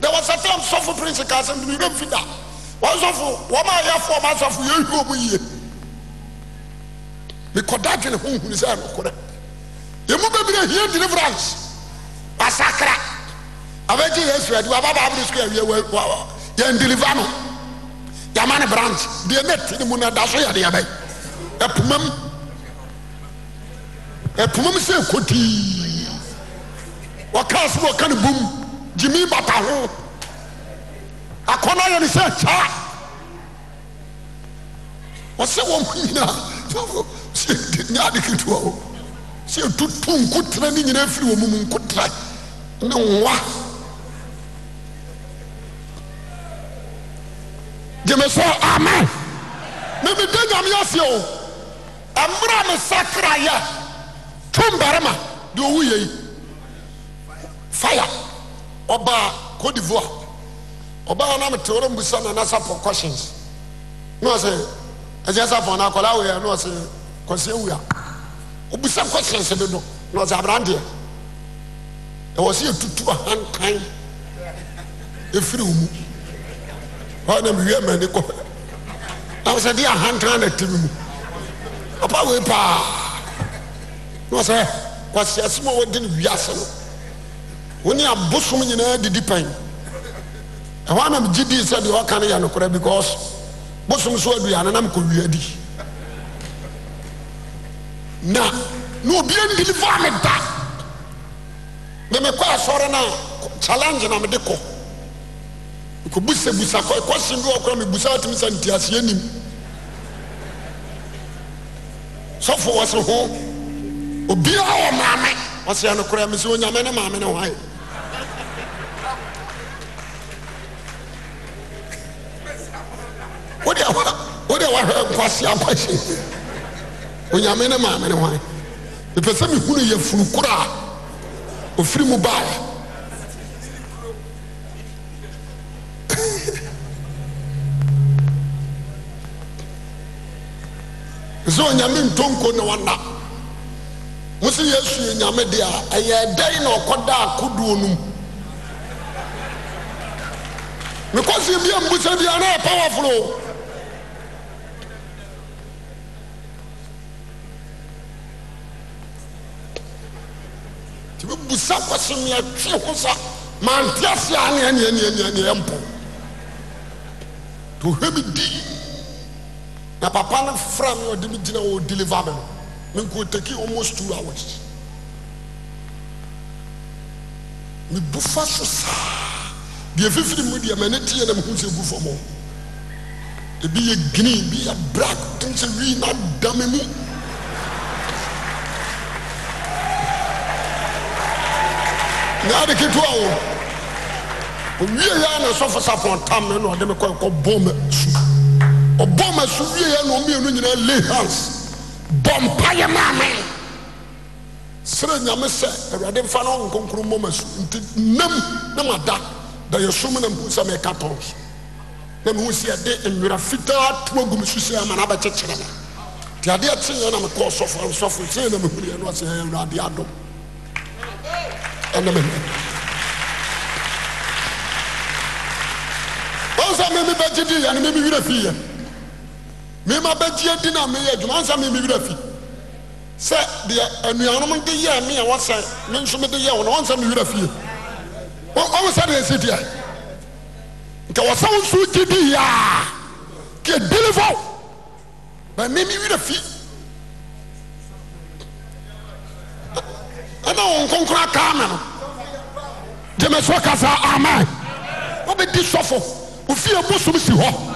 there was a time sɔfo prince ka asɛm de mewura mfi da wɔnsɔfo wɔma ayɛfo ɔma asɔfo yɛhwɛ ɔmu yie mekɔda dwene ho nhunu sɛ nokorɛ yɛmu bɛbirɛ hia deliverance wasakra abɛgye yesu adi wababaa bere sukuu awie yɛn deliver no yɛama ne branch deɛ ne ti ne mu no da so yɛde yɛbɛn ɛpomam ɛpomam sɛ ɛkɔtii ɔkaa sɛbɛ ɔka ne bom gyemi bata ho akɔno ayɛ ne sɛ kyaa ɔ sɛ wɔ mo nyinaɛnya deketoao sɛɛtoto nkotrɛ ne nyinaa firi wɔ mumu nkotrɛ ne nwa gyeme so ama memede nyameasiɛo ɛmra mesakrayɛ twom barima deɛ ɔwu yei faire ɔba co divor ɔbaw namteworɔmbu sa e na nasuppo cosiens e e ne ɔsɛ asia sappo no akɔlaweia ne ɔsɛ kɔseawia ɔbusa cotiɛnse de do neɔ sɛ aberandeɛ ɛwɔ sɛ yɛtutu ahantane ɛfiriwo mu anamewia mani kɔ namosɛ deɛ ahantan ana temi mu ɔpa wei paa neɔ sɛ kɔsiase m wɔdene wiase no wo ne abosom nyinaa didi pan ɛhɔ anam gye dii sɛ deɛ ɔka no yɛ nokorɛ because bosom so aduane nam kɔwia di na na obia ndiliva me da me mekɔ asɔre no a challenge na mede kɔ mekɔbusabusa kɔ question bi wɔkora mebusa atimi sɛ ntiaseɛ nim sɔfo wɔ se ho a wɔ maame ɔsɛ nokorɛ me sɛ onyame ne maame ne hwan wode wahwɛ nkwase akwahye onyame ne maame ne hwan mepɛ sɛ mehunu yɛ funu funukoro a ɔfiri mu baa sɛ onyame ntonko ne wɔna wosi yesu yɛ nyame deɛ a ɛyɛ dɛn na ɔkɔda akodoɔ no mu mekɔsi bi a mbusa bi a na yɛ powerful o busa mebusa kɔsem yɛtwe ho sa mante ase a neɛ neɛ neɛ neɛ neɛ mpo nti ɔhwɛ me di na papa no fra me ɔde me gyina wɔ deliver me no me could take you almost two hours me do fast so saa deɛ fifiri mu deɛ mɛ ne tiɛ na mu sɛ gu fam hɔ ebi yɛ green ebi yɛ black ten sɛ wii na da me mu. nyade ketewa wo ya na sɔfo sapɔntam me na ɔde me kɔ ɛkɔbɔ ma su ɔbɔ ma su ya na ɔmienu nyinaa lay hands bɔpa yɛ maame serɛ nyame sɛ awurade mfa no ɔho kronkron mɔ masunti nam ne mada dɛyɛ som na mpo sɛmeɛkas na mehu siɛde nwera fitaa toa agum su sɛa ma na abɛkyekyerɛ ma nti adeɛ keɛ na mekɔ sɔfo sfo kɛna ɛns wadeɛ ad ɛmmebɛgyede yɛn werɛ fieyɛ mema bɛgyea dina meyɛ adwuma an sɛ memewerɛ fi sɛ deɛ anuanom de yɛ meɛ wɔsɛ me nso mede yɛ wona e sɛ mewerɛ fie mɛ sɛdeɛɛsɛfiɛ nkɛ wɔsɛ wo nso gyidiaa kiɛdili fo bɛmemewerɛ fie ɛmɛ wɔ konkra kaa ma gyemɛso ka sa amen wobɛdi sɔfo ofie mosom si hɔ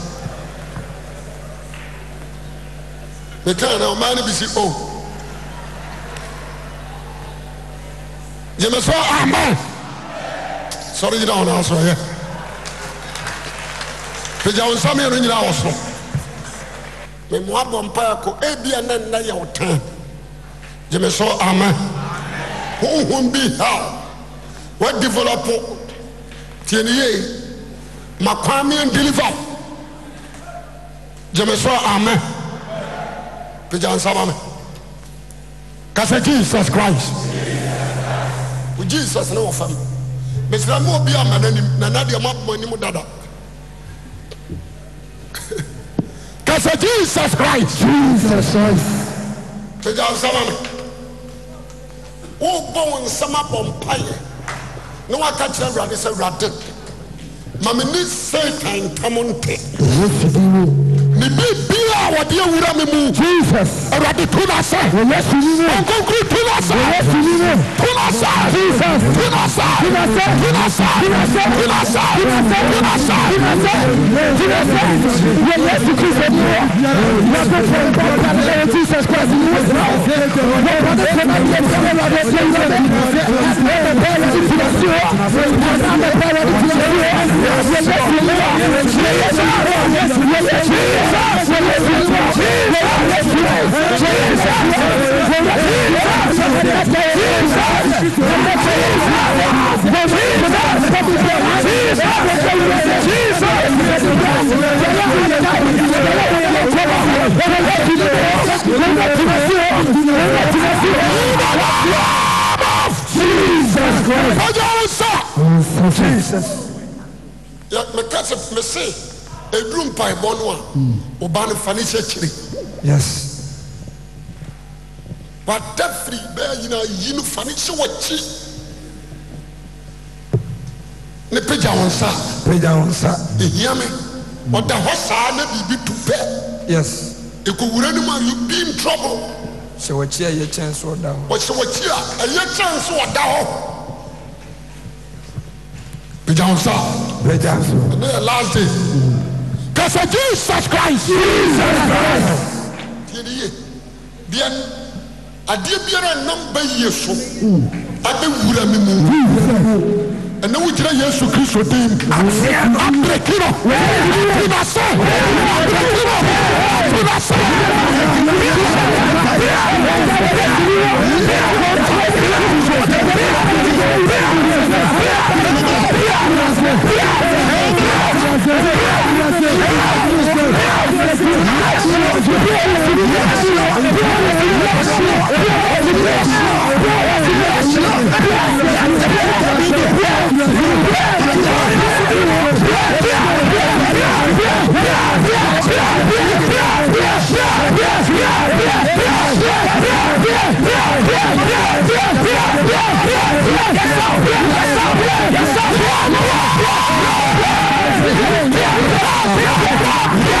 metanɛ ɔmaa ne bisi o gyemɛ so amɛ sɔre nyira wonaasɔyɛ figyawo nsameɛno nyira waso mɛmoabɔ mpa akɔ ɛbia nanna yɛwo taa gyemɛ so amɛ hohombihaw wa difelɔpe tiani ye makwa miɛ n dili fa gyeme so amɛ tgansɛm me ka sɛ jesus khis jesus ne wo fam mesrɛ me ɔbiamananim na naadeɛ mo abomnim dada ka sɛ jsus kris togya nsam a me worebɔwo nsɛm abɔmpaeɛ ne woaka kyerɛ awurade sɛ wurade ma menni setan ntam nte wofid mo Jesus, bia jesus to to jesus to to to to to jesus Jesus Christ. Jesus. Jesus, Jesus, Jesus, Jesus, Jesus, Jesus eduru mpaebɔ no a ɔba hmm. no fa ne hyɛ kyire yes wata firi bɛɛ nyinaa yi no fa ne hyɛ wɔkyi ne pagya wo nsa pagya wo nsa ɛhia me ɔda hɔ saa na biribi tu pɛ yes ɛkɔwura no mu a you be in trouble hyɛ wɔkyi a ɛyɛ kyɛn so ɔda hɔ ɔhyɛ wɔkyi a ɛyɛ kyɛn so ɔda hɔ pagya wo nsa pagya wo nsa ɛno last day mm -hmm kẹsẹ jesus christ. jesus christ. diẹ ni ye diẹ ni adeɛ biara nam bɛ yie so abɛ wura mi mu ɛnɛ wo gyina yesu kristo din abirikiro firibasɛ abirikiro firibasɛ Yeah. Hey! Yeah!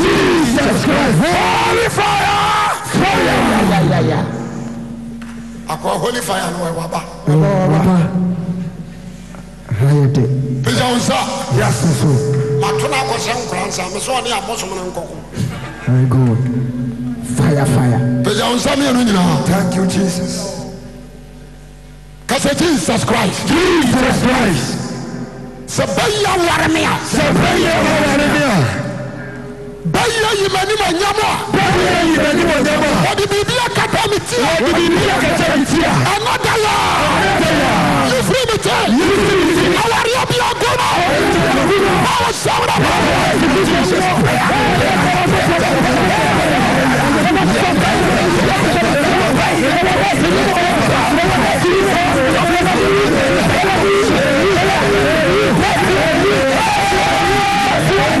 Jesus Christ. Holy fire. Fire. Yeah, yeah, yeah, yeah. Akọ holy fire ni wọ́n waba. Wọ́n wá. Ayé dé. Bísí àwọn sá. Yasọ so. Màtún náà kọ sẹ́ nkura nsá, mi sọ ni àbọ̀sọ̀mọ̀ Very good. Fire fire. Bísí àwọn mi mìíràn nyinaa. Thank you Jesus. Kasa Jesus Christ. Jesus Christ. Sẹ bẹ́ẹ̀ yà wàrẹ́ mi à bẹ́ẹ̀ yìí mẹ́ ni mo nyẹ́ mọ́. bẹ́ẹ̀ yìí mẹ́ ni mo nyẹ́ mọ́. wọ́n di bíbí akata mi tí. wọ́n di bíbí akata mi tí. ẹ̀nà dayà. ẹ̀nà dayà. yìí fún mi tẹ́. yìí fún mi tẹ́. awari omi agbona. báwo sọ̀rọ̀ bá. Yeah. Brasil!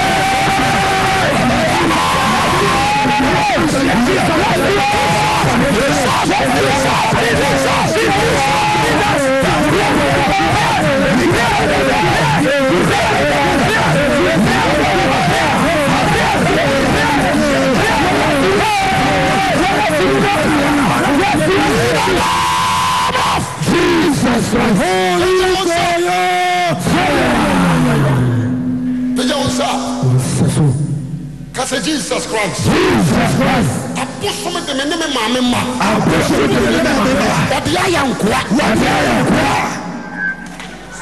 Jesus Holy Fire! The Fire! kasa jesus christ. jesus christ. abosom de me ne me maame ma. abosom de me ne me maame ma. wɔde ayɛ nkoa. wɔde ayɛ nkoa.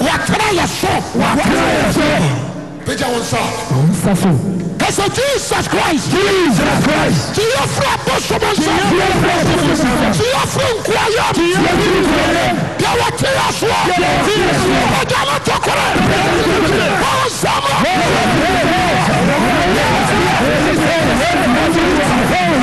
wɔtara yɛ so. wɔtara yɛ so. pagya wɔn nsa. wɔn nsa so. kasa jesus christ. jesus christ. tiyo fura abosom nsa. tiyo fura abosom nsa. tiyo fura nkoa yɛ. tiyo fura nkoa yɛ. deɛ wɔte yɛ so. deɛ wɔte yɛ so. ɔjɔ ne tɔkɔrɔ. ɔjɔ ne tɔkɔrɔ. ɔn sama. ɔn sama.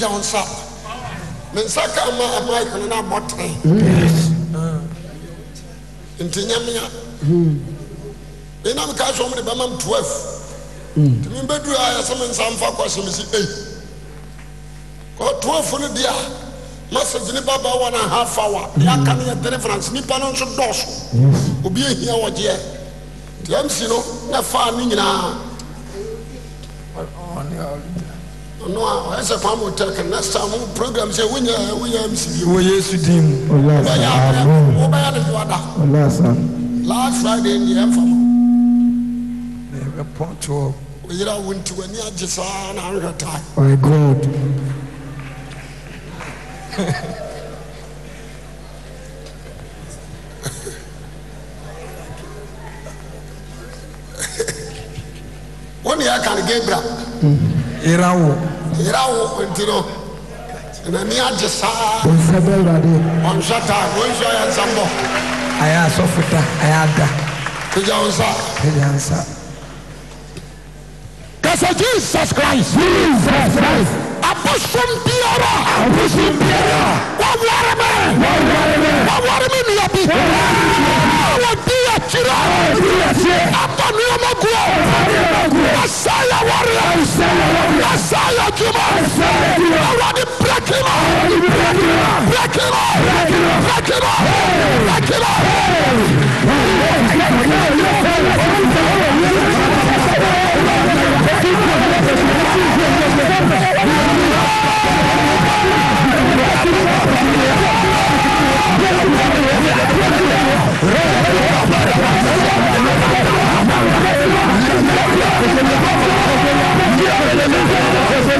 smensa ka mamaeno ne mɔt nti nyɛmea namka so m de bɛmam 12 ti membɛdurayɛ sɛ mensa mfa kɔsye msi e sɔ 12 no dea ma sɛgyeni baba wa no ha fawa dyɛ aka ne yɛderefananso nnipa no nso dɔso obi ahia wɔgyeɛ ti am si no nɛ faa no nyinaa last friday neɛ ɛmfa ma ɛbɛpɔntoɔ wɔyera wo nti w'ani agye saa na anhwɛ my god wo ne yɛ kane gabriel ìràwọ̀. ìràwọ̀ nti no nani agye saa. onse bɛ wurade. ɔnhwɛ taa onse ɔyɛ nsambɔ. a yɛ asɔfo da a yɛ ada. pejá nsa. pejá nsa. kasa jesus christ. jesus christ. abosom biara. abosom biara. wawari mɛ. wawari mɛ. wawari ya niyabi. wawari mɛ niyabi. wawari mɛ niyabi. wawari mɛ niyabi. abɔ nneɛma gu. ɛsɛyɛ wɔrɛ ɛsɛyɛ juma awurade brekima brekima brekima brekima. Yeah. José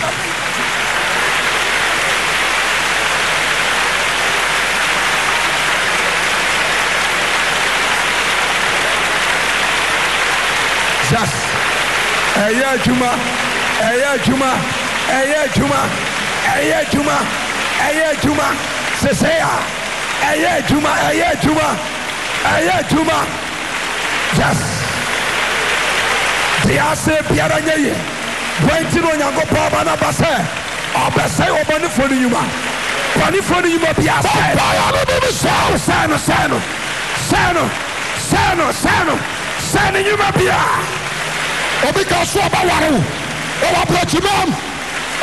jesus ɛyɛ adwuma ɛyɛ adwuma ɛyɛ adwuma ɛyɛ adwuma ɛyɛ adwuma sese a ɛyɛ adwuma ɛyɛ adwuma ɛyɛ adwuma yes deɛ ase biara nyɛ yie wɔnti no onyankopɔn aba na aba sɛ ɔbɛsɛe ɔbɔnefoɔ no nyuma bɔnefoɔ no nyuma bia sɛe sɛe no sɛe no sɛe no sɛe no sɛe no sɛe no nyuma biara obi ka so ɔbɛware wo wɔwɔ aborɔkyi mam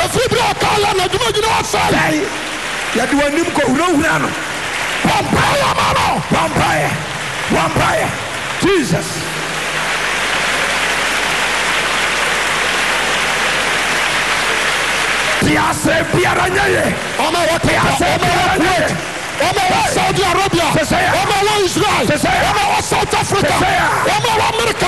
ɛfiri berɛ ɔkaala na adwuma nyina asɛe yɛde w'anim kɔhurahura no bɔmpaeɛ ma no bɔmpaeɛ bɔmpaeɛ jesus te asɛ biara nyɛ yɛ ɔma wɔte asɛ biara nyɛ yɛ ɔmɛ wɔ saudi arabia ɔmɛ wɔ israel ɔmɛ wɔ south africa ɔmɛ wɔ america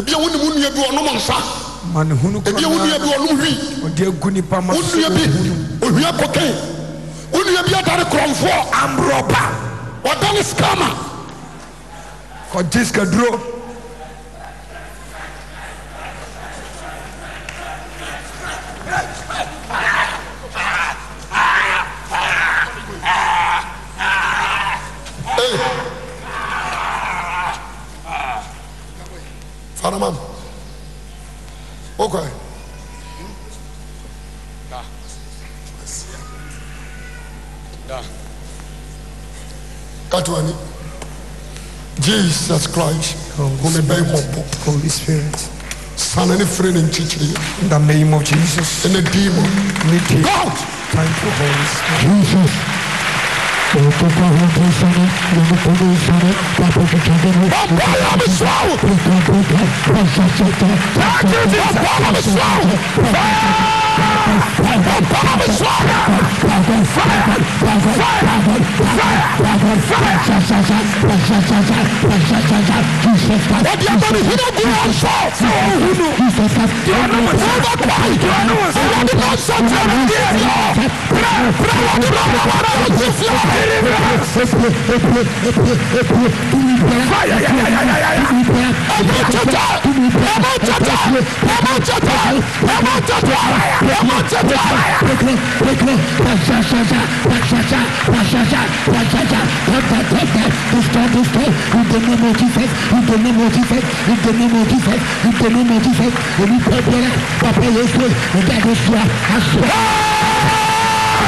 ɛbia wonem wonua bi ɔnom nsa manabia wonuɛ bi ɔnom hi ɔdeɛgunibamwonuɛbi ohia kɔken wonuɛ bi ɛdare krɔnfoɔ amrɔba ɔdane sikama kɔgyeskaduro jesus christ womebɛn kɔpɔ holy spirit sane ne friend in church. in the name of jesus in the name of god thank you holy spirit jesus the power of his honor. Fire! Fire! Fire! Fire! What you have done is without good No, who knew? are not quite. You are not. You Fire! Destroy, destroy, in the name of Jesus, in the name of Jesus, in the name of Jesus, in the name of Jesus, and we pray, Papa, yes, and that is what I swear.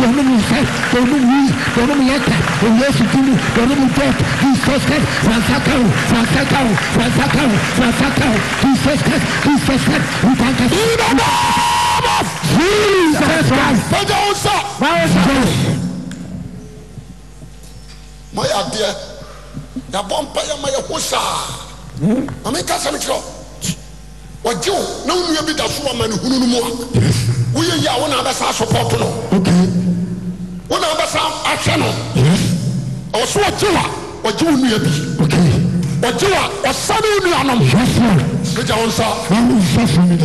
Your name is Christ. Your name is Your name is Esther. In Yesu Kristo. Your name is death. Jesus Christ. Ransakao. Ransakao. Ransakao. Ransakao. Jesus o, Jesus Christ. We thank you. In the name of Jesus Christ. Bẹ́ẹ̀ni o sọ. Mọ yà adiẹ, yà bọ̀ mpẹ yà má yà kó sáà. Màmí kásá mi kyerọ, wọ́n jí o, náà wọ́n nuyẹ bi da so wà mà ní hunu mu a. Wúyẹ yìí àwọn náà bẹ sá sọpọ́tù wọn náà bẹ sàn ahwẹ no ọsọ ọjì wa ọjì wọn nua bi ọjì wa ọsàn wọn nua nom. nígbà wọn sá. wọn sá fún mi.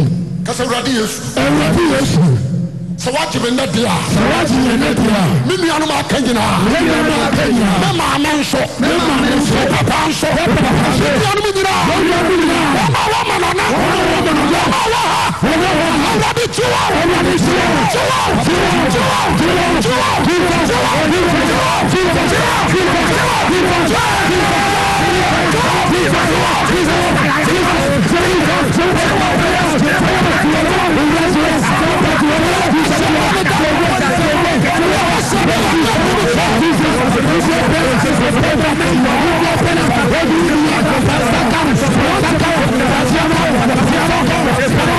kásá wúlò adé yẹn sùn. ẹwúrọ̀ adé yẹn sùn. sɛ woagye me nnɛ deɛ a sɛ woagye me nnɛ deɛ a me nuanom aka ma me nuanom aka nyinaa me maame nso me maame nso me papa nso me papa nso me nuanom nyinaa me nuanom nyinaa wɔma wɔma nana wɔma wɔma nana wɔma wɔ ha wɔma wɔ ha awurade tiwa awurade tiwa tiwa tiwa tiwa tiwa tiwa tiwa tiwa tiwa tiwa tiwa tiwa tiwa tiwa tiwa tiwa tiwa Thank you.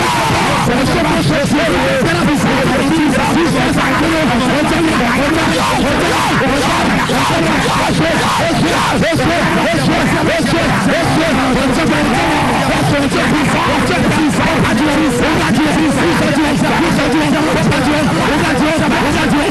Gracias.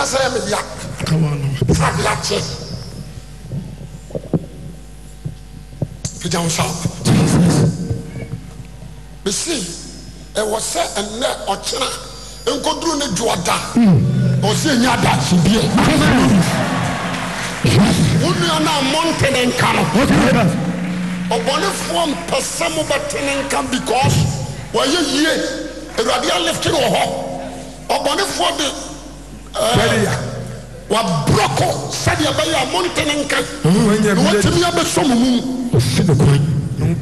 kasa yɛ mi ya sábì akyɛ pejá nfa bisi ɛwɔ sɛ ɛnɛ ɔkyerɛ nkoduru ne ju ɔda ɔsi enyi ada asubie wúnìyàn náà mọ̀ntẹ́ ní nka no ọ̀bọ̀nìfọ̀ mpẹ̀sẹ̀ mo bẹ̀ tẹ́ ní nka because wọ́n yẹ yie ewurade alifin wọ̀ hɔ ọ̀bọ̀nìfọ̀ de sɛdeɛ wabrɔkɔ sɛdeɛ ɛbɛyɛ a mɔnte ne nka na watumi abɛsɔ mo mu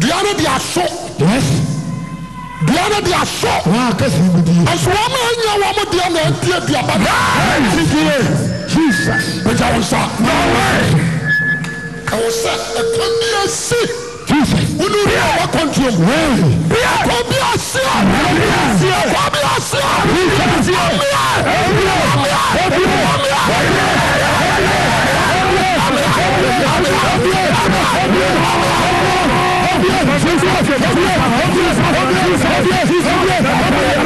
dua no de aso dua no de aso ɛso wɔn a anya wɔn mo deɛ na ɛdie duaba no jesus pagya wo nsa ɛwɔ sɛ ɛkwan bi asi Jesus. Wúni rí àwọn kọ́ntìrì mu. Wẹ́ẹ̀rì. Bí a kò bí a sí ọ. Bí a sí ọ. Kò bí a sí ọ. Bí a sí ọ. Bí a sí ọ. Bí a sí ọ. Bí a sí ọ. Obvious, obvious, obvious, obvious, obvious, obvious, obvious, obvious, obvious.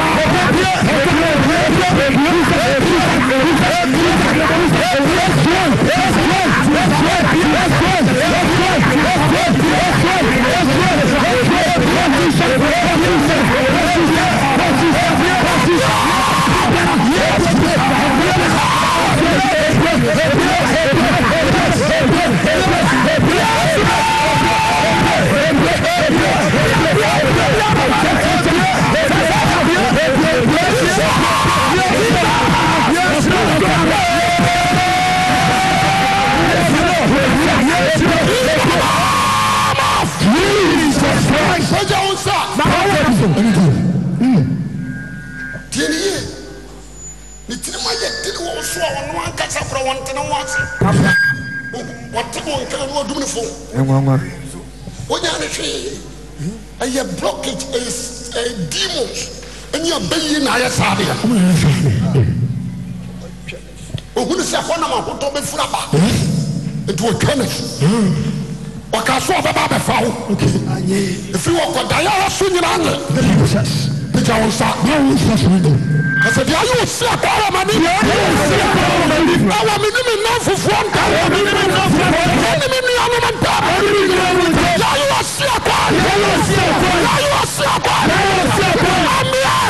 Yeah! sọjá ń sà. báwo ni o ẹni tó. tiẹ̀ nìyẹ ní tìrìmọ̀ yẹ tìrì wọn sọ àwọn ní wọn kásá fúra wọn tẹ̀lé wọn sí. wọ́n ti wọn kẹlẹ́ ní wọn dumuni fún. ẹ wọn wọn. wọ́n yà á ní fi ẹ̀yẹ blockage ẹ̀yẹ demons ɛni abɛyi na ayɛ saa deɛ ohun sɛ hɔnam ahotɔ bɛ fura ba nti wɔtwa ne so ɔka so ɔbɛba abɛfa wo ɛfiri wɔkɔdaeɛ ara so nyinaa nye pita wọn sa. n'a y'o sọ sọ de. kasadi a y'o si akɔ awɔ ma a y'o si akɔ awɔ ma ni. awɔ mi ni mi nan fufuo nta. awɔ mi ni mi nan fufuo nta. awɔ mi ni mi mi nta. y'a y'o si akɔ. y'a y'o si akɔ. y'a y'o si akɔ. ami.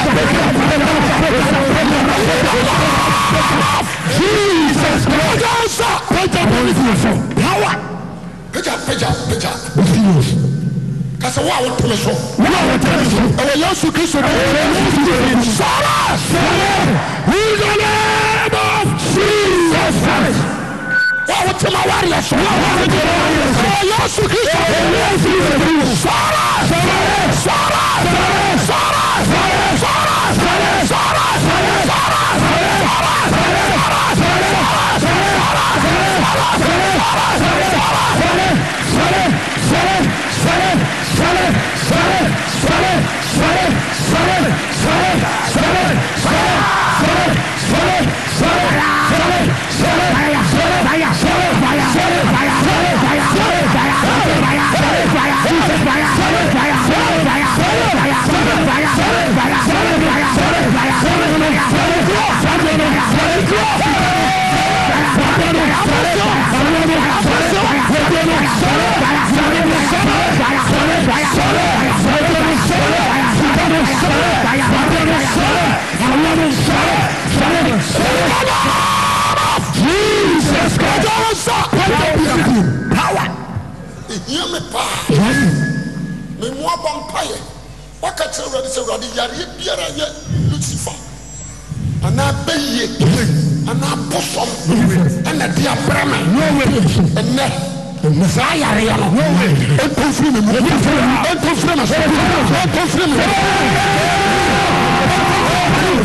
Jesus Christ. Power. Picture, picture, picture. Kasa wa awo tẹmẹ so. Wa awo tẹmẹ so. Ẹwẹ Yasu Kristo bẹ yẹ Yasu Kristo. Sara sara in the name of Jesus Christ. Wa awo tẹmẹ awari so. Wa awo tẹmẹ awari yẹ so. Ẹwẹ Yasu Kristo bẹ yẹ Yasu Kristo. Sara sara sara Sarı! Sarı! Sarı! Sarı! Sarı! Sarı! Sarı! Sarı! ihiame pa memoabompayɛ wakaterɛ wurde sɛwrade yareyɛ biara yɛ lucife ana abeye ana abʋsom ɛnɛdeabra me ɛnɛme sɛa yareyɛlo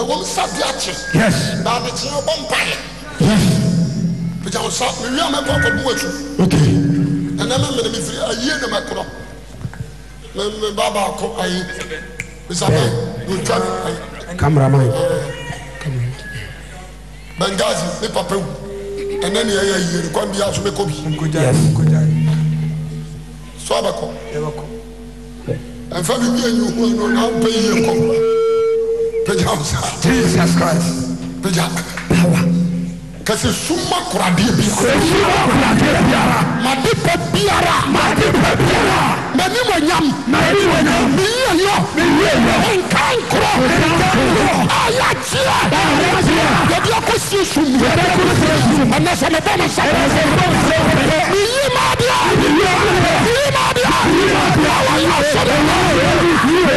wɔm sa di akyi. yes. baabi tiɲɛ o bɔ mpaeɛ. yes. pejá o sa mi wi àmì bọ́ kọ́ bu wẹ̀ tu. ok. ɛnna mi mìíràn mi firi ayé ni ma kúrò mi mi bá bá a kó ayé bisabẹ́. kameraman benghazi ne papa wu ɛnɛ ni ɛyɛ yiyere kwan bi aso ne kobi so abɛkɔ ɛnfɛ bi bi enyi hu ɛnu n'an pɛ yie kɔ pɛgya musa jesus christ pɛgya power kɛse kura kuradeɛ biara suma kuradeɛ biara madipa biara madipa biara. mani mo nyam mi a yà si esu mi mi yi ma mi yi ma mi ma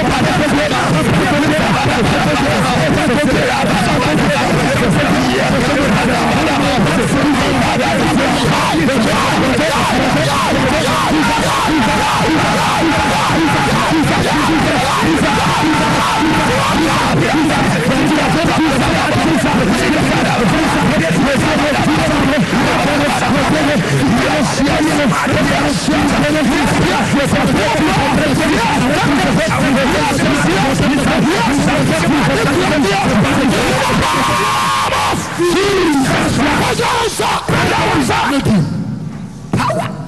Yes, yes, yes, yes,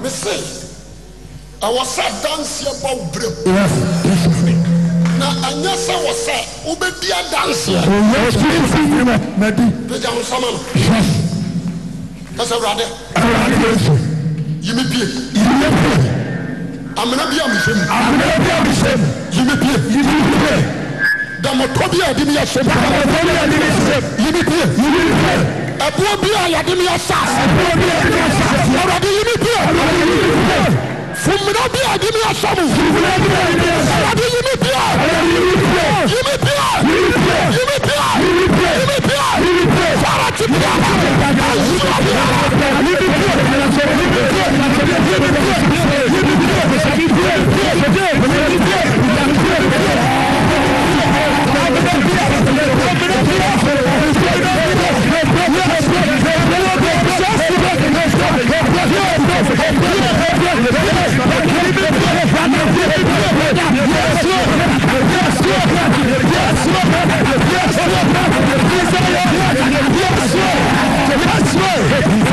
mese ɛwɔ sɛ danseɛ bɔ wo berɛ na ɛnyɛ sɛ wɔ sɛ wobɛdi adanseɛ pagya wo nsama no ɛ sɛ awurade yimepie amena bi a mesɛ mu yimipie yimipie damɔtɔ bi a yɛde mi yɛ so damɔtɔ bi a yɛde mi yɛ so yimipie yimipie ɛbuo bi a yɛde mi yɛ sa ɛbuo bi a yɛde mi yɛ sa ɔrɔdi yimipie ɔrɔdi yimipie funmina bi a yɛde mi yɛ so mu funmina bi a yɛde mi yɛ so ɔrɔdi yimipie ɔrɔdi yimipie yimipie yimipie yimipie yimipie yimipie yimipie fara ti bi a ma ɛyuwa bi a ma yimipie yimipie yimipie yimipie. Yes, sir.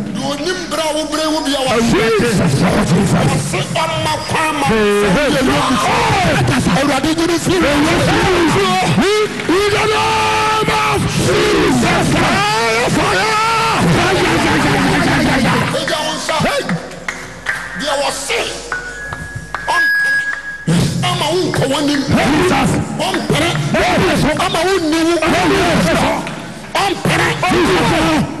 onim bra wo bere wo bia wa ɔsi ɔma kwan ma awurade nyiri fi deɛ wɔse ama wo nkɔ w'anim ɔmpere ama wo nni wo ɔmpere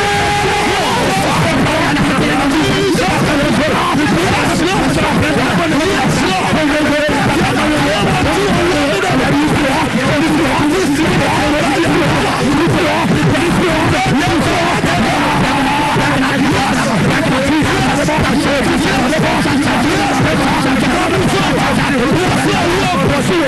Yeah!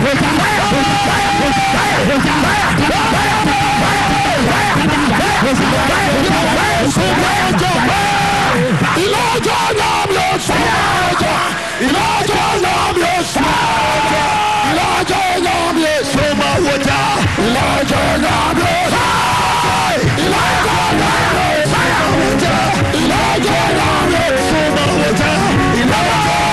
Elijah, Elijah, Elijah, Elijah, Elijah, Elijah,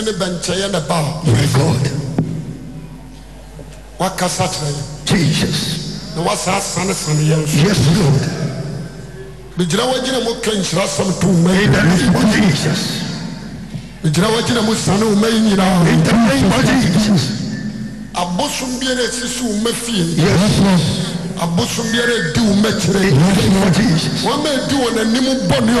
ɛakyerɛ ɛ n wasaa sane saneyɛ nso igyina wagyinamukɛ nhyira sɛmto a igyina wagyinamu sane womai nyina aosom bira asi so woma fie ao bira adi wo mɛkyerɛ ma adi wɔnanim bɔ nea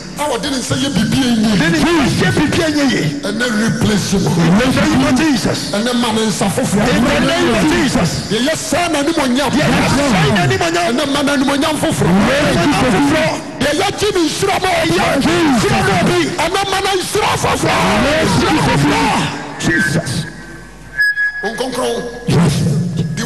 a wɔde ne nsa yɛ bibie nye. de ne nsa yɛ bibie nye ye. ɛnɛ replaceable. ɛnɛ name of jesus. ɛnɛ ma ne nsa foforɔ. in the name of jesus. yɛyɛ sɛn na ni mo nya. yɛyɛ sɛn na ni mo nya. ɛnɛ ma na ni mo nya foforɔ. yɛyɛ sɛn na foforɔ. yɛyɛ ji ni nsirama o yɛ. nsirama bi. ɛnɛ ma na nsira foforɔ. nsira foforɔ. jesus. nkonkron. Jesus.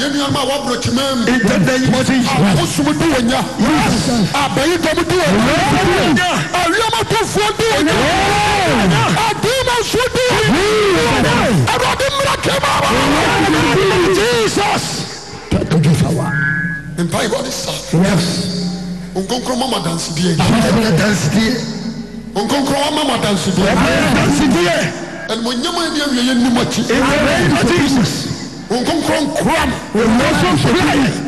mwɔe ns maansɛ nmyamaii yen nkonkron kuram relationship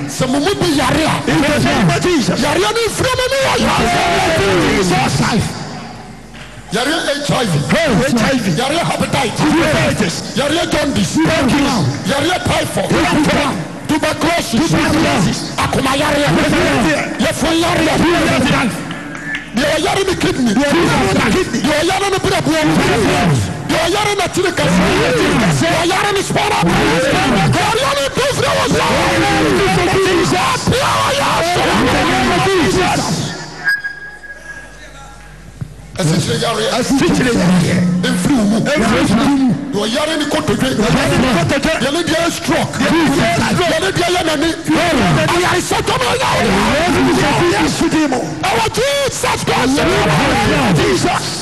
sɛ mo mu bi yare a yare no mfiri mu ne yɛ yare yare hiv hiv yare hepatitis yare jaundice yare typhoid tuberculosis akomayare yɛfo yare deɛ ɔyare ne kidney deɛ ɔyare ne brɛboɔ ɔyare n'akyiri kase ɔyare ne sɔrɔ ɔyare ne tufiri wɔ sɔrɔ sɛ bia ɔyɛ asɔrɔ. ɛsikyire yareɛ ɛsikyire yareɛ efiri wu efiri wu ɔyare ni kotodwe ɔyare ni kotodwe yɛlɛ diɛ yɛ strɔk yɛlɛ diɛ yɛ nani ayarisɛ tɔmɔ yawo yɛ ɛwɔ jesus christ jesus.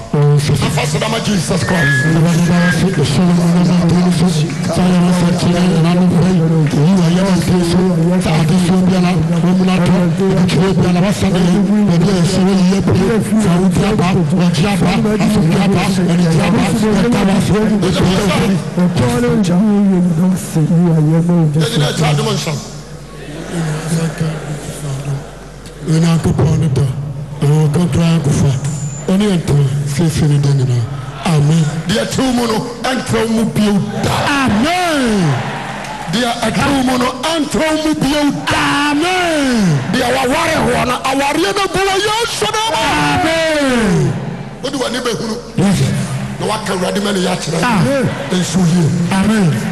afɔsidama jesus christ. alamida wasu esolo ɔlọmọ tóni so ta wà fún ètò ɔne yɛntama fiefe no da nyinaa amen deɛ tew mu no ɛntrɛw mu bio da amen deɛ ɛtew mu no ɛntrɛw mu bio da amen deɛ waware hoɔ no awareɛ no bua yɛsɔ no ma amen wode w'ani bɛhunu na waka awurade ma ne yɛakyerɛ nsuo yie amen